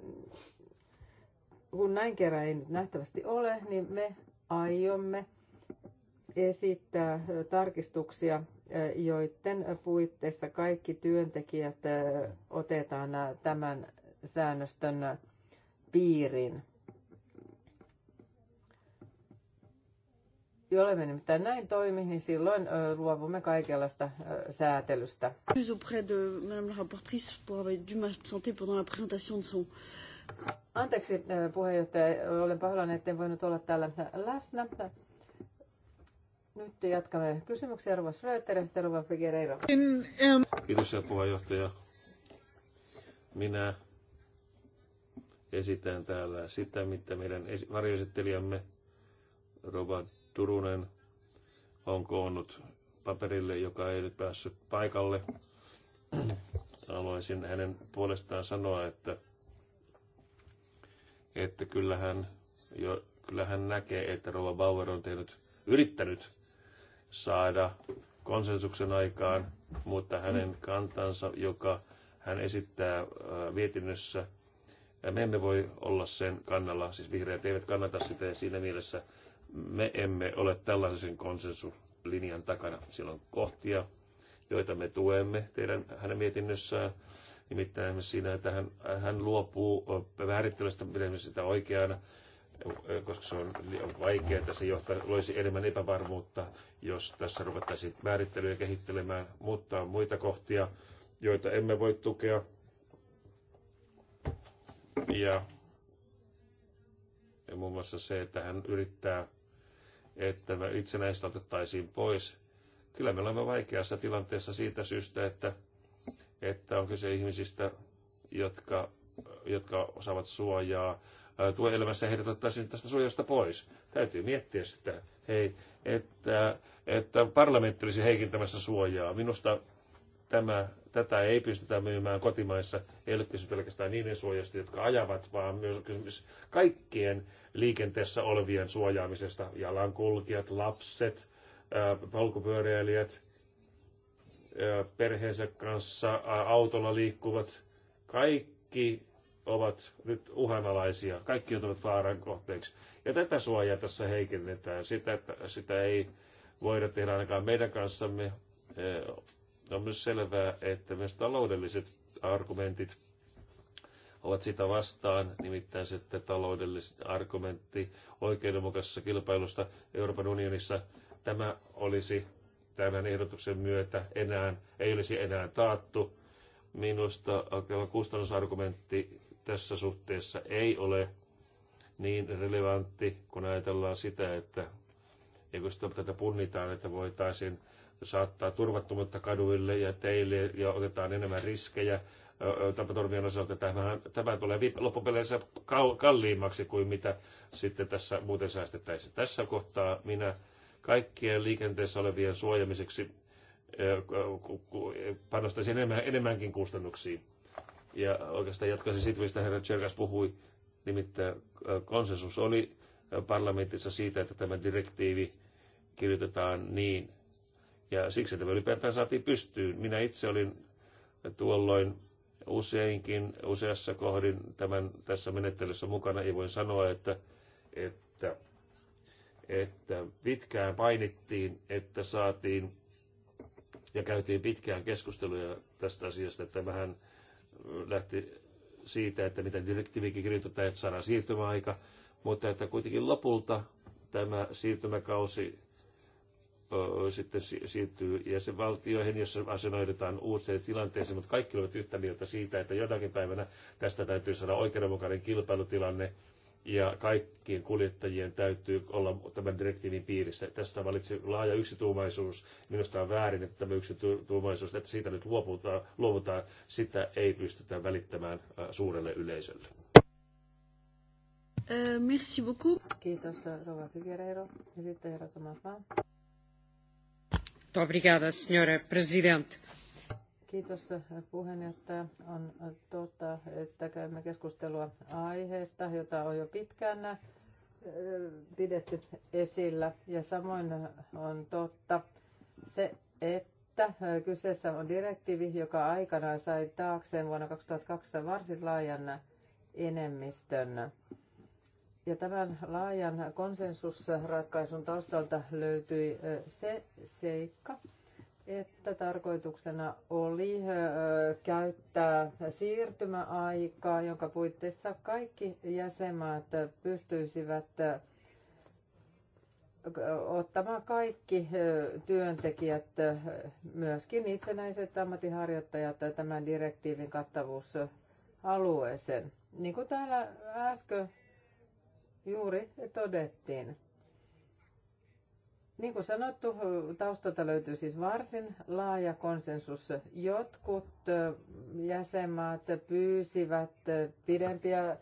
kun näin kerran ei nyt nähtävästi ole, niin me aiomme esittää tarkistuksia, joiden puitteissa kaikki työntekijät otetaan tämän säännöstön piiriin. Jollemme nimittäin näin toimi, niin silloin luovumme kaikenlaista säätelystä. auprès de madame la rapportrice pour avoir dû m'absenter pendant la présentation de son Anteeksi puheenjohtaja, olen pahoillani, etten voinut olla täällä läsnä. Nyt jatkamme kysymyksiä. Rova Schröter ja sitten Rova Figueiredo. Kiitos puheenjohtaja. Minä esitän täällä sitä, mitä meidän varjoesittelijämme Rova Turunen on koonnut paperille, joka ei nyt päässyt paikalle. Haluaisin hänen puolestaan sanoa, että, että kyllähän, jo, kyllähän näkee, että Rova Bauer on tehnyt, yrittänyt saada konsensuksen aikaan, mutta hänen kantansa, joka hän esittää vietinnössä, me emme voi olla sen kannalla, siis vihreät eivät kannata sitä ja siinä mielessä me emme ole tällaisen konsensuslinjan takana. Siellä on kohtia, joita me tuemme teidän hänen mietinnössään. Nimittäin siinä, että hän, hän luopuu määrittelystä, pidämme sitä oikeana, koska se on, on vaikeaa, että se johtaa, loisi enemmän epävarmuutta, jos tässä ruvettaisiin määrittelyä kehittelemään, mutta on muita kohtia, joita emme voi tukea. Ja, ja muun muassa se, että hän yrittää, että me itsenäistä otettaisiin pois. Kyllä me olemme vaikeassa tilanteessa siitä syystä, että, että on kyse ihmisistä, jotka, jotka saavat suojaa elämässä heidät otettaisiin tästä suojasta pois. Täytyy miettiä sitä, hei, että, että parlamentti olisi heikentämässä suojaa. Minusta tämä, tätä ei pystytä myymään kotimaissa. Ei ole kysymys pelkästään niiden suojasta, jotka ajavat, vaan myös kysymys kaikkien liikenteessä olevien suojaamisesta. Jalankulkijat, lapset, polkupyöräilijät, perheensä kanssa autolla liikkuvat. Kaikki ovat nyt uhanalaisia. Kaikki joutuvat vaaran kohteeksi. Ja tätä suojaa tässä heikennetään. Sitä, että sitä ei voida tehdä ainakaan meidän kanssamme on myös selvää, että myös taloudelliset argumentit ovat sitä vastaan, nimittäin sitten taloudellinen argumentti oikeudenmukaisessa kilpailusta Euroopan unionissa. Tämä olisi tämän ehdotuksen myötä enää, ei olisi enää taattu. Minusta kustannusargumentti tässä suhteessa ei ole niin relevantti, kun ajatellaan sitä, että ja kun sitä tätä punnitaan, että voitaisiin saattaa turvattomuutta kaduille ja teille ja otetaan enemmän riskejä tapaturmien osalta. Tämähän, tämä tulee loppupeleissä kalliimmaksi kuin mitä sitten tässä muuten säästettäisiin. Tässä kohtaa minä kaikkien liikenteessä olevien suojamiseksi panostaisin enemmän, enemmänkin kustannuksiin. Ja oikeastaan jatkaisin siitä, mistä herra Tsergas puhui, nimittäin konsensus oli parlamentissa siitä, että tämä direktiivi kirjoitetaan niin, ja siksi tämä ylipäätään saatiin pystyyn. Minä itse olin tuolloin useinkin, useassa kohdin tämän, tässä menettelyssä mukana. Ei voin sanoa, että, että, että pitkään painittiin, että saatiin ja käytiin pitkään keskusteluja tästä asiasta, että vähän lähti siitä, että mitä direktiivikin kirjoitetaan, että saadaan siirtymäaika, mutta että kuitenkin lopulta tämä siirtymäkausi sitten siirtyy jäsenvaltioihin, jossa asennoidutaan uuteen tilanteeseen, mutta kaikki ovat yhtä mieltä siitä, että jonakin päivänä tästä täytyy saada oikeudenmukainen kilpailutilanne, ja kaikkien kuljettajien täytyy olla tämän direktiivin piirissä. Tästä valitsi laaja yksituumaisuus. Minusta on väärin, että tämä yksituumaisuus, että siitä nyt luovutaan, luovutaan sitä ei pystytä välittämään suurelle yleisölle. Merci beaucoup. Kiitos, Rova Figueiredo. Ja sitten herra Tomas arvoisa puhemies Kiitos puheenjohtaja. On äh, totta, että käymme keskustelua aiheesta, jota on jo pitkään äh, pidetty esillä. Ja samoin on totta se, että äh, kyseessä on direktiivi, joka aikanaan sai taakseen vuonna kaksi varsin laajan enemmistön. Ja tämän laajan konsensusratkaisun taustalta löytyi se seikka, että tarkoituksena oli käyttää siirtymäaikaa, jonka puitteissa kaikki jäsenmaat pystyisivät ottamaan kaikki työntekijät, myöskin itsenäiset ammattiharjoittajat tämän direktiivin kattavuusalueeseen. Niin kuin täällä äsken juuri todettiin. Niin kuin sanottu, taustalta löytyy siis varsin laaja konsensus. Jotkut jäsenmaat pyysivät pidempiä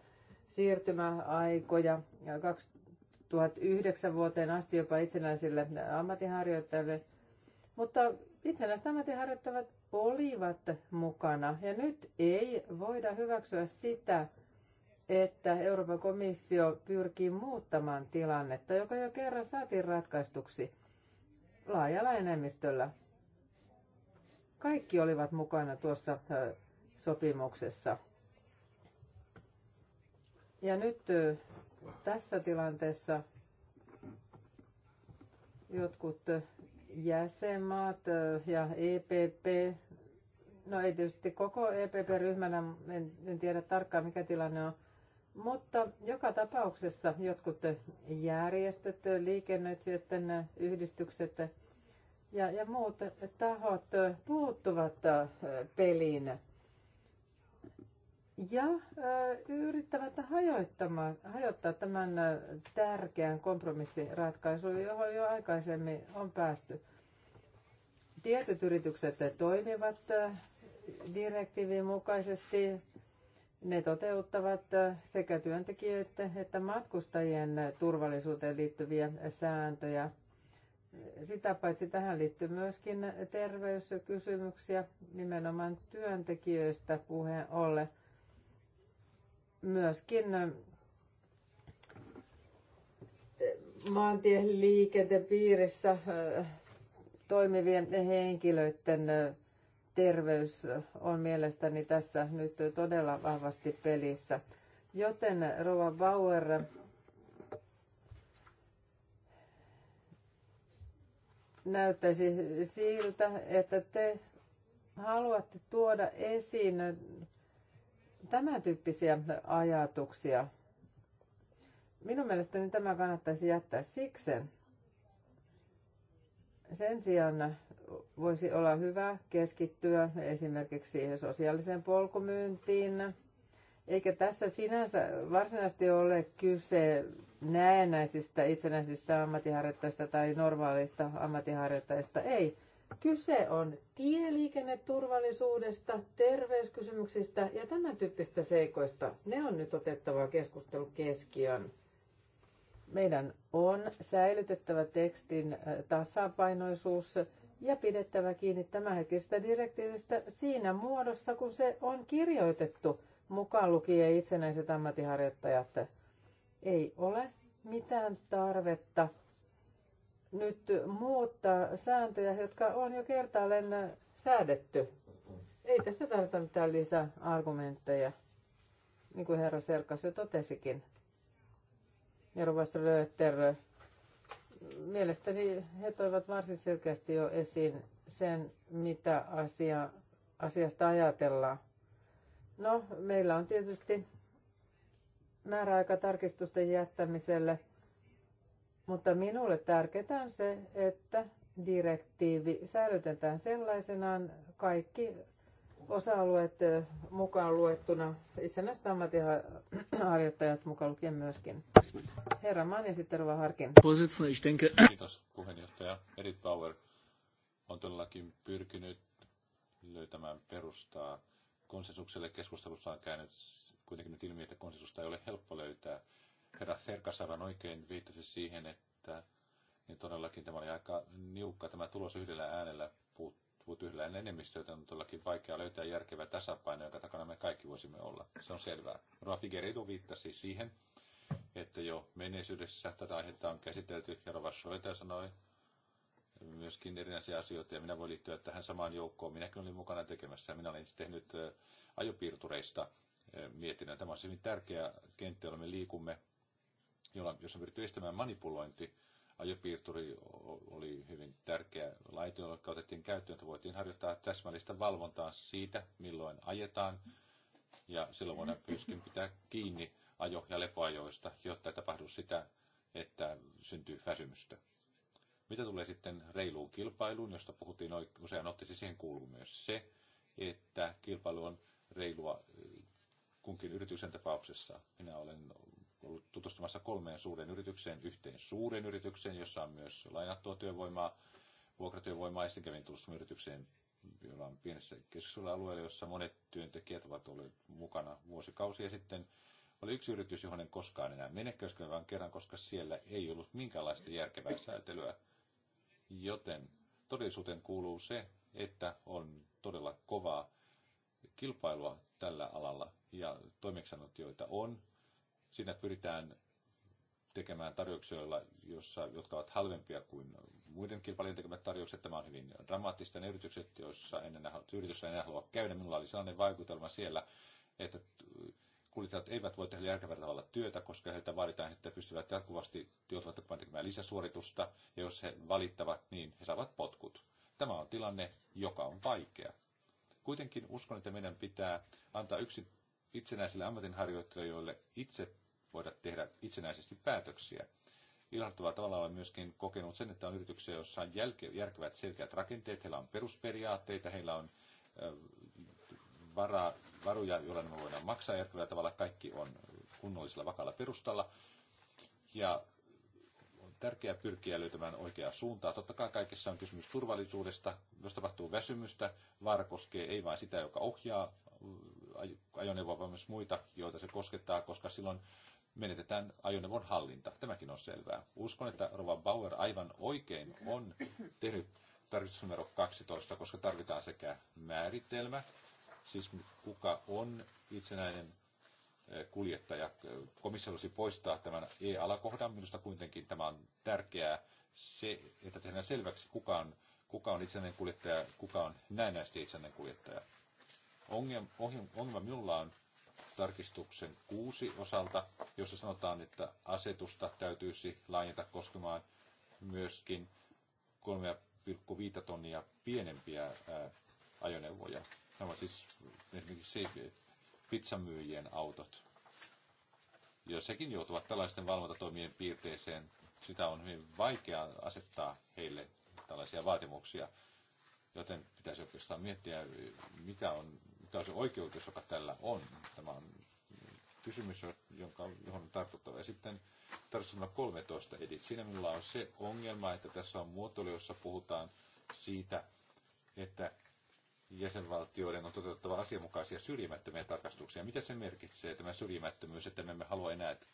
siirtymäaikoja 2009 vuoteen asti jopa itsenäisille ammattiharjoittajille, mutta itsenäiset ammattiharjoittajat olivat mukana ja nyt ei voida hyväksyä sitä, että Euroopan komissio pyrkii muuttamaan tilannetta, joka jo kerran saatiin ratkaistuksi laajalla enemmistöllä. Kaikki olivat mukana tuossa sopimuksessa. Ja nyt tässä tilanteessa jotkut jäsenmaat ja EPP, no ei tietysti koko EPP-ryhmänä, en, en tiedä tarkkaan mikä tilanne on, mutta joka tapauksessa jotkut järjestöt, liikennöitsijät, yhdistykset ja, ja muut tahot puuttuvat äh, peliin ja äh, yrittävät hajottaa tämän äh, tärkeän kompromissiratkaisun, johon jo aikaisemmin on päästy. Tietyt yritykset toimivat direktiivin mukaisesti, ne toteuttavat äh, sekä työntekijöiden että matkustajien äh, turvallisuuteen liittyviä sääntöjä. Sitä paitsi tähän liittyy myöskin terveyskysymyksiä nimenomaan työntekijöistä puheen ollen. Myöskin äh, maantieliikenteen piirissä toimivien henkilöiden terveys on mielestäni tässä nyt todella vahvasti pelissä. Joten Rova Bauer, näyttäisi siltä, että te haluatte tuoda esiin tämän tyyppisiä ajatuksia. Minun mielestäni tämä kannattaisi jättää sikseen. Sen sijaan voisi olla hyvä keskittyä esimerkiksi siihen sosiaaliseen polkumyyntiin, eikä tässä sinänsä varsinaisesti ole kyse näennäisistä itsenäisistä ammattiharjoittajista tai normaalista ammattiharjoittajista. Ei. Kyse on tieliikenneturvallisuudesta, terveyskysymyksistä ja tämän tyyppistä seikoista. Ne on nyt otettava keskustelu keskiön. Meidän on säilytettävä tekstin tasapainoisuus ja pidettävä kiinni tämänhetkisestä direktiivistä siinä muodossa, kun se on kirjoitettu mukaan lukien itsenäiset ammattiharjoittajat. Ei ole mitään tarvetta nyt muuttaa sääntöjä, jotka on jo kertaalleen säädetty. Ei tässä tarvita mitään lisää argumentteja, niin kuin herra Serkas jo totesikin. Euroopan Lötter. Mielestäni he toivat varsin selkeästi jo esiin sen, mitä asia, asiasta ajatellaan. No, meillä on tietysti määräaika tarkistusten jättämiselle, mutta minulle tärkeää on se, että direktiivi säilytetään sellaisenaan kaikki osa-alueet mukaan luettuna, itsenäiset ammattiharjoittajat mukaan lukien myöskin. Herra Mann ja sitten Rova Harkin. Kiitos puheenjohtaja. Edith Bauer on todellakin pyrkinyt löytämään perustaa konsensukselle. Keskustelussa on käynyt kuitenkin nyt ilmi, että konsensusta ei ole helppo löytää. Herra Serkas aivan oikein viittasi siihen, että niin todellakin tämä oli aika niukka. Tämä tulos yhdellä äänellä puuttuu tyhjällään enemmistö, joten on todellakin vaikea löytää järkevä tasapaino, jonka takana me kaikki voisimme olla. Se on selvää. Rova Figueredo viittasi siihen, että jo menneisyydessä tätä aihetta on käsitelty, ja Rova sanoi myöskin erinäisiä asioita, ja minä voin liittyä tähän samaan joukkoon. Minäkin olin mukana tekemässä. Minä olin tehnyt ajopiirtureista mietinnän. Tämä on hyvin tärkeä kenttä, jolla me liikumme, jolla, jossa on pyritty estämään manipulointi Ajopiirturi oli hyvin tärkeä laite, joka otettiin käyttöön, että voitiin harjoittaa täsmällistä valvontaa siitä, milloin ajetaan. Ja silloin voidaan myöskin pitää kiinni ajo- ja lepoajoista, jotta ei tapahdu sitä, että syntyy väsymystä. Mitä tulee sitten reiluun kilpailuun, josta puhuttiin usein otteeseen, siihen kuuluu myös se, että kilpailu on reilua eh, kunkin yrityksen tapauksessa. Minä olen ollut tutustumassa kolmeen suureen yritykseen, yhteen suureen yritykseen, jossa on myös lainattua työvoimaa, vuokratyövoimaa, ja sitten kävin tutustumassa yritykseen, jolla on pienessä keskisellä alueella, jossa monet työntekijät ovat olleet mukana vuosikausia sitten. Oli yksi yritys, johon en koskaan enää mene, koska vain kerran, koska siellä ei ollut minkäänlaista järkevää säätelyä. Joten todellisuuteen kuuluu se, että on todella kovaa kilpailua tällä alalla ja toimeksiannot, joita on, Siinä pyritään tekemään tarjouksia, jossa, jotka ovat halvempia kuin muiden kilpailijoiden tekemät tarjoukset. Tämä on hyvin dramaattista. Ne yritykset, joissa en enää, yritys ei enää halua käydä, minulla oli sellainen vaikutelma siellä, että kuljettajat eivät voi tehdä järkevällä tavalla työtä, koska heiltä vaaditaan, että he pystyvät jatkuvasti joutuvat tekemään lisäsuoritusta, ja jos he valittavat, niin he saavat potkut. Tämä on tilanne, joka on vaikea. Kuitenkin uskon, että meidän pitää antaa yksi itsenäisille ammatinharjoittajille itse voida tehdä itsenäisesti päätöksiä. Ilahduttavalla tavalla olen myöskin kokenut sen, että on yrityksiä, joissa on järkevät selkeät rakenteet, heillä on perusperiaatteita, heillä on varaa, varoja, joilla nämä voidaan maksaa järkevällä tavalla. Kaikki on kunnollisella vakalla perustalla. Ja on tärkeää pyrkiä löytämään oikeaa suuntaa. Totta kai kaikessa on kysymys turvallisuudesta. Jos tapahtuu väsymystä, vaara koskee ei vain sitä, joka ohjaa ajoneuvoa, vaan myös muita, joita se koskettaa, koska silloin menetetään ajoneuvon hallinta. Tämäkin on selvää. Uskon, että Rova Bauer aivan oikein on tehnyt tarkistusnumero numero 12, koska tarvitaan sekä määritelmä, siis kuka on itsenäinen eh, kuljettaja. Komissio olisi poistaa tämän E-alakohdan. Minusta kuitenkin tämä on tärkeää, se, että tehdään selväksi, kuka on, kuka on itsenäinen kuljettaja, kuka on näennäisesti itsenäinen kuljettaja. Ongelma, ongelma minulla on tarkistuksen 6 osalta, jossa sanotaan, että asetusta täytyisi laajentaa koskemaan myöskin 3,5 tonnia pienempiä ää, ajoneuvoja. Nämä ovat siis esimerkiksi pizzamyyjien autot. Jos sekin joutuvat tällaisten valvontatoimien piirteeseen, sitä on hyvin vaikea asettaa heille tällaisia vaatimuksia. Joten pitäisi oikeastaan miettiä, mitä on on se oikeutus, joka tällä on, tämä on kysymys, jonka, johon on tartuttava. Ja sitten tartustava 13 edit. Siinä minulla on se ongelma, että tässä on muotoilu, jossa puhutaan siitä, että jäsenvaltioiden on toteutettava asianmukaisia syrjimättömiä tarkastuksia. Mitä se merkitsee, tämä syrjimättömyys, että me emme halua enää, että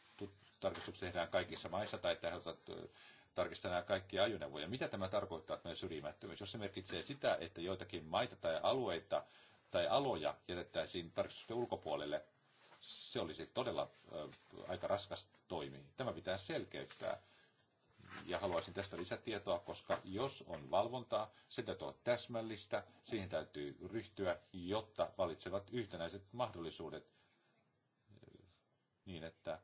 tarkastukset tehdään kaikissa maissa tai että tarkistetaan kaikki ajoneuvoja. Mitä tämä tarkoittaa, meidän syrjimättömyys? Jos se merkitsee sitä, että joitakin maita tai alueita tai aloja jätettäisiin tarkistusten ulkopuolelle, se olisi todella aika raskas toimi. Tämä pitää selkeyttää. Ja haluaisin tästä lisätietoa, koska jos on valvontaa, se täytyy olla täsmällistä, siihen täytyy ryhtyä, jotta valitsevat yhtenäiset mahdollisuudet niin, että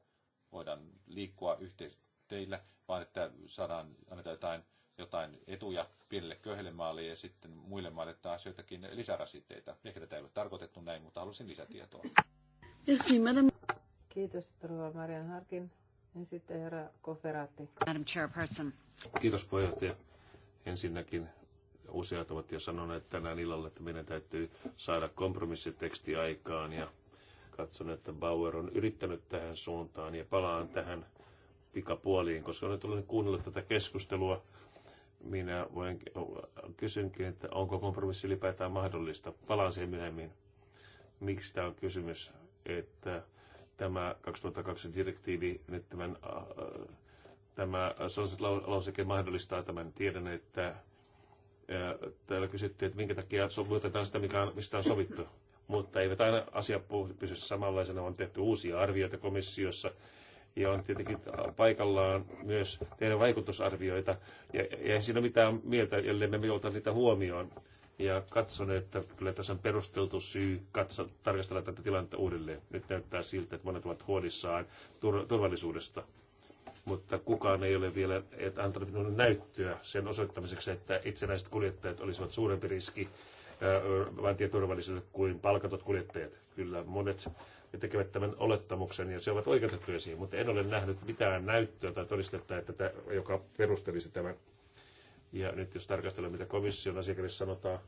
voidaan liikkua yhteisteillä, vaan että saadaan, annetaan jotain jotain etuja pienelle köyhille ja sitten muille maille taas joitakin lisärasitteita. Ehkä tätä ei ole tarkoitettu näin, mutta halusin lisätietoa. Kiitos, Rova Marian Harkin. Ja sitten herra Koferaatti. Madam Chairperson. Kiitos puheenjohtaja. Ensinnäkin useat ovat jo sanoneet tänään illalla, että meidän täytyy saada kompromissiteksti aikaan ja katson, että Bauer on yrittänyt tähän suuntaan ja palaan tähän pikapuoliin, koska olen tullut kuunnellut tätä keskustelua minä voin, kysynkin, että onko kompromissi ylipäätään mahdollista. Palaan siihen myöhemmin. Miksi tämä on kysymys, että tämä 2002 direktiivi nyt tämän, äh, tämä sunset-lauseke mahdollistaa tämän. Tiedän, että äh, täällä kysyttiin, että minkä takia muutetaan sitä, mikä on, mistä on sovittu. Mutta eivät aina asia pysy samanlaisena, on tehty uusia arvioita komissiossa ja on tietenkin paikallaan myös tehdä vaikutusarvioita. Ja ei siinä ole mitään mieltä, ellei me ota niitä huomioon. Ja katson, että kyllä tässä on perusteltu syy katso, tarkastella tätä tilannetta uudelleen. Nyt näyttää siltä, että monet ovat huolissaan turvallisuudesta. Mutta kukaan ei ole vielä antanut minulle näyttöä sen osoittamiseksi, että itsenäiset kuljettajat olisivat suurempi riski maantieturvallisuudelle kuin palkatut kuljettajat. Kyllä monet ja tekevät tämän olettamuksen, ja se ovat oikeutettuja siihen, mutta en ole nähnyt mitään näyttöä tai todistetta, että tämä, joka perustelisi tämän. Ja nyt jos tarkastellaan, mitä komission asiakirjassa sanotaan,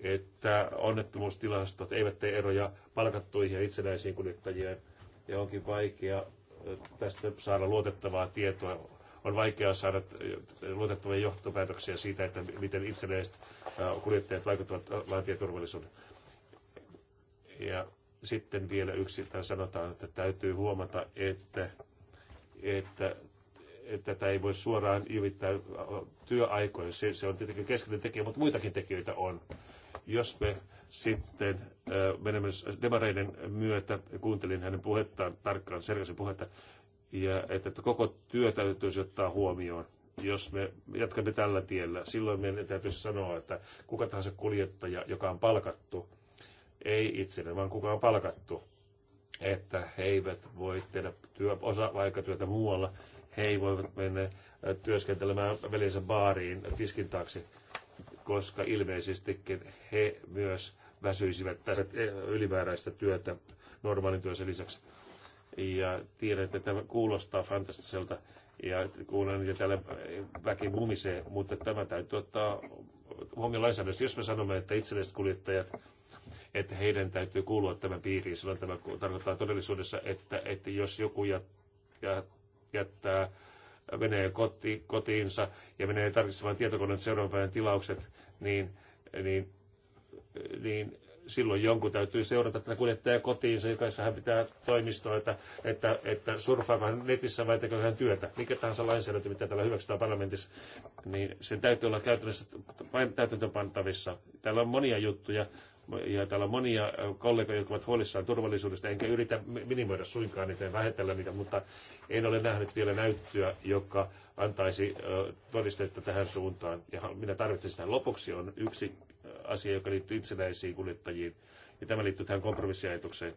että onnettomuustilastot eivät tee eroja palkattuihin ja itsenäisiin kuljettajien, ja onkin vaikea tästä saada luotettavaa tietoa. On vaikea saada luotettavia johtopäätöksiä siitä, että miten itsenäiset kuljettajat vaikuttavat laantieturvallisuuden. Ja sitten vielä yksi, tai sanotaan, että täytyy huomata, että, että tätä ei voi suoraan ilmittää työaikoihin. Se, se on tietenkin keskeinen tekijä, mutta muitakin tekijöitä on. Jos me sitten menemme demareiden myötä, kuuntelin hänen puhettaan tarkkaan, Sergasen puhetta, ja että, että koko työ täytyisi ottaa huomioon. Jos me jatkamme tällä tiellä, silloin meidän täytyisi sanoa, että kuka tahansa kuljettaja, joka on palkattu, ei itselle, vaan kuka on palkattu, että he eivät voi tehdä työ, osa työtä muualla, he ei voivat mennä työskentelemään veljensä baariin tiskin taakse, koska ilmeisestikin he myös väsyisivät tästä ylimääräistä työtä normaalin työnsä lisäksi. Ja tiedän, että tämä kuulostaa fantastiselta ja kuulen, että täällä väki mumisee, mutta tämä täytyy ottaa huomioon lainsäädännössä. Jos me sanomme, että itsenäiset kuljettajat että heidän täytyy kuulua tämän piiriin. Silloin tämä tarkoittaa todellisuudessa, että, että jos joku jättää menee koti, kotiinsa ja menee tarkistamaan tietokoneen seuraavan tilaukset, niin, niin, niin silloin jonkun täytyy seurata tätä kuljettaja kotiinsa, joka hän pitää toimistoa, että, että, että surfaa netissä vai tekee hän työtä. Mikä tahansa lainsäädäntö, mitä täällä hyväksytään parlamentissa, niin sen täytyy olla käytännössä vain täytäntöön pantavissa. Täällä on monia juttuja, ja täällä on monia kollegoja, jotka ovat huolissaan turvallisuudesta, enkä yritä minimoida suinkaan niitä ja vähetellä niitä, mutta en ole nähnyt vielä näyttöä, joka antaisi todistetta tähän suuntaan. Ja minä tarvitsen sitä lopuksi on yksi asia, joka liittyy itsenäisiin kuljettajiin, ja tämä liittyy tähän kompromissiajatukseen.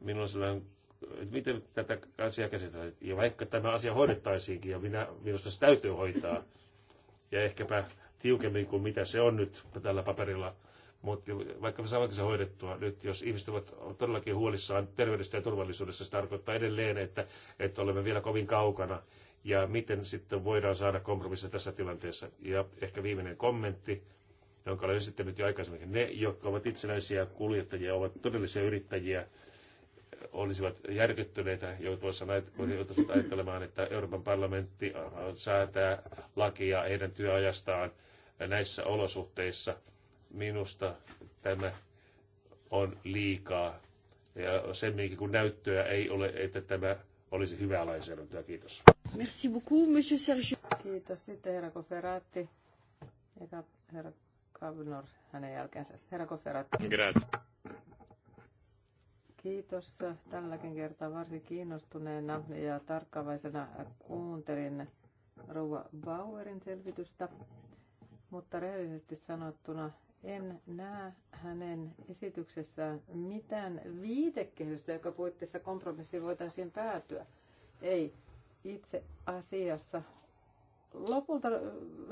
Minulla on sellainen että miten tätä asiaa käsitellään. Ja vaikka tämä asia hoidettaisiinkin, ja minä, minusta se täytyy hoitaa, ja ehkäpä tiukemmin kuin mitä se on nyt tällä paperilla, mutta vaikka saavaanko se hoidettua nyt, jos ihmiset ovat todellakin huolissaan terveydestä ja turvallisuudesta, se tarkoittaa edelleen, että, että olemme vielä kovin kaukana. Ja miten sitten voidaan saada kompromissi tässä tilanteessa. Ja ehkä viimeinen kommentti, jonka olen esittänyt jo aikaisemmin. Ne, jotka ovat itsenäisiä kuljettajia, ovat todellisia yrittäjiä, olisivat järkyttyneitä joutuessa ajattelemaan, että Euroopan parlamentti säätää lakia heidän työajastaan näissä olosuhteissa – Minusta tämä on liikaa. Ja semminkin kun näyttöä ei ole, että tämä olisi hyvää lainsäädäntöä. Kiitos. Merci beaucoup, monsieur Sergio. Kiitos. Sitten herra Koferatti ja herra Kavnor hänen jälkeensä. Herra Koferatti. Grazie. Kiitos. Tälläkin kertaa varsin kiinnostuneena ja tarkkaavaisena kuuntelin rouva Bauerin selvitystä, mutta rehellisesti sanottuna en näe hänen esityksessään mitään viitekehystä, joka puitteissa kompromissiin voitaisiin päätyä. Ei, itse asiassa. Lopulta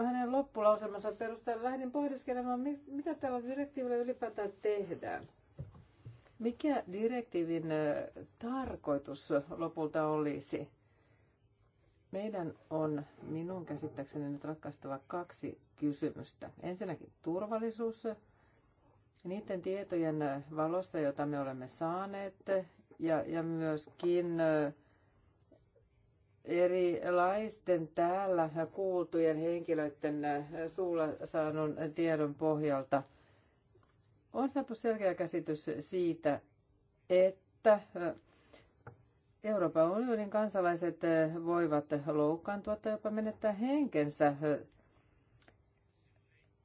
hänen loppulausemansa perusteella lähdin pohdiskelemaan, mitä tällä direktiivillä ylipäätään tehdään. Mikä direktiivin tarkoitus lopulta olisi? Meidän on minun käsittääkseni nyt ratkaistava kaksi kysymystä. Ensinnäkin turvallisuus. Niiden tietojen valossa, joita me olemme saaneet, ja, ja myöskin erilaisten täällä kuultujen henkilöiden suulla saanut tiedon pohjalta on saatu selkeä käsitys siitä, että Euroopan unionin kansalaiset voivat loukkaantua tai jopa menettää henkensä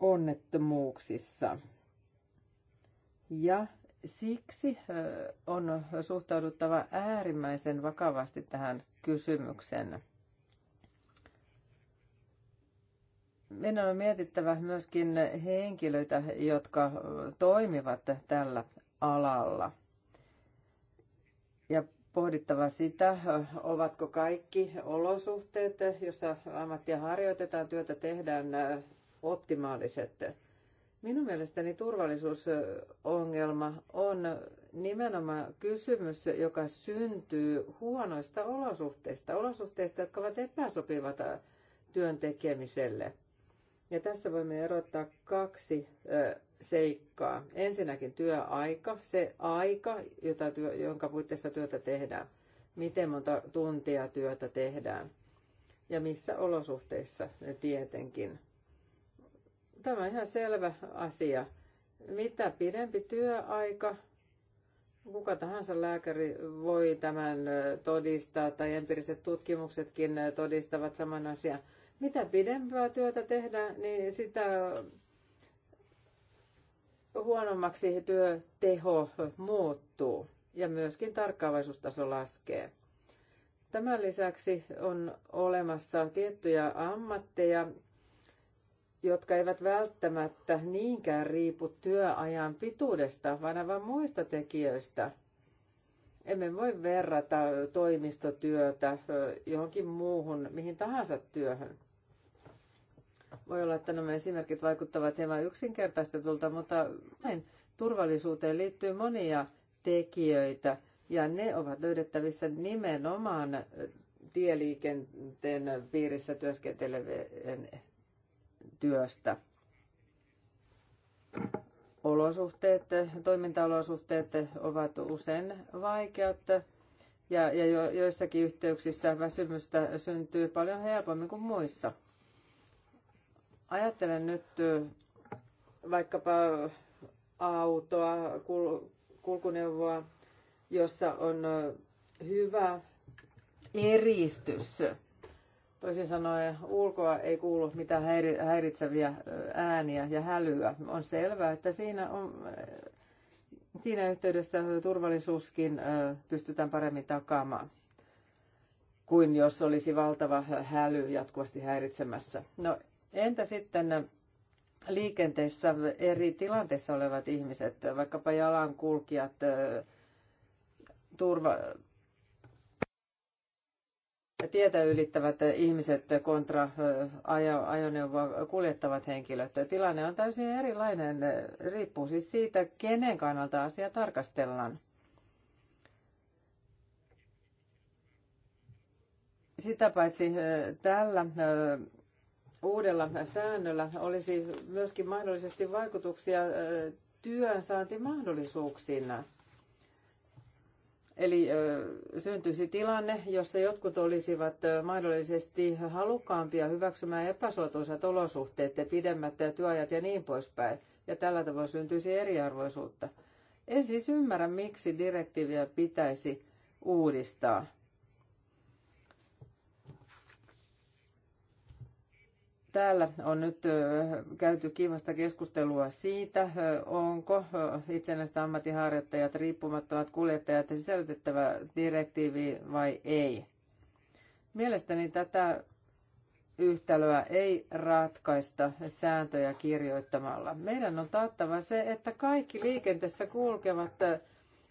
onnettomuuksissa. Ja siksi on suhtauduttava äärimmäisen vakavasti tähän kysymykseen. Meidän on mietittävä myöskin henkilöitä, jotka toimivat tällä alalla. Ja pohdittava sitä, ovatko kaikki olosuhteet, joissa ammattia harjoitetaan, työtä tehdään optimaaliset. Minun mielestäni turvallisuusongelma on nimenomaan kysymys, joka syntyy huonoista olosuhteista, olosuhteista, jotka ovat epäsopivat työn tekemiselle. Ja tässä voimme erottaa kaksi ö, seikkaa. Ensinnäkin työaika, se aika, jota työ, jonka puitteissa työtä tehdään. Miten monta tuntia työtä tehdään ja missä olosuhteissa tietenkin. Tämä on ihan selvä asia. Mitä pidempi työaika, kuka tahansa lääkäri voi tämän todistaa, tai empiiriset tutkimuksetkin todistavat saman asian. Mitä pidempää työtä tehdään, niin sitä huonommaksi työteho muuttuu ja myöskin tarkkaavaisuustaso laskee. Tämän lisäksi on olemassa tiettyjä ammatteja, jotka eivät välttämättä niinkään riipu työajan pituudesta, vaan aivan muista tekijöistä. Emme voi verrata toimistotyötä johonkin muuhun, mihin tahansa työhön. Voi olla, että nämä esimerkit vaikuttavat hieman yksinkertaistetulta, mutta näin turvallisuuteen liittyy monia tekijöitä, ja ne ovat löydettävissä nimenomaan tieliikenteen piirissä työskentelevien työstä. Olosuhteet, toimintaolosuhteet ovat usein vaikeat ja, ja jo, joissakin yhteyksissä väsymystä syntyy paljon helpommin kuin muissa. Ajattelen nyt vaikkapa autoa, kul, kulkuneuvoa, jossa on hyvä eristys Toisin sanoen ulkoa ei kuulu mitään häiritseviä ääniä ja hälyä. On selvää, että siinä, on, siinä yhteydessä turvallisuuskin pystytään paremmin takaamaan kuin jos olisi valtava häly jatkuvasti häiritsemässä. No entä sitten liikenteessä eri tilanteissa olevat ihmiset, vaikkapa jalankulkijat, turva, tietä ylittävät ihmiset kontra ajoneuvoa kuljettavat henkilöt. Tilanne on täysin erilainen, riippuu siis siitä, kenen kannalta asia tarkastellaan. Sitä paitsi tällä uudella säännöllä olisi myöskin mahdollisesti vaikutuksia työnsaantimahdollisuuksiin. mahdollisuuksiin Eli syntyisi tilanne, jossa jotkut olisivat mahdollisesti halukkaampia hyväksymään epäsuotuisat olosuhteet ja pidemmät työajat ja niin poispäin. Ja tällä tavoin syntyisi eriarvoisuutta. En siis ymmärrä, miksi direktiiviä pitäisi uudistaa. Täällä on nyt käyty kivasta keskustelua siitä, onko itsenäiset ammattiharjoittajat, riippumattomat kuljettajat sisällytettävä direktiivi vai ei. Mielestäni tätä yhtälöä ei ratkaista sääntöjä kirjoittamalla. Meidän on taattava se, että kaikki liikenteessä kulkevat,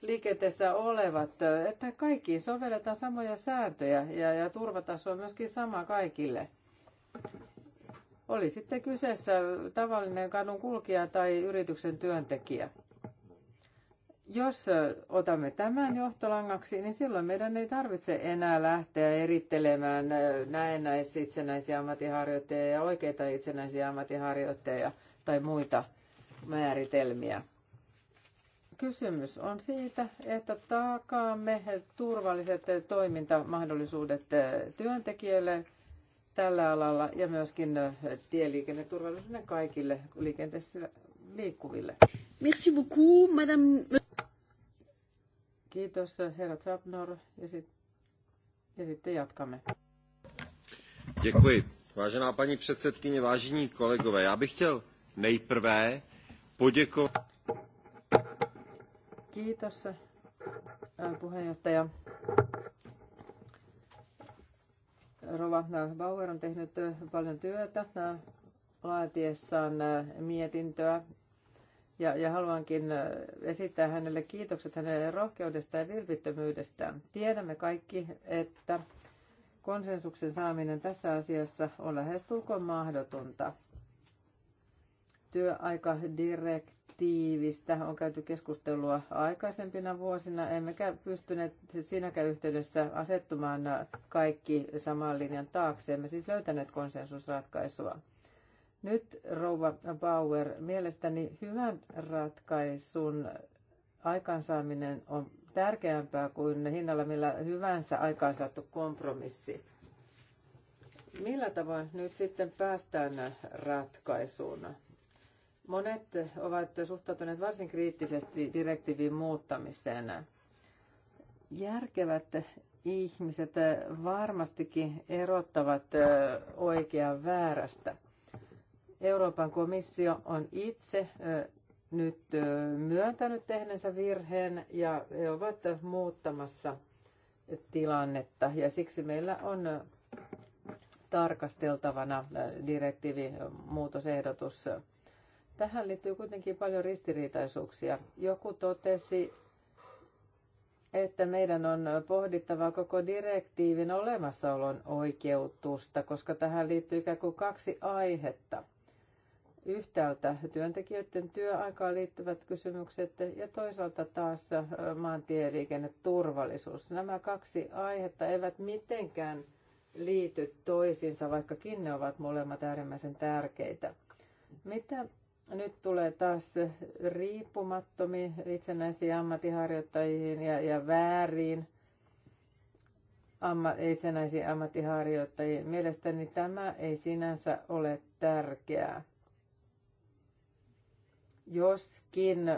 liikenteessä olevat, että kaikkiin sovelletaan samoja sääntöjä ja, ja turvataso on myöskin sama kaikille. Oli sitten kyseessä tavallinen kadun kulkija tai yrityksen työntekijä. Jos otamme tämän johtolangaksi, niin silloin meidän ei tarvitse enää lähteä erittelemään näennäisiä itsenäisiä ammattiharjoittajia ja oikeita itsenäisiä ammattiharjoittajia tai muita määritelmiä. Kysymys on siitä, että takaamme turvalliset toimintamahdollisuudet työntekijöille tällä alalla ja myöskin tieliikenneturvallisuuden kaikille liikenteessä liikkuville. Merci beaucoup, madame. Kiitos, herra Trapnor, ja, sit, ja sitten jatkamme. Děkuji. Vážená paní předsedkyně, vážení kolegové, já bych chtěl nejprve poděkovat. Kiitos, puheenjohtaja. Rova Bauer on tehnyt äh, paljon työtä äh, laatiessaan äh, mietintöä. Ja, ja haluankin esittää hänelle kiitokset hänen rohkeudestaan ja vilpittömyydestään. Tiedämme kaikki, että konsensuksen saaminen tässä asiassa on lähestulkoon mahdotonta. Työaikadirektiivi tiivistä. on käyty keskustelua aikaisempina vuosina, emmekä pystyneet siinäkään yhteydessä asettumaan kaikki saman linjan taakse. Emme siis löytäneet konsensusratkaisua. Nyt rouva Bauer, mielestäni hyvän ratkaisun aikaansaaminen on tärkeämpää kuin hinnalla millä hyvänsä aikaansaattu kompromissi. Millä tavoin nyt sitten päästään ratkaisuun? Monet ovat suhtautuneet varsin kriittisesti direktiivin muuttamiseen. Järkevät ihmiset varmastikin erottavat oikean väärästä. Euroopan komissio on itse nyt myöntänyt tehneensä virheen ja he ovat muuttamassa tilannetta ja siksi meillä on tarkasteltavana direktiivimuutosehdotus muutosehdotus tähän liittyy kuitenkin paljon ristiriitaisuuksia. Joku totesi, että meidän on pohdittava koko direktiivin olemassaolon oikeutusta, koska tähän liittyy ikään kuin kaksi aihetta. Yhtäältä työntekijöiden työaikaan liittyvät kysymykset ja toisaalta taas maantieliikenneturvallisuus. Nämä kaksi aihetta eivät mitenkään liity toisiinsa, vaikkakin ne ovat molemmat äärimmäisen tärkeitä. Mitä nyt tulee taas riippumattomiin itsenäisiin ammattiharjoittajiin ja, ja vääriin amma, itsenäisiin ammattiharjoittajiin. Mielestäni tämä ei sinänsä ole tärkeää. Joskin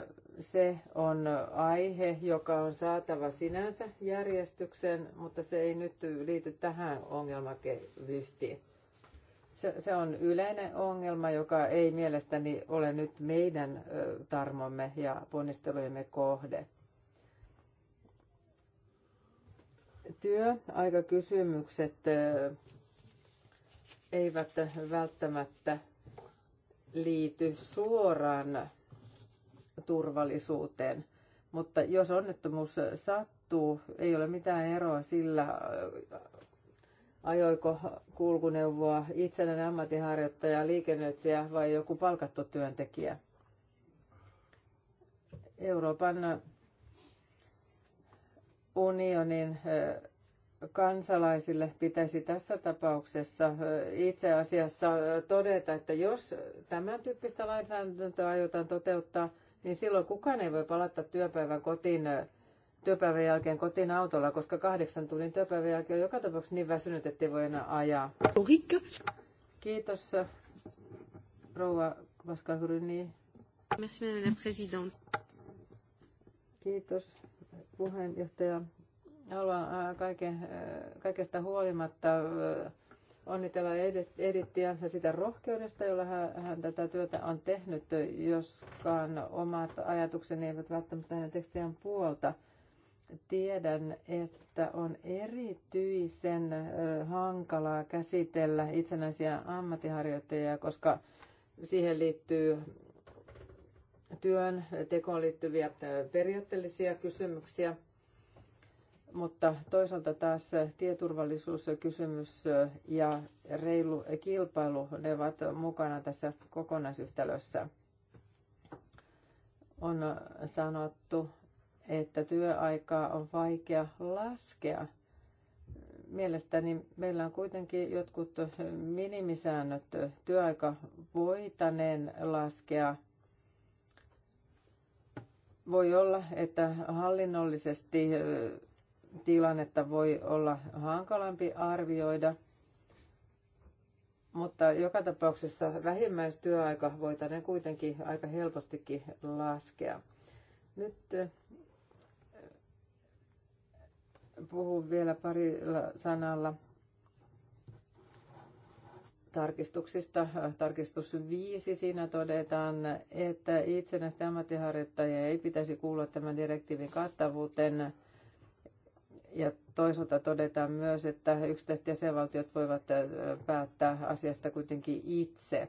se on aihe, joka on saatava sinänsä järjestykseen, mutta se ei nyt liity tähän ongelmakevyhtiin. Se, se on yleinen ongelma, joka ei mielestäni ole nyt meidän tarmomme ja ponnistelujemme kohde. Työaikakysymykset eivät välttämättä liity suoraan turvallisuuteen. Mutta jos onnettomuus sattuu, ei ole mitään eroa sillä, ajoiko kulkuneuvoa itsenäinen ammattiharjoittaja, liikennöitsijä vai joku palkattu työntekijä. Euroopan unionin kansalaisille pitäisi tässä tapauksessa itse asiassa todeta, että jos tämän tyyppistä lainsäädäntöä aiotaan toteuttaa, niin silloin kukaan ei voi palata työpäivän kotiin työpäivän jälkeen kotiin autolla, koska kahdeksan tulin työpäivän jälkeen joka tapauksessa niin väsynyt, ettei voi enää ajaa. Kiitos, rouva Vaskahryni. Merci, madame la présidente. Kiitos, puheenjohtaja. Haluan äh, kaiken, äh, kaikesta huolimatta äh, onnitella edittiä ja sitä rohkeudesta, jolla hän tätä työtä on tehnyt, joskaan omat ajatukseni eivät välttämättä hänen tekstiään puolta – tiedän, että on erityisen hankalaa käsitellä itsenäisiä ammattiharjoittajia, koska siihen liittyy työn tekoon liittyviä periaatteellisia kysymyksiä, mutta toisaalta taas tieturvallisuuskysymys ja reilu kilpailu, ne ovat mukana tässä kokonaisyhtälössä. On sanottu, että työaikaa on vaikea laskea. Mielestäni meillä on kuitenkin jotkut minimisäännöt. Työaika voitaneen laskea. Voi olla, että hallinnollisesti tilannetta voi olla hankalampi arvioida, mutta joka tapauksessa vähimmäistyöaika voitaneen kuitenkin aika helpostikin laskea. Nyt puhun vielä parilla sanalla tarkistuksista. Tarkistus 5, siinä todetaan, että itsenäisten ammattiharjoittajia ei pitäisi kuulua tämän direktiivin kattavuuteen. Ja toisaalta todetaan myös, että yksittäiset jäsenvaltiot voivat päättää asiasta kuitenkin itse.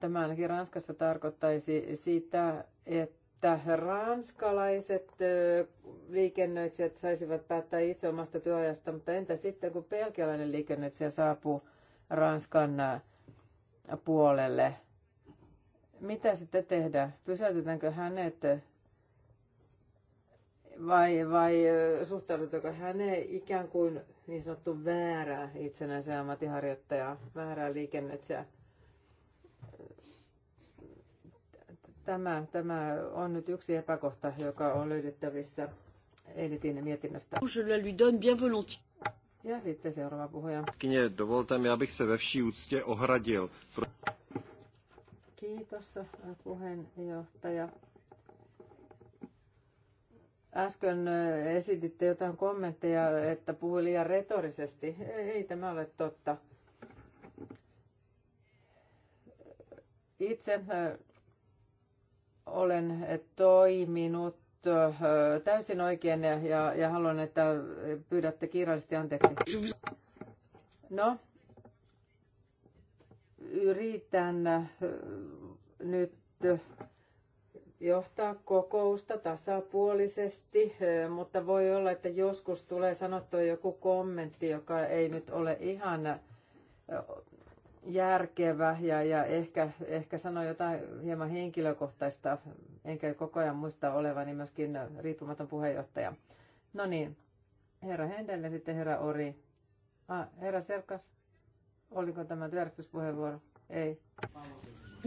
Tämä ainakin Ranskassa tarkoittaisi sitä, että että ranskalaiset liikennöitsijät saisivat päättää itse omasta työajasta, mutta entä sitten kun pelkialainen liikennöitsijä saapuu Ranskan puolelle? Mitä sitten tehdä? Pysäytetäänkö hänet vai, vai suhtaudutaanko häneen ikään kuin niin sanottu väärää itsenäisen ammatinharjoittajaa, väärää liikennöitsijää? Tämä, tämä on nyt yksi epäkohta, joka on löydettävissä Editin mietinnöstä. Je lui donne bien volontiers. Ja sitten seuraava puhuja. Kyně, dovolte mi, abych se ve vší úctě ohradil. Kiitos puheenjohtaja. Äsken esititte jotain kommentteja, että puhui liian retorisesti. Ei tämä ole totta. Itse olen toiminut täysin oikein ja, ja, ja haluan, että pyydätte kirjallisesti anteeksi. No, yritän nyt johtaa kokousta tasapuolisesti, mutta voi olla, että joskus tulee sanottua joku kommentti, joka ei nyt ole ihan järkevä ja, ja ehkä, ehkä sano jotain hieman henkilökohtaista, enkä koko ajan muista olevani myöskin riippumaton puheenjohtaja. No niin, herra Hendel ja sitten herra Ori. Ah, herra Serkas, oliko tämä työjärjestyspuheenvuoro? Ei.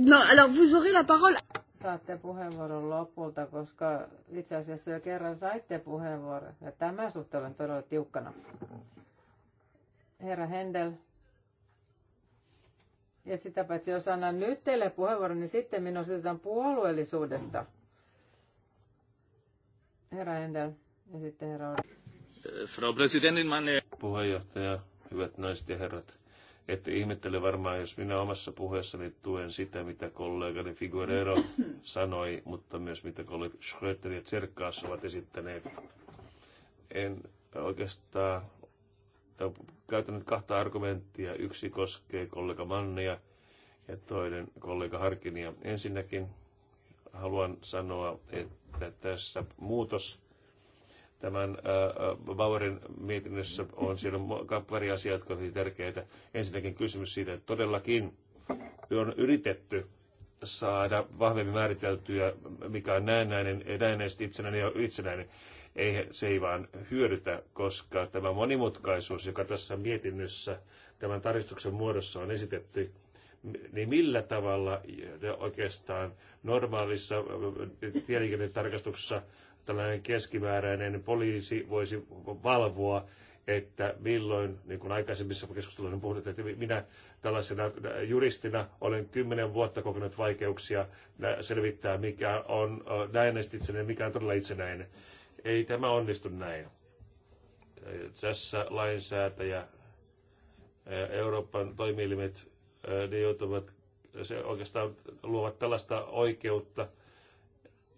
No, alors vous aurez la parole. Saatte puheenvuoron lopulta, koska itse asiassa jo kerran saitte puheenvuoron. Ja tämä suhteen olen todella tiukkana. Herra Hendel, ja sitä paitsi, jos annan nyt teille puheenvuoron, niin sitten minun syytetään puolueellisuudesta. Herra Endel ja sitten herra Frau Präsidentin, meine... Puheenjohtaja, hyvät naiset ja herrat. Ette ihmettele varmaan, jos minä omassa puheessani tuen sitä, mitä kollegani Figuerero sanoi, mutta myös mitä kollegat Schröter ja Tserkkaas ovat esittäneet. En oikeastaan käytänyt kahta argumenttia. Yksi koskee kollega Mannia ja toinen kollega Harkinia. Ensinnäkin haluan sanoa, että tässä muutos tämän Bauerin mietinnössä on siellä pari asiaa, jotka ovat tärkeitä. Ensinnäkin kysymys siitä, että todellakin on yritetty saada vahvemmin määriteltyä, mikä on näennäinen, näennäisesti itsenäinen ja itsenäinen ei, se ei vaan hyödytä, koska tämä monimutkaisuus, joka tässä mietinnössä tämän tarkistuksen muodossa on esitetty, niin millä tavalla oikeastaan normaalissa äh, tieliikennetarkastuksessa tällainen keskimääräinen poliisi voisi valvoa, että milloin, niin kuin aikaisemmissa keskusteluissa on puhuttu, että minä tällaisena äh, juristina olen kymmenen vuotta kokenut vaikeuksia selvittää, mikä on äh, näennäisesti itsenäinen, mikä on todella itsenäinen. Ei tämä onnistu näin. Tässä lainsäätäjä, Euroopan toimielimet, ne joutuvat, se oikeastaan luovat tällaista oikeutta,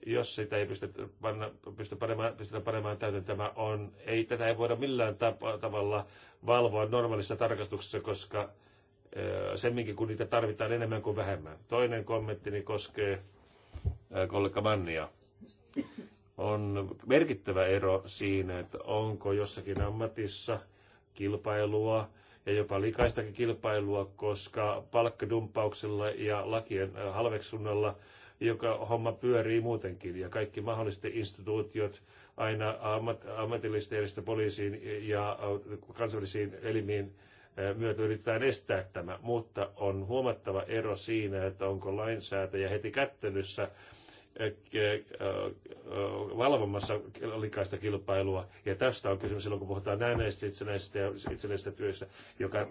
jos sitä ei pystytä, panna, pystytä panemaan, pystytä panemaan täytäntöön, tämä on, ei tätä ei voida millään tapa, tavalla valvoa normaalissa tarkastuksessa, koska semminkin kun niitä tarvitaan enemmän kuin vähemmän. Toinen kommenttini koskee kollega Mannia on merkittävä ero siinä, että onko jossakin ammatissa kilpailua ja jopa likaistakin kilpailua, koska palkkadumppauksella ja lakien äh, halveksunnalla joka homma pyörii muutenkin ja kaikki mahdolliset instituutiot aina ammat, ammatillisten järjestö poliisiin ja äh, kansallisiin elimiin äh, myötä yritetään estää tämä, mutta on huomattava ero siinä, että onko lainsäätäjä heti kättelyssä Äh, valvomassa likaista kilpailua. Ja tästä on kysymys silloin, kun puhutaan näistä itsenäisistä ja itsenäisistä työstä, joka äh,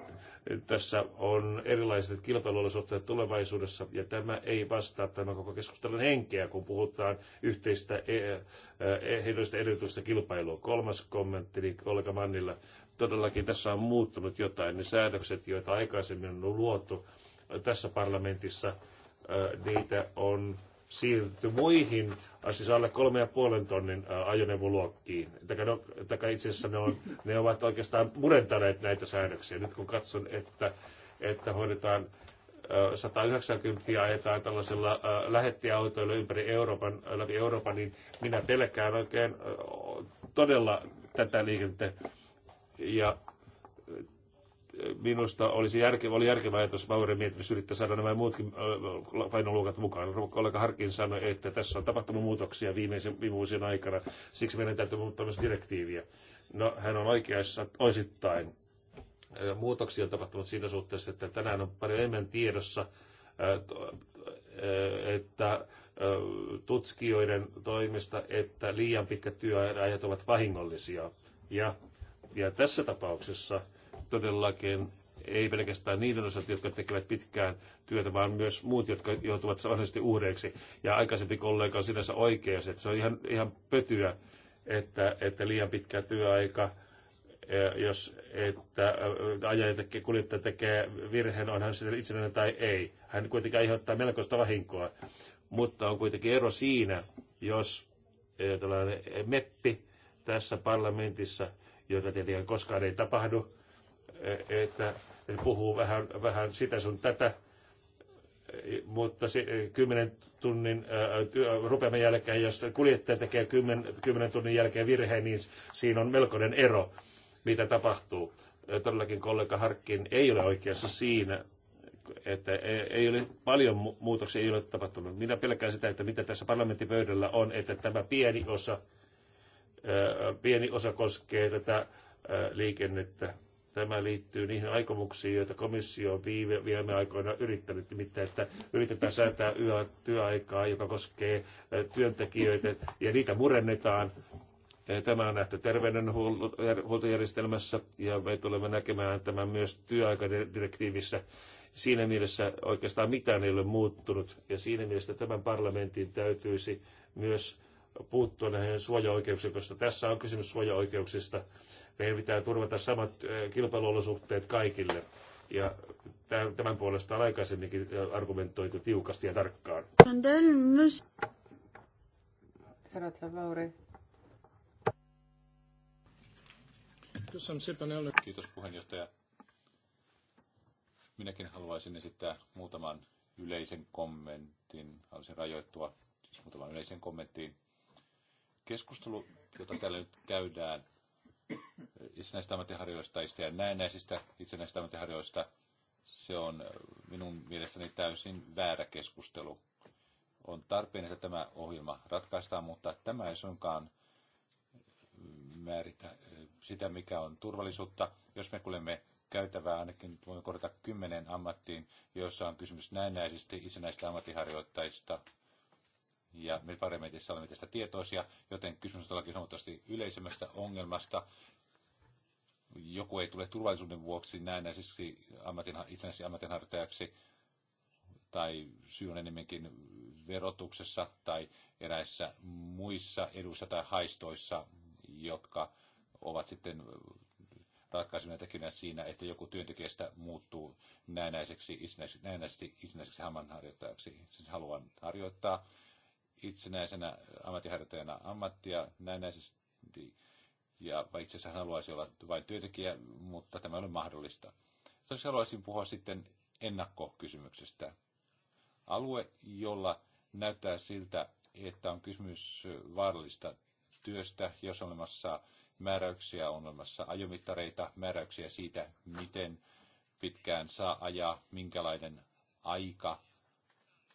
tässä on erilaiset kilpailuolosuhteet tulevaisuudessa. Ja tämä ei vastaa tämän koko keskustelun henkeä, kun puhutaan yhteistä e, äh, ehdoista edellytystä kilpailua. Kolmas kommentti niin kollega Mannilla. Todellakin tässä on muuttunut jotain. Ne säädökset, joita aikaisemmin on luotu tässä parlamentissa, niitä on siirrytty muihin, äh, siis alle kolme ja puolen tonnin äh, ajoneuvoluokkiin. Taka, no, taka itse asiassa ne, on, ne ovat oikeastaan murentaneet näitä säännöksiä. Nyt kun katson, että, että hoidetaan 190 äh, ajetaan tällaisella lähettiautoilla ympäri Euroopan, läpi Euroopan, niin minä pelkään oikein todella tätä liikennettä. Ja minusta olisi järkevä, oli järkevä ajatus Bauerin mietinnössä yrittää saada nämä muutkin äh, painoluokat mukaan. Kollega Harkin sanoi, että tässä on tapahtunut muutoksia viimeisen, viime vuosien aikana, siksi meidän täytyy muuttaa myös direktiiviä. No, hän on oikeassa osittain. Äh, muutoksia on tapahtunut siinä suhteessa, että tänään on paljon enemmän tiedossa, äh, että tutkijoiden toimesta, että liian pitkät työajat ovat vahingollisia. Ja, ja tässä tapauksessa todellakin ei pelkästään niiden osat, jotka tekevät pitkään työtä, vaan myös muut, jotka joutuvat säännöllisesti uhreiksi. Ja aikaisempi kollega on sinänsä oikeus, että se on ihan, ihan pötyä, että, että liian pitkä työaika, e, jos että ajaja tekee, kuljettaja tekee virheen, on hän sitten itsenäinen tai ei. Hän kuitenkin aiheuttaa melkoista vahinkoa. Mutta on kuitenkin ero siinä, jos e, tällainen meppi tässä parlamentissa, jota tietenkään koskaan ei tapahdu, E- että puhuu vähän, vähän sitä sun tätä, e- mutta se, e- kymmenen tunnin rupeaman jälkeen, jos kuljettaja tekee kymmen, kymmenen tunnin jälkeen virheen, niin siinä on melkoinen ero, mitä tapahtuu. Todellakin kollega Harkin ei ole oikeassa siinä, että ei ole paljon muutoksia ei ole tapahtunut. Minä pelkään sitä, että mitä tässä parlamentin pöydällä on, että tämä pieni osa, pieni osa koskee tätä liikennettä Tämä liittyy niihin aikomuksiin, joita komissio on viime, viime aikoina yrittänyt, nimittäin että yritetään säätää yö, työaikaa, joka koskee työntekijöitä, ja niitä murennetaan. Tämä on nähty terveydenhuoltojärjestelmässä, er, ja me tulemme näkemään tämän myös työaikadirektiivissä. Siinä mielessä oikeastaan mitään ei ole muuttunut, ja siinä mielessä tämän parlamentin täytyisi myös puuttua näihin suojaoikeuksiin, koska tässä on kysymys suojaoikeuksista meidän pitää turvata samat kilpailuolosuhteet kaikille. Ja tämän puolesta on aikaisemminkin argumentoitu tiukasti ja tarkkaan. Kiitos puheenjohtaja. Minäkin haluaisin esittää muutaman yleisen kommentin. Haluaisin rajoittua siis muutaman yleisen kommenttiin. Keskustelu, jota täällä nyt käydään, itsenäistä ammattiharjoistajista ja näennäisistä itsenäistä ammattiharjoista, se on minun mielestäni täysin väärä keskustelu. On tarpeen, että tämä ohjelma ratkaistaan, mutta tämä ei suinkaan määritä äh, sitä, mikä on turvallisuutta. Jos me kuljemme käytävää, ainakin voimme korjata kymmenen ammattiin, joissa on kysymys näennäisistä itsenäisistä ammattiharjoittajista – ja me parlamentissa olemme tästä tietoisia, joten kysymys on todellakin huomattavasti yleisemmästä ongelmasta. Joku ei tule turvallisuuden vuoksi näennäisesti ammatin, itsenäisesti ammatinharjoittajaksi, tai syy on enemmänkin verotuksessa tai eräissä muissa edussa tai haistoissa, jotka ovat sitten ratkaisevina tekijänä siinä, että joku työntekijästä muuttuu näennäiseksi, itsenäiseksi, näennäisesti itsenäiseksi hammanharjoittajaksi. Siis haluan harjoittaa itsenäisenä ammattiharjoittajana ammattia näennäisesti, ja itse asiassa haluaisi olla vain työntekijä, mutta tämä ei ole mahdollista. Toiseksi haluaisin puhua sitten ennakkokysymyksestä. Alue, jolla näyttää siltä, että on kysymys vaarallista työstä, jos on olemassa määräyksiä, on olemassa ajomittareita, määräyksiä siitä, miten pitkään saa ajaa, minkälainen aika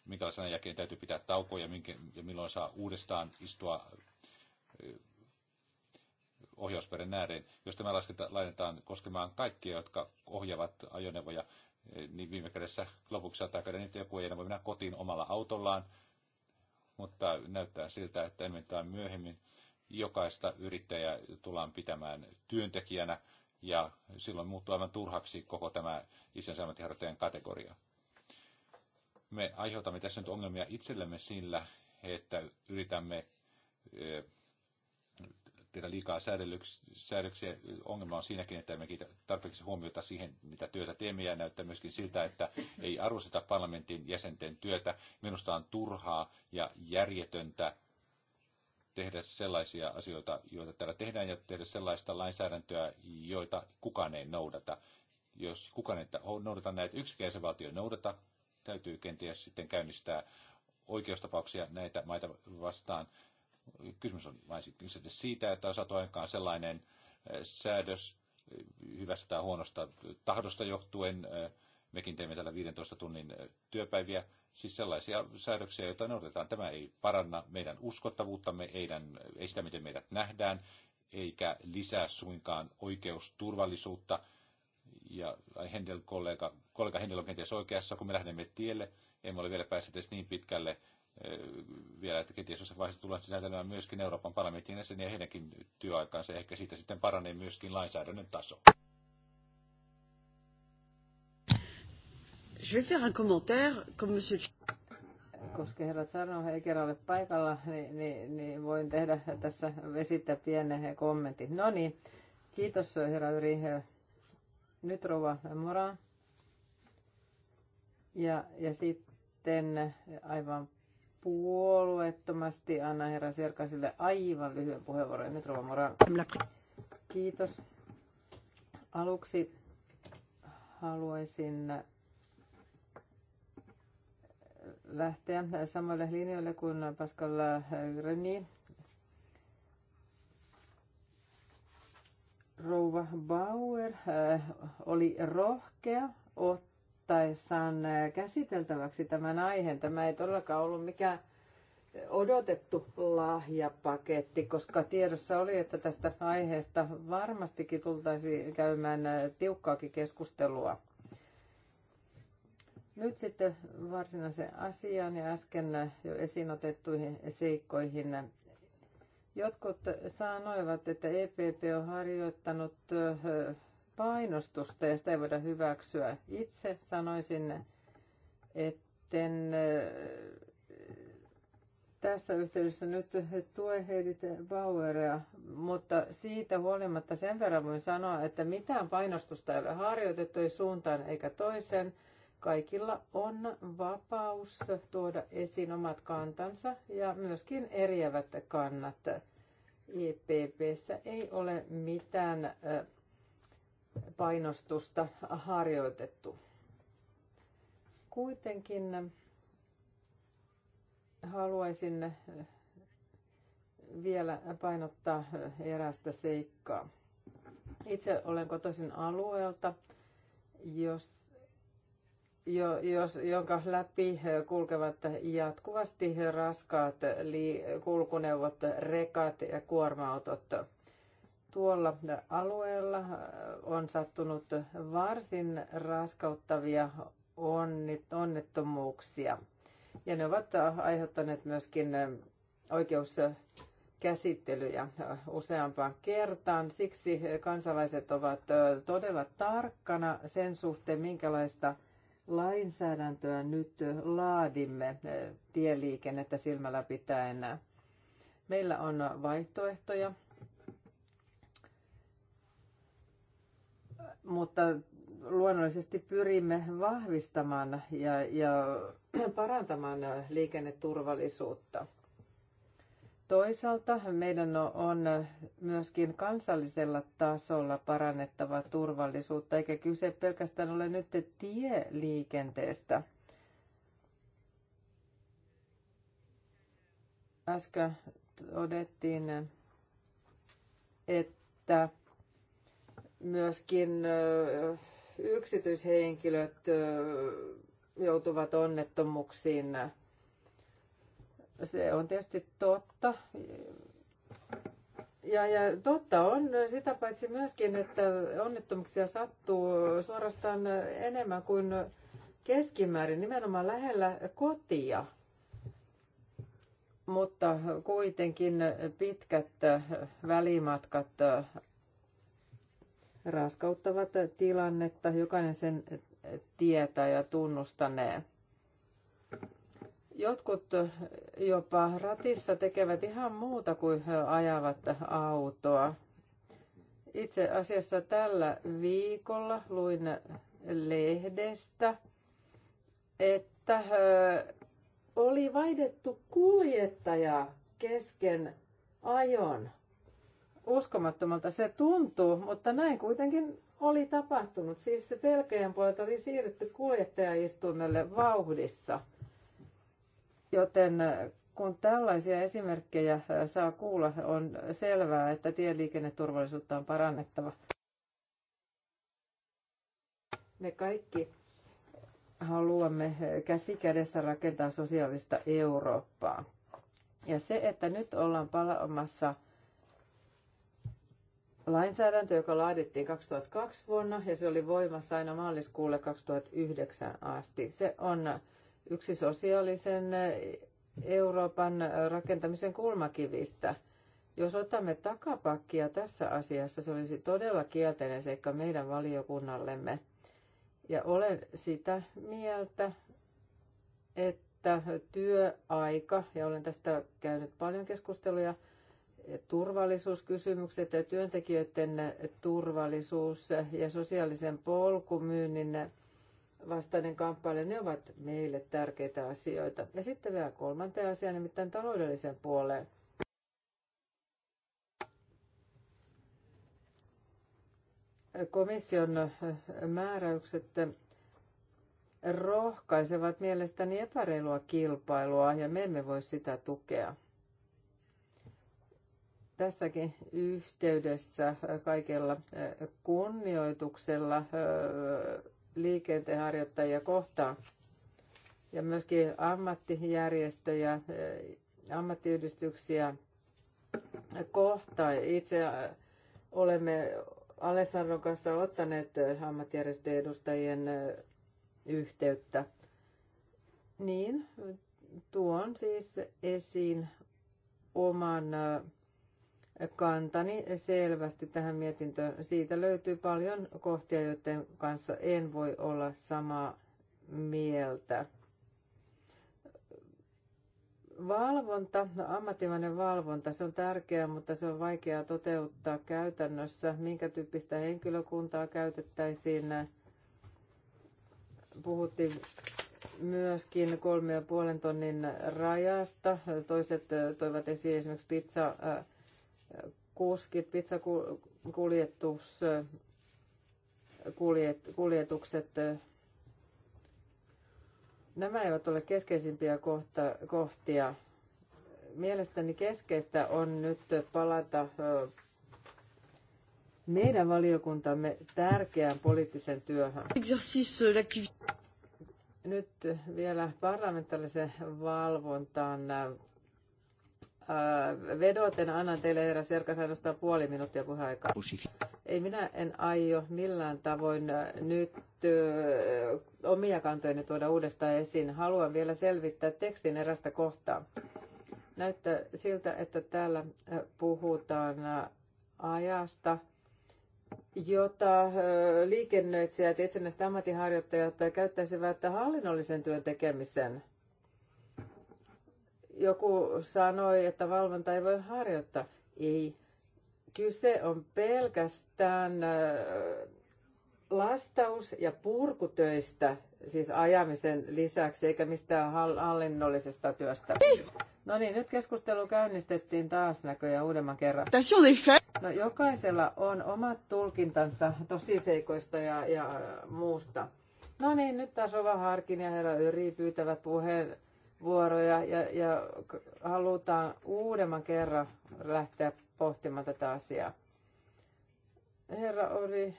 minkälaisen jälkeen täytyy pitää taukoja ja, ja milloin saa uudestaan istua ohjausperän ääreen. Jos tämä laitetaan koskemaan kaikkia, jotka ohjaavat ajoneuvoja, niin viime kädessä lopuksi saattaa käydä niitä joku ei enää voi mennä kotiin omalla autollaan, mutta näyttää siltä, että enemmän tai myöhemmin jokaista yrittäjää tullaan pitämään työntekijänä, ja silloin muuttuu aivan turhaksi koko tämä itsensä ammattiharjoittajan kategoria me aiheutamme tässä nyt ongelmia itsellemme sillä, että yritämme tehdä liikaa säädöksiä. Ongelma on siinäkin, että emme kiitä tarpeeksi huomiota siihen, mitä työtä teemme, ja näyttää myöskin siltä, että ei arvosteta parlamentin jäsenten työtä. Minusta on turhaa ja järjetöntä tehdä sellaisia asioita, joita täällä tehdään, ja tehdä sellaista lainsäädäntöä, joita kukaan ei noudata. Jos kukaan ei noudata näitä, yksikään se valtio noudata, täytyy kenties sitten käynnistää oikeustapauksia näitä maita vastaan. Kysymys on vain siitä, että on saatu aikaan sellainen äh, säädös äh, hyvästä tai huonosta tahdosta johtuen. Äh, mekin teemme täällä 15 tunnin työpäiviä, siis sellaisia säädöksiä, joita noudatetaan. Tämä ei paranna meidän uskottavuuttamme, eidän, ei sitä, miten meidät nähdään, eikä lisää suinkaan oikeusturvallisuutta. Ja Hendel kollega kollega Hennil on kenties oikeassa, kun me lähdemme tielle, emme ole vielä päässeet edes niin pitkälle eh, vielä, että kenties jossain vaiheessa tullaan sisältämään myöskin Euroopan parlamentin jäseniä ja heidänkin työaikansa. Ehkä siitä sitten paranee myöskin lainsäädännön taso. Je vais faire un commentaire, comme monsieur... Koska herra Sarno ei kerran ole paikalla, niin, niin, niin voin tehdä tässä vesittää pienen kommentin. No niin, kiitos herra Yri. Nyt rouva Moran. Ja, ja sitten aivan puolueettomasti anna herra Serkasille aivan lyhyen puheenvuoron. Ja nyt Rova Moran. Kiitos. Aluksi haluaisin lähteä samoille linjoille kuin Pascal Reni. Rouva Bauer äh, oli rohkea ottaa ottaessaan käsiteltäväksi tämän aiheen. Tämä ei todellakaan ollut mikään odotettu lahjapaketti, koska tiedossa oli, että tästä aiheesta varmastikin tultaisiin käymään tiukkaakin keskustelua. Nyt sitten varsinaiseen asiaan ja äsken jo esiin otettuihin seikkoihin. Jotkut sanoivat, että EPP on harjoittanut painostusta ja sitä ei voida hyväksyä. Itse sanoisin, etten äh, tässä yhteydessä nyt tue Heidit Baueria, mutta siitä huolimatta sen verran voin sanoa, että mitään painostusta ei ole harjoitettu ei suuntaan eikä toisen. Kaikilla on vapaus tuoda esiin omat kantansa ja myöskin eriävät kannat. EPPssä ei ole mitään äh, painostusta harjoitettu. Kuitenkin haluaisin vielä painottaa erästä seikkaa. Itse olen kotoisin alueelta, jos, jo, jos, jonka läpi kulkevat jatkuvasti raskaat li, kulkuneuvot, rekat ja kuorma-autot tuolla alueella äh, on sattunut varsin raskauttavia onnettomuuksia. Ja ne ovat aiheuttaneet myöskin äh, oikeuskäsittelyjä äh, useampaan kertaan. Siksi kansalaiset ovat todella tarkkana sen suhteen, minkälaista lainsäädäntöä nyt laadimme tieliikennettä silmällä pitäen. Meillä on vaihtoehtoja mutta luonnollisesti pyrimme vahvistamaan ja, ja parantamaan liikenneturvallisuutta. Toisaalta meidän on myöskin kansallisella tasolla parannettava turvallisuutta, eikä kyse pelkästään ole nyt tieliikenteestä. Äsken todettiin, että myöskin yksityishenkilöt joutuvat onnettomuuksiin. Se on tietysti totta. Ja, ja totta on sitä paitsi myöskin, että onnettomuuksia sattuu suorastaan enemmän kuin keskimäärin, nimenomaan lähellä kotia. Mutta kuitenkin pitkät välimatkat raskauttavat tilannetta. Jokainen sen tietää ja tunnustanee. Jotkut jopa ratissa tekevät ihan muuta kuin ajavat autoa. Itse asiassa tällä viikolla luin lehdestä, että oli vaihdettu kuljettaja kesken ajon uskomattomalta se tuntuu, mutta näin kuitenkin oli tapahtunut. Siis se pelkäjän puolelta oli siirrytty kuljettajaistuimelle vauhdissa. Joten äh, kun tällaisia esimerkkejä äh, saa kuulla, on selvää, että tieliikenneturvallisuutta on parannettava. Me kaikki haluamme äh, käsi kädessä rakentaa sosiaalista Eurooppaa. Ja se, että nyt ollaan palaamassa – lainsäädäntö, joka laadittiin 2002 vuonna ja se oli voimassa aina maaliskuulle 2009 asti. Se on yksi sosiaalisen Euroopan rakentamisen kulmakivistä. Jos otamme takapakkia tässä asiassa, se olisi todella kielteinen seikka meidän valiokunnallemme. Ja olen sitä mieltä, että työaika, ja olen tästä käynyt paljon keskusteluja – turvallisuuskysymykset, ja työntekijöiden turvallisuus ja sosiaalisen polkumyynnin vastainen kamppailu, ne ovat meille tärkeitä asioita. Ja sitten vielä kolmanteen asiaan, nimittäin taloudellisen puoleen. Komission määräykset rohkaisevat mielestäni epäreilua kilpailua ja me emme voi sitä tukea tässäkin yhteydessä äh, kaikella äh, kunnioituksella äh, liikenteenharjoittajia kohtaan ja myöskin ammattijärjestöjä, ammattiyhdistyksiä kohtaan. Itse olemme Alessandron kanssa ottaneet ammattijärjestöjen edustajien yhteyttä. Niin, tuon siis esiin oman kantani selvästi tähän mietintöön. Siitä löytyy paljon kohtia, joiden kanssa en voi olla samaa mieltä. Valvonta, no, ammattimainen valvonta, se on tärkeää, mutta se on vaikeaa toteuttaa käytännössä. Minkä tyyppistä henkilökuntaa käytettäisiin? Puhuttiin myöskin kolme ja puolen tonnin rajasta. Toiset toivat esiin esimerkiksi pizza äh, kuskit, pizzakuljetus, kuljet, kuljetukset, nämä eivät ole keskeisimpiä kohta, kohtia. Mielestäni keskeistä on nyt palata meidän valiokuntamme tärkeään poliittisen työhön. Euh, nyt vielä parlamentaarisen valvontaan Äh, vedoten annan teille herra Serkas ainoastaan puoli minuuttia puheaikaa. Ei minä en aio millään tavoin äh, nyt äh, omia kantojeni tuoda uudestaan esiin. Haluan vielä selvittää tekstin erästä kohtaa. Näyttää siltä, että täällä puhutaan ajasta, jota liikennöitsijät, itsenäiset ammattiharjoittajat käyttäisivät hallinnollisen työn tekemisen. Joku sanoi, että valvonta ei voi harjoittaa. Ei. Kyse on pelkästään lastaus- ja purkutöistä, siis ajamisen lisäksi, eikä mistään hallinnollisesta työstä. No niin, nyt keskustelu käynnistettiin taas näköjään uudemman kerran. Tässä No jokaisella on omat tulkintansa tosiseikoista ja, ja muusta. No niin, nyt taas Rova Harkin ja herra Yri pyytävät puheen vuoroja ja, ja halutaan uudemman kerran lähteä pohtimaan tätä asiaa. Herra Ori.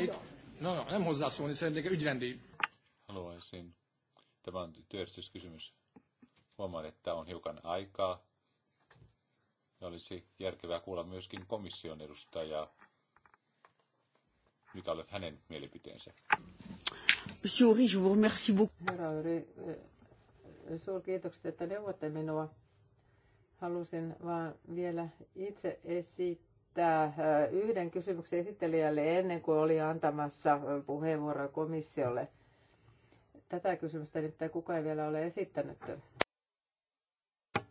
No, no, nem hozzászólni, szerintem ügyrendi. Haluaisin. Tämä on työjärjestyskysymys. Huomaan, että on hiukan aikaa. Ja olisi järkevää kuulla myöskin komission edustajaa, mikä oli hänen mielipiteensä. Monsieur Ori, je vous remercie beaucoup. Herra eh, eh, suurkiitokset, että neuvotte minua. Halusin vaan vielä itse esittää eh, yhden kysymyksen esittelijälle ennen kuin oli antamassa puheenvuoroa komissiolle. Tätä kysymystä nimittäin kukaan ei vielä ole esittänyt.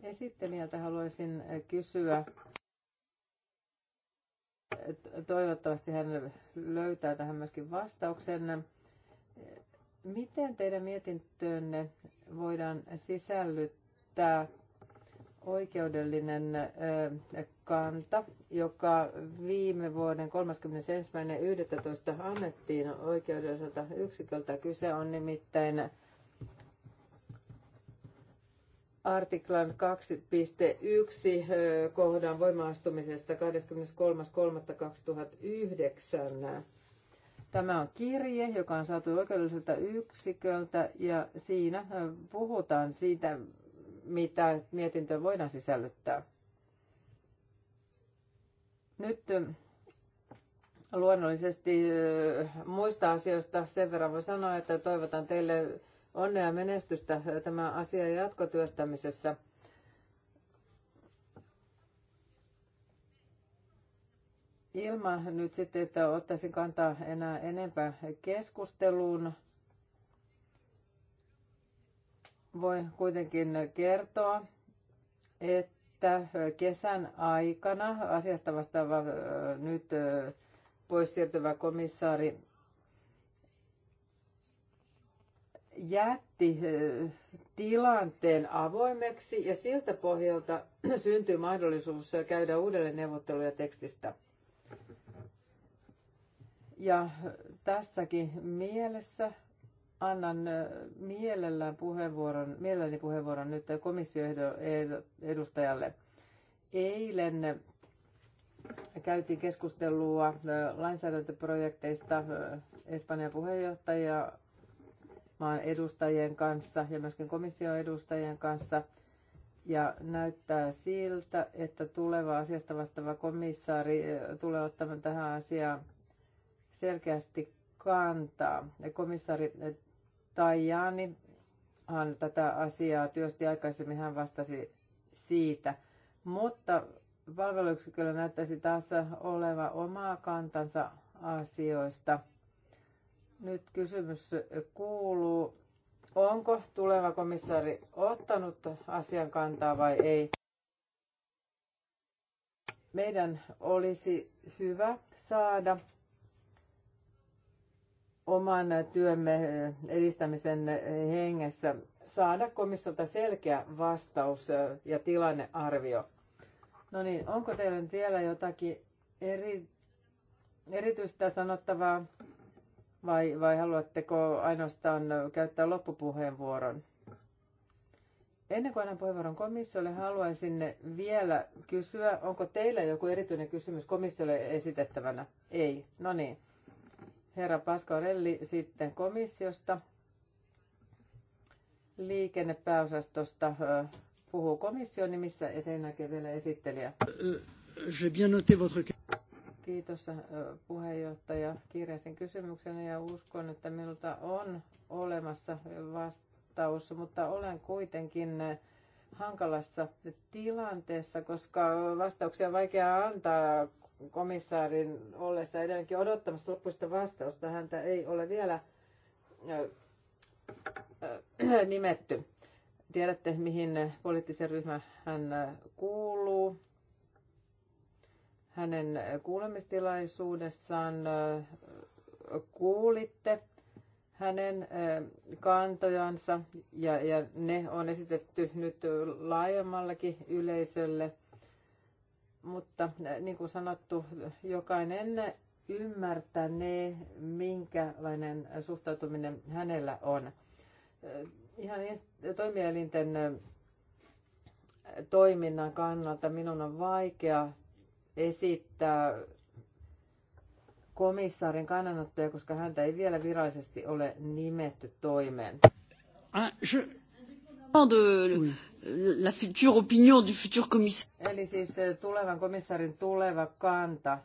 Esittelijältä haluaisin kysyä, toivottavasti hän löytää tähän myöskin vastauksen Miten teidän mietintöönne voidaan sisällyttää oikeudellinen kanta, joka viime vuoden 31.11. annettiin oikeudelliselta yksiköltä. Kyse on nimittäin artiklan 2.1 kohdan voimaastumisesta 23.3.2009. Tämä on kirje, joka on saatu oikeudelliselta yksiköltä ja siinä puhutaan siitä, mitä mietintöön voidaan sisällyttää. Nyt luonnollisesti muista asioista sen verran voi sanoa, että toivotan teille onnea ja menestystä tämän asian jatkotyöstämisessä – ilman nyt sitten, että ottaisin kantaa enää enempää keskusteluun, voin kuitenkin kertoa, että kesän aikana asiasta vastaava nyt pois siirtyvä komissaari jätti tilanteen avoimeksi ja siltä pohjalta syntyi mahdollisuus käydä uudelleen neuvotteluja tekstistä. Ja tässäkin mielessä annan mielellään puheenvuoron, mielelläni puheenvuoron nyt komissioedustajalle. Eilen käytiin keskustelua lainsäädäntöprojekteista Espanjan puheenjohtaja maan edustajien kanssa ja myöskin komission edustajien kanssa. Ja näyttää siltä, että tuleva asiasta vastaava komissaari tulee ottamaan tähän asiaan selkeästi kantaa. Komissaari Tajani hän tätä asiaa työsti aikaisemmin, hän vastasi siitä. Mutta palveluyksiköllä näyttäisi taas oleva omaa kantansa asioista. Nyt kysymys kuuluu, onko tuleva komissaari ottanut asian kantaa vai ei? Meidän olisi hyvä saada oman työmme eh, edistämisen hengessä saada komissiolta selkeä vastaus eh, ja tilannearvio. No niin, onko teillä nyt vielä jotakin eri, erityistä sanottavaa vai, vai haluatteko ainoastaan käyttää loppupuheenvuoron? Ennen kuin annan puheenvuoron komissiolle, haluaisin vielä kysyä, onko teillä joku erityinen kysymys komissiolle esitettävänä? Ei. No niin herra Pascorelli sitten komissiosta, liikennepääosastosta puhuu komission nimissä ja sen jälkeen vielä esittelijä. Euh, j'ai bien noté votre... Kiitos puheenjohtaja. Kirjasin kysymyksen ja uskon, että minulta on olemassa vastaus, mutta olen kuitenkin hankalassa tilanteessa, koska vastauksia on vaikea antaa, komissaarin ollessa edelleenkin odottamassa loppuista vastausta. Häntä ei ole vielä nimetty. Tiedätte, mihin poliittisen ryhmä hän kuuluu. Hänen kuulemistilaisuudessaan kuulitte hänen kantojansa ja, ja ne on esitetty nyt laajemmallakin yleisölle – mutta äh, niin kuin sanottu, jokainen ymmärtänee, minkälainen suhtautuminen hänellä on. Äh, ihan toimielinten äh, toiminnan kannalta minun on vaikea esittää komissaarin kannanottoja, koska häntä ei vielä virallisesti ole nimetty toimeen. Ah, je... de... oui la future opinion du futur commissaire. Eli siis eh, tulevan komissaarin tuleva kanta.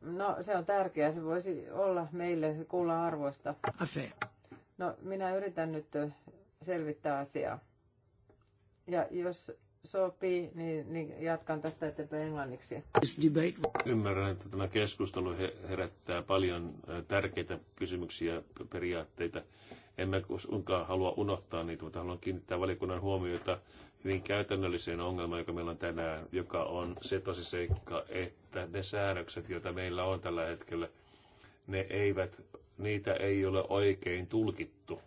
No, se on tärkeää. Se voisi olla meille kuulla arvoista. Affair. No, minä yritän nyt eh, selvittää asiaa. Ja jos sopii, niin, niin jatkan tästä eteenpäin englanniksi. Ymmärrän, että tämä keskustelu herättää paljon eh, tärkeitä kysymyksiä ja periaatteita. Emme suinkaan halua unohtaa niitä, mutta haluan kiinnittää valiokunnan huomiota hyvin käytännölliseen ongelmaan, joka meillä on tänään, joka on se tosi seikka, että ne säännökset, joita meillä on tällä hetkellä, ne eivät, niitä ei ole oikein tulkittu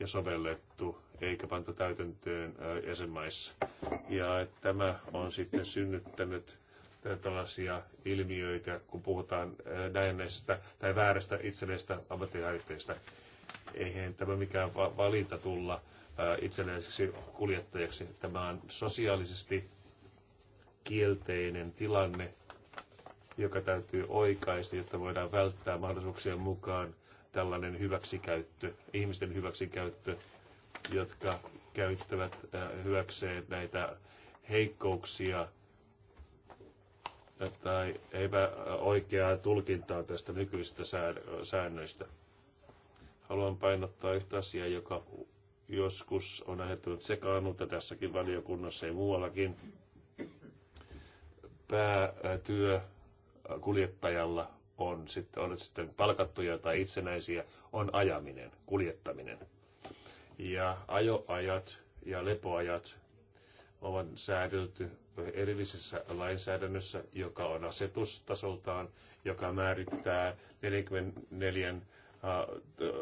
ja sovellettu eikä pantu täytäntöön jäsenmaissa. Ja tämä on sitten synnyttänyt tällaisia ilmiöitä, kun puhutaan näennäisestä tai väärästä itsenäisestä ammattiharjoittajista. Eihän tämä mikään valinta tulla itsenäiseksi kuljettajaksi. Tämä on sosiaalisesti kielteinen tilanne, joka täytyy oikaista, jotta voidaan välttää mahdollisuuksien mukaan tällainen hyväksikäyttö, ihmisten hyväksikäyttö, jotka käyttävät hyväkseen näitä heikkouksia tai epäoikeaa tulkintaa tästä nykyisistä säännöistä haluan painottaa yhtä asiaa, joka joskus on aiheuttanut sekaannutta tässäkin valiokunnassa ja muuallakin. Päätyö kuljettajalla on sitten, on sitten palkattuja tai itsenäisiä, on ajaminen, kuljettaminen. Ja ajoajat ja lepoajat ovat säädelty erillisessä lainsäädännössä, joka on asetustasoltaan, joka määrittää 44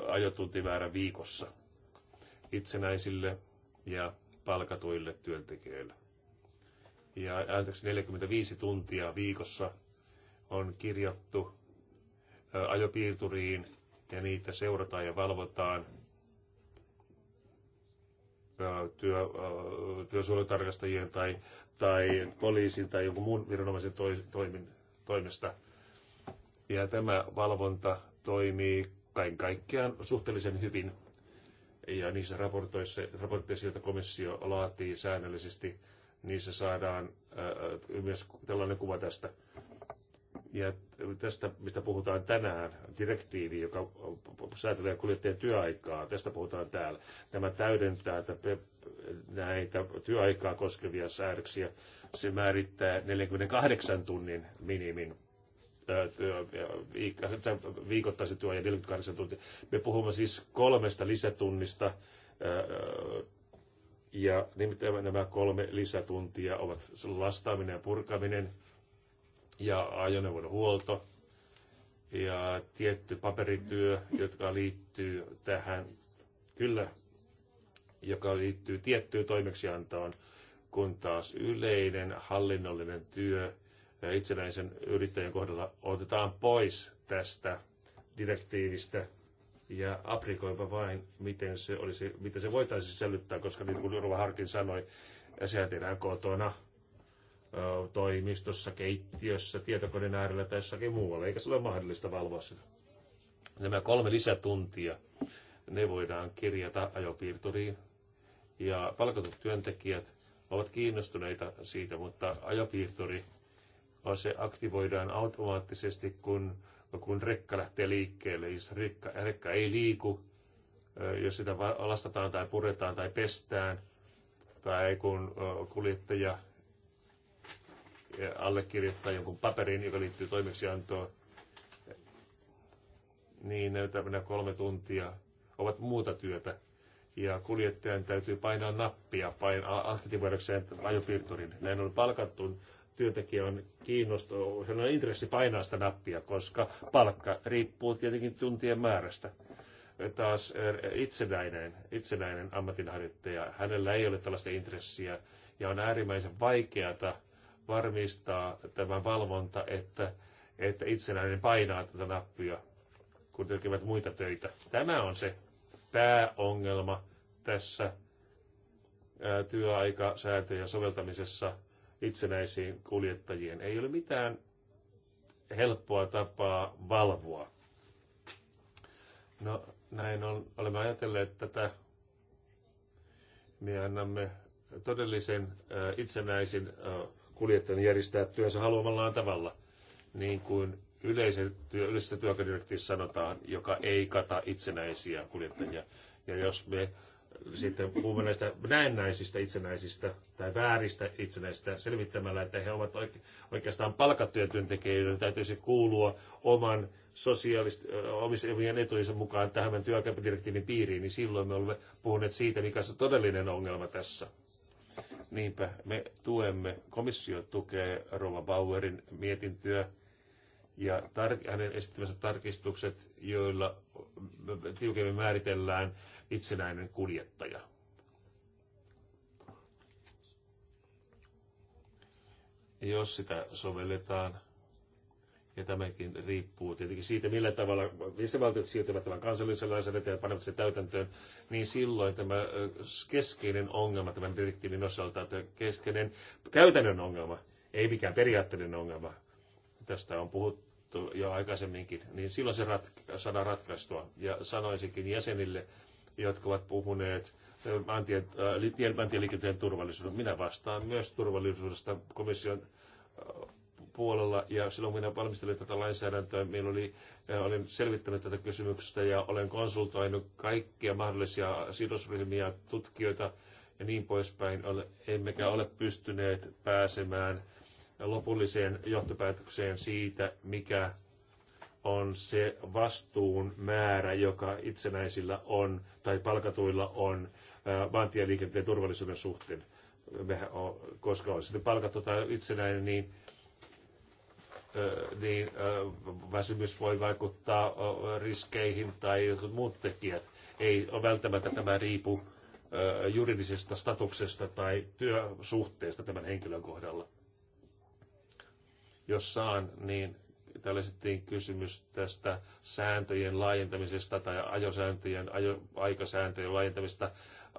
ajotuntimäärä viikossa itsenäisille ja palkatuille työntekijöille. Ja anteeksi, 45 tuntia viikossa on kirjattu ajopiirturiin ja niitä seurataan ja valvotaan työ, työsuojelutarkastajien tai, tai poliisin tai jonkun muun viranomaisen toimin, toimesta. Ja tämä valvonta toimii kaiken kaikkiaan suhteellisen hyvin. Ja niissä raportoissa, raportteissa, joita komissio laatii säännöllisesti, niissä saadaan myös tällainen kuva tästä. Ja tästä, mistä puhutaan tänään, direktiivi, joka säätelee kuljettajien työaikaa, tästä puhutaan täällä. Tämä täydentää että näitä työaikaa koskevia säädöksiä. Se määrittää 48 tunnin minimin Äh, viikoittaisen työ ja 48 tuntia. Me puhumme siis kolmesta lisätunnista ja nimittäin nämä kolme lisätuntia ovat lastaaminen ja purkaminen ja ajoneuvon huolto ja tietty paperityö, jotka liittyy tähän, kyllä, joka liittyy tiettyyn toimeksiantoon, kun taas yleinen hallinnollinen työ itsenäisen yrittäjän kohdalla otetaan pois tästä direktiivistä ja aprikoipa vain, miten se, olisi, miten se voitaisiin sisällyttää, koska niin kuin Jurva Harkin sanoi, sehän tehdään kotona, toimistossa, keittiössä, tietokoneen äärellä tai jossakin muualla, eikä se ole mahdollista valvoa sitä. Nämä kolme lisätuntia, ne voidaan kirjata ajopiirturiin, ja palkatut työntekijät ovat kiinnostuneita siitä, mutta ajopiirturi vaan se aktivoidaan automaattisesti, kun, kun rekka lähtee liikkeelle. Jos siis rekka, rekka ei liiku, jos sitä lastataan tai puretaan tai pestään, tai kun kuljettaja allekirjoittaa jonkun paperin, joka liittyy toimeksiantoon, niin nämä kolme tuntia ovat muuta työtä. Ja kuljettajan täytyy painaa nappia painaa aktivoidakseen ajopiirturin. Näin on palkattu työntekijä on kiinnostunut, hän on intressi painaa sitä nappia, koska palkka riippuu tietenkin tuntien määrästä. Taas eh, itsenäinen, itsenäinen ammatinharjoittaja, hänellä ei ole tällaista intressiä ja on äärimmäisen vaikeata varmistaa tämä valvonta, että, että itsenäinen painaa tätä nappia, kun tekevät muita töitä. Tämä on se pääongelma tässä eh, työaikasääntöjen soveltamisessa – itsenäisiin kuljettajiin. Ei ole mitään helppoa tapaa valvoa. No näin on, olemme ajatelleet tätä. Me annamme todellisen äh, itsenäisen äh, kuljettajan järjestää työnsä haluamallaan tavalla, niin kuin yleisen työ, yleisessä työaikadirektiivissä sanotaan, joka ei kata itsenäisiä kuljettajia. Ja jos me sitten puhumme näistä näennäisistä itsenäisistä tai vääristä itsenäisistä selvittämällä, että he ovat oike- oikeastaan palkattuja työntekijöitä, joiden täytyisi kuulua oman sosiaalist, etujensa mukaan tähän työaikadirektiivin piiriin, niin silloin me olemme puhuneet siitä, mikä on todellinen ongelma tässä. Niinpä me tuemme, komissio tukee Rova Bauerin mietintyä ja tar- hänen esittämänsä tarkistukset, joilla tiukemmin määritellään itsenäinen kuljettaja. Jos sitä sovelletaan, ja tämäkin riippuu tietenkin siitä, millä tavalla jäsenvaltiot siirtyvät tämän kansallisen lainsäädäntöön ja panevat sen täytäntöön, niin silloin tämä keskeinen ongelma tämän direktiivin osalta, tämä keskeinen käytännön ongelma, ei mikään periaatteellinen ongelma, tästä on puhuttu puhuttu jo aikaisemminkin, niin silloin se ratka- sana ratkaistua. Ja sanoisinkin jäsenille, jotka ovat puhuneet äh, äh, maantieliikenteen turvallisuudesta. Minä vastaan myös turvallisuudesta komission äh, puolella ja silloin minä valmistelin tätä lainsäädäntöä, meillä oli, olin selvittänyt tätä kysymyksestä ja olen konsultoinut kaikkia mahdollisia sidosryhmiä, tutkijoita ja niin poispäin, emmekä ole pystyneet pääsemään lopulliseen johtopäätökseen siitä, mikä on se vastuun määrä, joka itsenäisillä on tai palkatuilla on maantieliikenteen turvallisuuden suhteen. Mehän on, koska on sitten palkattu tai itsenäinen, niin niin väsymys voi vaikuttaa riskeihin tai jotkut muut tekijät. Ei välttämättä tämä riipu juridisesta statuksesta tai työsuhteesta tämän henkilön kohdalla. Jos saan, niin täällä esittiin kysymys tästä sääntöjen laajentamisesta tai ajosääntöjen, ajo, aikasääntöjen laajentamisesta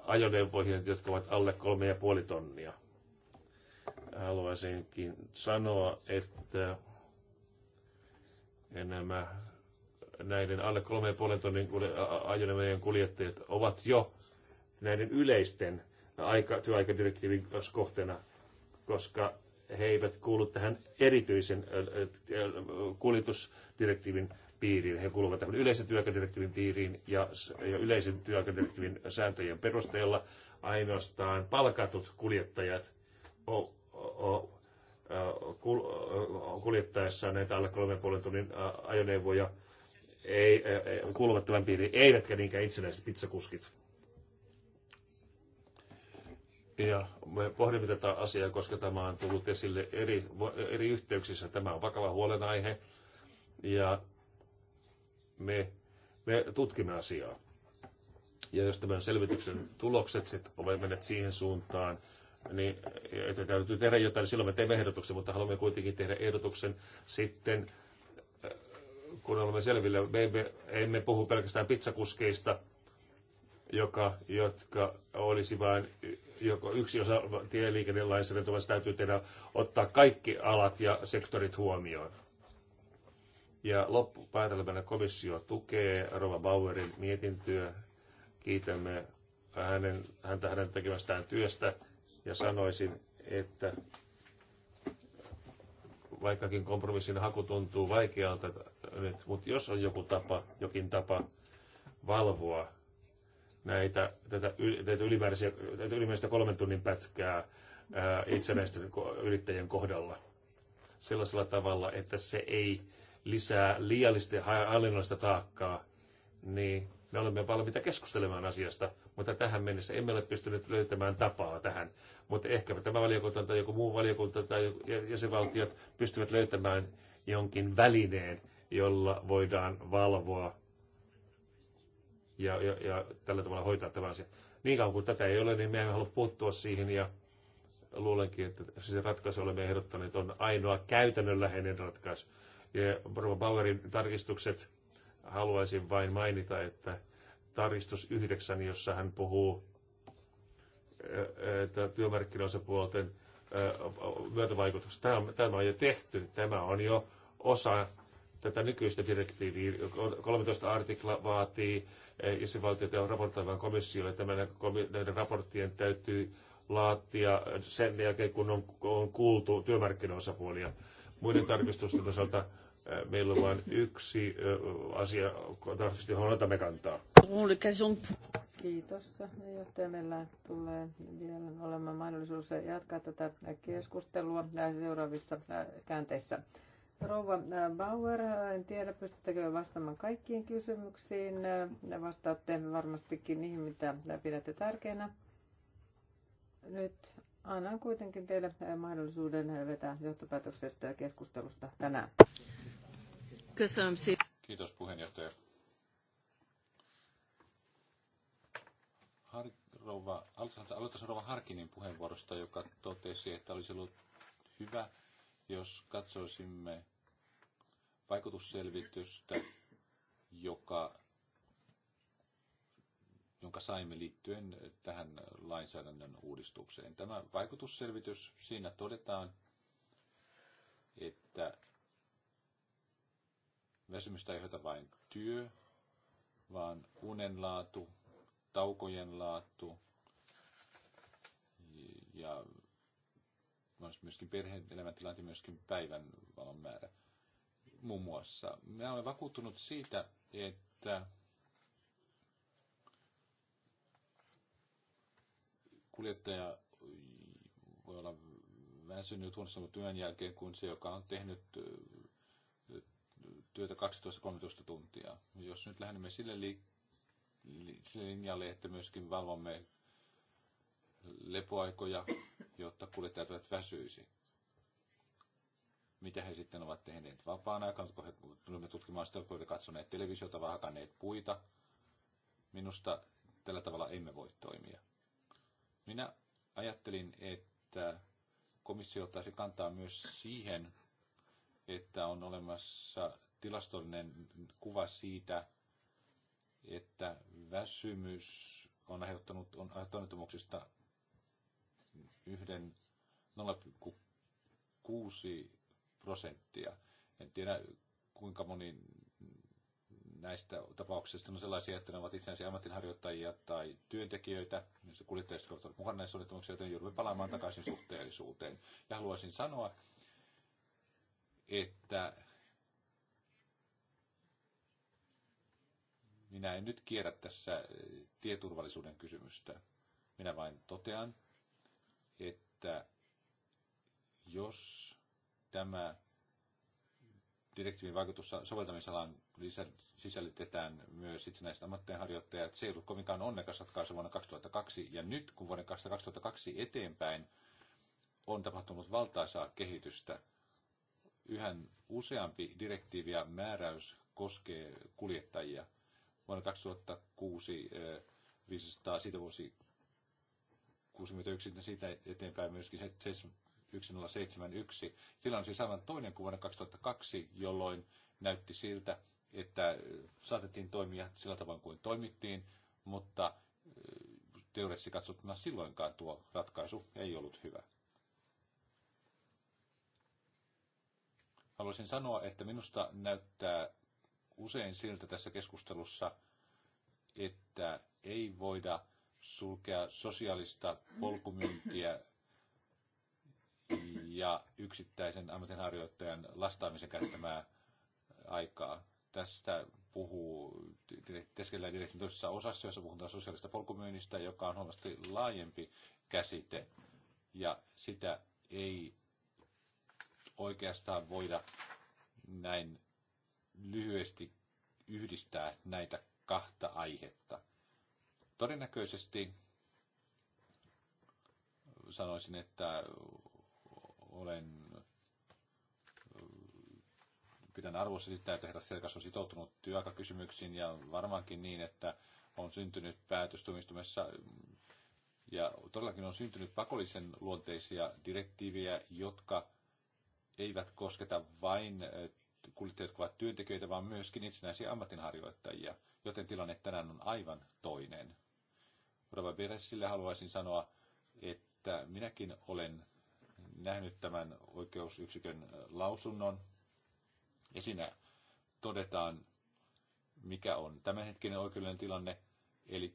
ajoneuvoihin, jotka ovat alle 3,5 tonnia. Haluaisinkin sanoa, että nämä näiden alle 3,5 tonnin ajoneuvojen kuljettajat ovat jo näiden yleisten aika, työaikadirektiivin kohteena, koska he eivät kuulu tähän erityisen kuljetusdirektiivin piiriin. He kuuluvat tämän yleisen työaikadirektiivin piiriin ja, ja yleisen työaikadirektiivin sääntöjen perusteella ainoastaan palkatut kuljettajat o, o, o, kuljettaessaan näitä alle 3,5 tunnin ajoneuvoja ei, ei, kuuluvat tämän piiriin, eivätkä niinkään itsenäiset pizzakuskit. Ja me pohdimme tätä asiaa, koska tämä on tullut esille eri, eri yhteyksissä. Tämä on vakava huolenaihe ja me, me tutkimme asiaa. Ja jos tämän selvityksen tulokset sitten ovat menneet siihen suuntaan, niin että täytyy tehdä jotain, niin silloin me teemme ehdotuksen, mutta haluamme kuitenkin tehdä ehdotuksen sitten, äh, kun olemme selville. Me emme, emme puhu pelkästään pizzakuskeista, joka, jotka olisi vain joko yksi osa tieliikennelainsäädäntöä, vaan täytyy tehdä, ottaa kaikki alat ja sektorit huomioon. Ja loppupäätelmänä komissio tukee Rova Bauerin mietintyä. Kiitämme hänen, häntä hänen tekemästään työstä ja sanoisin, että vaikkakin kompromissin haku tuntuu vaikealta nyt, mutta jos on joku tapa, jokin tapa valvoa näitä, tätä, tätä ylimääräisiä, tätä ylimääräistä kolmen tunnin pätkää itsenäisten yrittäjien kohdalla sellaisella tavalla, että se ei lisää liiallista hallinnollista taakkaa, niin me olemme valmiita keskustelemaan asiasta, mutta tähän mennessä emme ole pystyneet löytämään tapaa tähän. Mutta ehkä tämä valiokunta tai joku muu valiokunta tai jäsenvaltiot pystyvät löytämään jonkin välineen, jolla voidaan valvoa ja, ja, ja tällä tavalla hoitaa tämä asia. Niin kauan kuin tätä ei ole, niin me emme halua puuttua siihen ja luulenkin, että se ratkaisu olemme ehdottaneet on ainoa käytännönläheinen ratkaisu. Ja Rova Bauerin tarkistukset haluaisin vain mainita, että tarkistus yhdeksän, jossa hän puhuu että myötävaikutuksesta. Tämä on, tämä on jo tehty, tämä on jo osa tätä nykyistä direktiiviä. 13 artikla vaatii eh, jäsenvaltioita raportoivan komissiolle. että näiden raporttien täytyy laatia sen jälkeen, kun on, on kuultu työmarkkinaosapuolia. Muiden tarkistusten osalta eh, meillä on vain yksi eh, asia, tarkistus, johon otamme kantaa. Kiitos. Johtaja, meillä tulee vielä olemaan mahdollisuus jatkaa tätä keskustelua seuraavissa käänteissä. Rouva äh, Bauer, en tiedä pystyttekö vastaamaan kaikkiin kysymyksiin. Äh, vastaatte varmastikin niihin, mitä pidätte tärkeänä. Nyt annan kuitenkin teille äh, mahdollisuuden vetää johtopäätökset keskustelusta tänään. Kiitos puheenjohtaja. Har- rouva, aloitan rouva Harkinin puheenvuorosta, joka totesi, että olisi ollut hyvä jos katsoisimme vaikutusselvitystä, joka, jonka saimme liittyen tähän lainsäädännön uudistukseen. Tämä vaikutusselvitys, siinä todetaan, että väsymystä ei hoita vain työ, vaan unen laatu, taukojen laatu ja olisi myöskin perheen elämäntilanne ja myöskin päivän valon määrä muun muassa. Mä olen vakuuttunut siitä, että kuljettaja voi olla väsynyt huonostunut työn jälkeen kuin se, joka on tehnyt työtä 12-13 tuntia. Jos nyt lähdemme sille, li- sille linjalle, että myöskin valvomme lepoaikoja, jotta kuljettajat eivät väsyisi. Mitä he sitten ovat tehneet vapaan aikana, kun he tulemme tutkimaan sitä, kun he katsoneet televisiota vai hakanneet puita. Minusta tällä tavalla emme voi toimia. Minä ajattelin, että komissio ottaisi kantaa myös siihen, että on olemassa tilastollinen kuva siitä, että väsymys on aiheuttanut on aiheuttanut yhden 0,6 prosenttia. En tiedä, kuinka moni näistä tapauksista on sellaisia, että ne ovat itse asiassa ammattinharjoittajia tai työntekijöitä, se kuljettajista ovat mukana näissä onnettomuuksissa, joten joudumme palaamaan takaisin suhteellisuuteen. Ja haluaisin sanoa, että minä en nyt kierrä tässä tieturvallisuuden kysymystä. Minä vain totean, että jos tämä direktiivin vaikutus soveltamisalan lisä, sisällytetään myös itsenäiset ammattienharjoittajat. Se ei ollut kovinkaan onnekas ratkaisu vuonna 2002, ja nyt kun vuoden 2002 eteenpäin on tapahtunut valtaisaa kehitystä, yhä useampi direktiivi ja määräys koskee kuljettajia. Vuonna 2006 500, siitä vuosi 61 siitä eteenpäin myöskin 1071. Tilanne on siis aivan toinen kuin vuonna 2002, jolloin näytti siltä, että äh, saatettiin toimia sillä tavoin kuin toimittiin, mutta äh, teoreettisesti katsottuna silloinkaan tuo ratkaisu ei ollut hyvä. Haluaisin sanoa, että minusta näyttää usein siltä tässä keskustelussa, että ei voida sulkea sosiaalista polkumyyntiä ja yksittäisen ammatinharjoittajan lastaamisen käyttämää aikaa. Tästä puhuu Teskellä direktin toisessa osassa, jossa puhutaan sosiaalista polkumyynnistä, joka on huomattavasti laajempi käsite. Ja sitä ei oikeastaan voida näin lyhyesti yhdistää näitä kahta aihetta. Todennäköisesti sanoisin, että olen pidän arvossa sitä, että herra Selkas on sitoutunut työaikakysymyksiin ja varmaankin niin, että on syntynyt päätös ja todellakin on syntynyt pakollisen luonteisia direktiivejä, jotka eivät kosketa vain eh, kuljettajat, jotka ovat työntekijöitä, vaan myöskin itsenäisiä ammatinharjoittajia, joten tilanne tänään on aivan toinen. Rova Beresille haluaisin sanoa, että minäkin olen nähnyt tämän oikeusyksikön äh, lausunnon. Ja siinä todetaan, mikä on tämänhetkinen oikeudellinen tilanne. Eli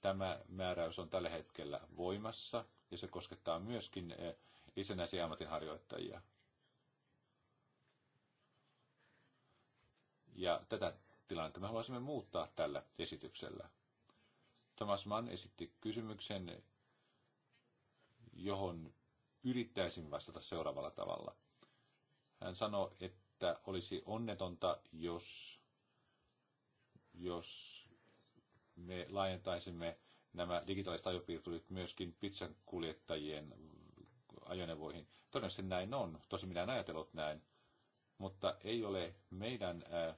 tämä määräys on tällä hetkellä voimassa ja se koskettaa myöskin äh, itsenäisiä ammatinharjoittajia. Ja tätä tilannetta me haluaisimme muuttaa tällä esityksellä. Thomas Mann esitti kysymyksen, johon yrittäisin vastata seuraavalla tavalla. Hän sanoi, että olisi onnetonta, jos, jos me laajentaisimme nämä digitaaliset ajopiirturit myöskin pizzan kuljettajien ajoneuvoihin. Todennäköisesti näin on, tosi minä en ajatellut näin, mutta ei ole meidän äh,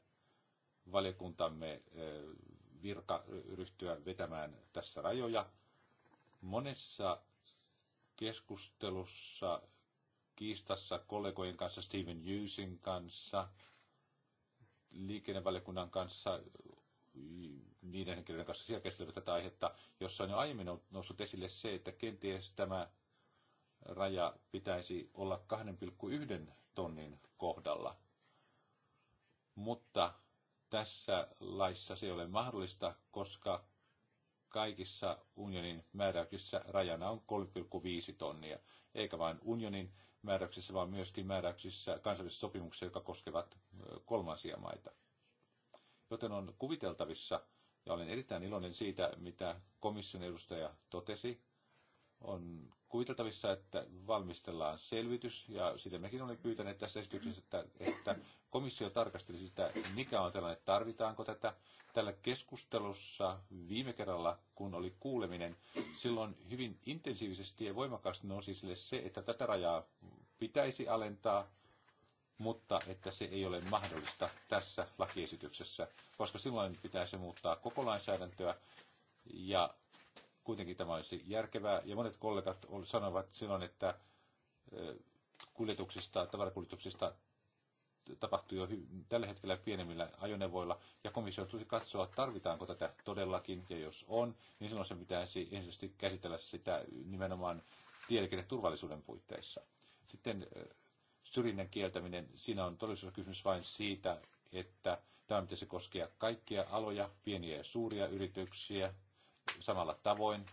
valiokuntamme äh, virka ryhtyä vetämään tässä rajoja. Monessa keskustelussa, kiistassa kollegojen kanssa, Steven Hughesin kanssa, liikennevaliokunnan kanssa, niiden henkilöiden kanssa siellä käsittelevät tätä aihetta, jossa on jo aiemmin noussut esille se, että kenties tämä raja pitäisi olla 2,1 tonnin kohdalla. Mutta tässä laissa se ei ole mahdollista, koska kaikissa unionin määräyksissä rajana on 3,5 tonnia, eikä vain unionin määräyksissä, vaan myöskin määräyksissä kansainvälisissä sopimuksissa, jotka koskevat kolmansia maita. Joten on kuviteltavissa, ja olen erittäin iloinen siitä, mitä komission edustaja totesi, on kuviteltavissa, että valmistellaan selvitys, ja sitä mekin olen pyytänyt tässä esityksessä, että, että komissio tarkasteli sitä, mikä on tällainen, tarvitaanko tätä. Tällä keskustelussa viime kerralla, kun oli kuuleminen, silloin hyvin intensiivisesti ja voimakkaasti nousi sille se, että tätä rajaa pitäisi alentaa, mutta että se ei ole mahdollista tässä lakiesityksessä, koska silloin pitäisi muuttaa koko lainsäädäntöä, ja kuitenkin tämä olisi järkevää. Ja monet kollegat sanovat silloin, että kuljetuksista, tavarakuljetuksista tapahtuu jo tällä hetkellä pienemmillä ajoneuvoilla, ja komissio tulisi katsoa, tarvitaanko tätä todellakin, ja jos on, niin silloin se pitäisi ensisijaisesti käsitellä sitä nimenomaan turvallisuuden puitteissa. Sitten syrjinnän kieltäminen, siinä on todellisuus kysymys vain siitä, että tämä pitäisi koskea kaikkia aloja, pieniä ja suuria yrityksiä, samalla tavoin.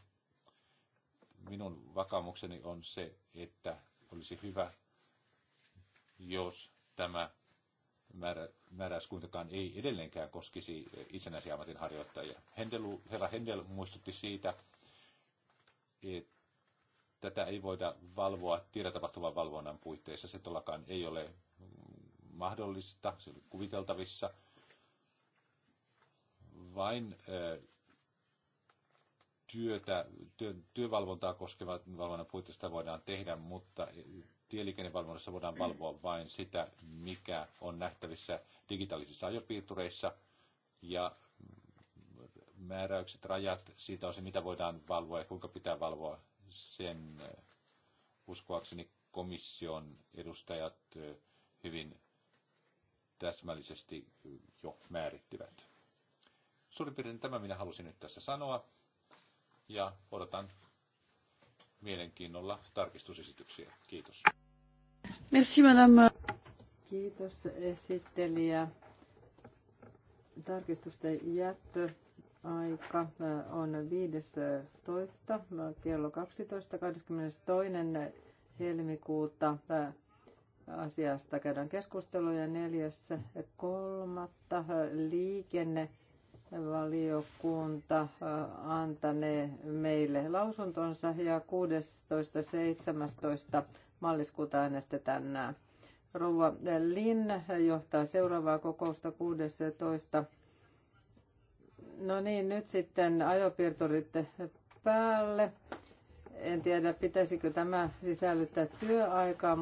Minun vakaumukseni on se, että olisi hyvä, jos tämä määrä, määräys kuitenkaan ei edelleenkään koskisi itsenäisiä ammatinharjoittajia. Hendel, herra Hendel muistutti siitä, että tätä ei voida valvoa tiedotapahtuvan valvonnan puitteissa. Se tollakaan ei ole mahdollista, se kuviteltavissa. Vain äh, työtä, työ, työvalvontaa koskevat valvonnan puitteista voidaan tehdä, mutta tieliikennevalvonnassa voidaan valvoa vain sitä, mikä on nähtävissä digitaalisissa ajopiirtureissa ja määräykset, rajat siitä osin, mitä voidaan valvoa ja kuinka pitää valvoa sen eh, uskoakseni komission edustajat eh, hyvin täsmällisesti eh, jo määrittivät. Suurin piirtein tämä minä halusin nyt tässä sanoa ja odotan mielenkiinnolla tarkistusesityksiä. Kiitos. Merci, madame. Kiitos esittelijä. Tarkistusten jättö aika äh, on 15. Äh, kello 12. 22. helmikuuta äh, asiasta käydään keskustelua ja neljäs kolmatta liikenne valiokunta antanee meille lausuntonsa ja 16.17. maaliskuuta äänestetään nämä. Rouva Lin johtaa seuraavaa kokousta 16. No niin, nyt sitten ajopiirturit päälle. En tiedä, pitäisikö tämä sisällyttää työaikaa,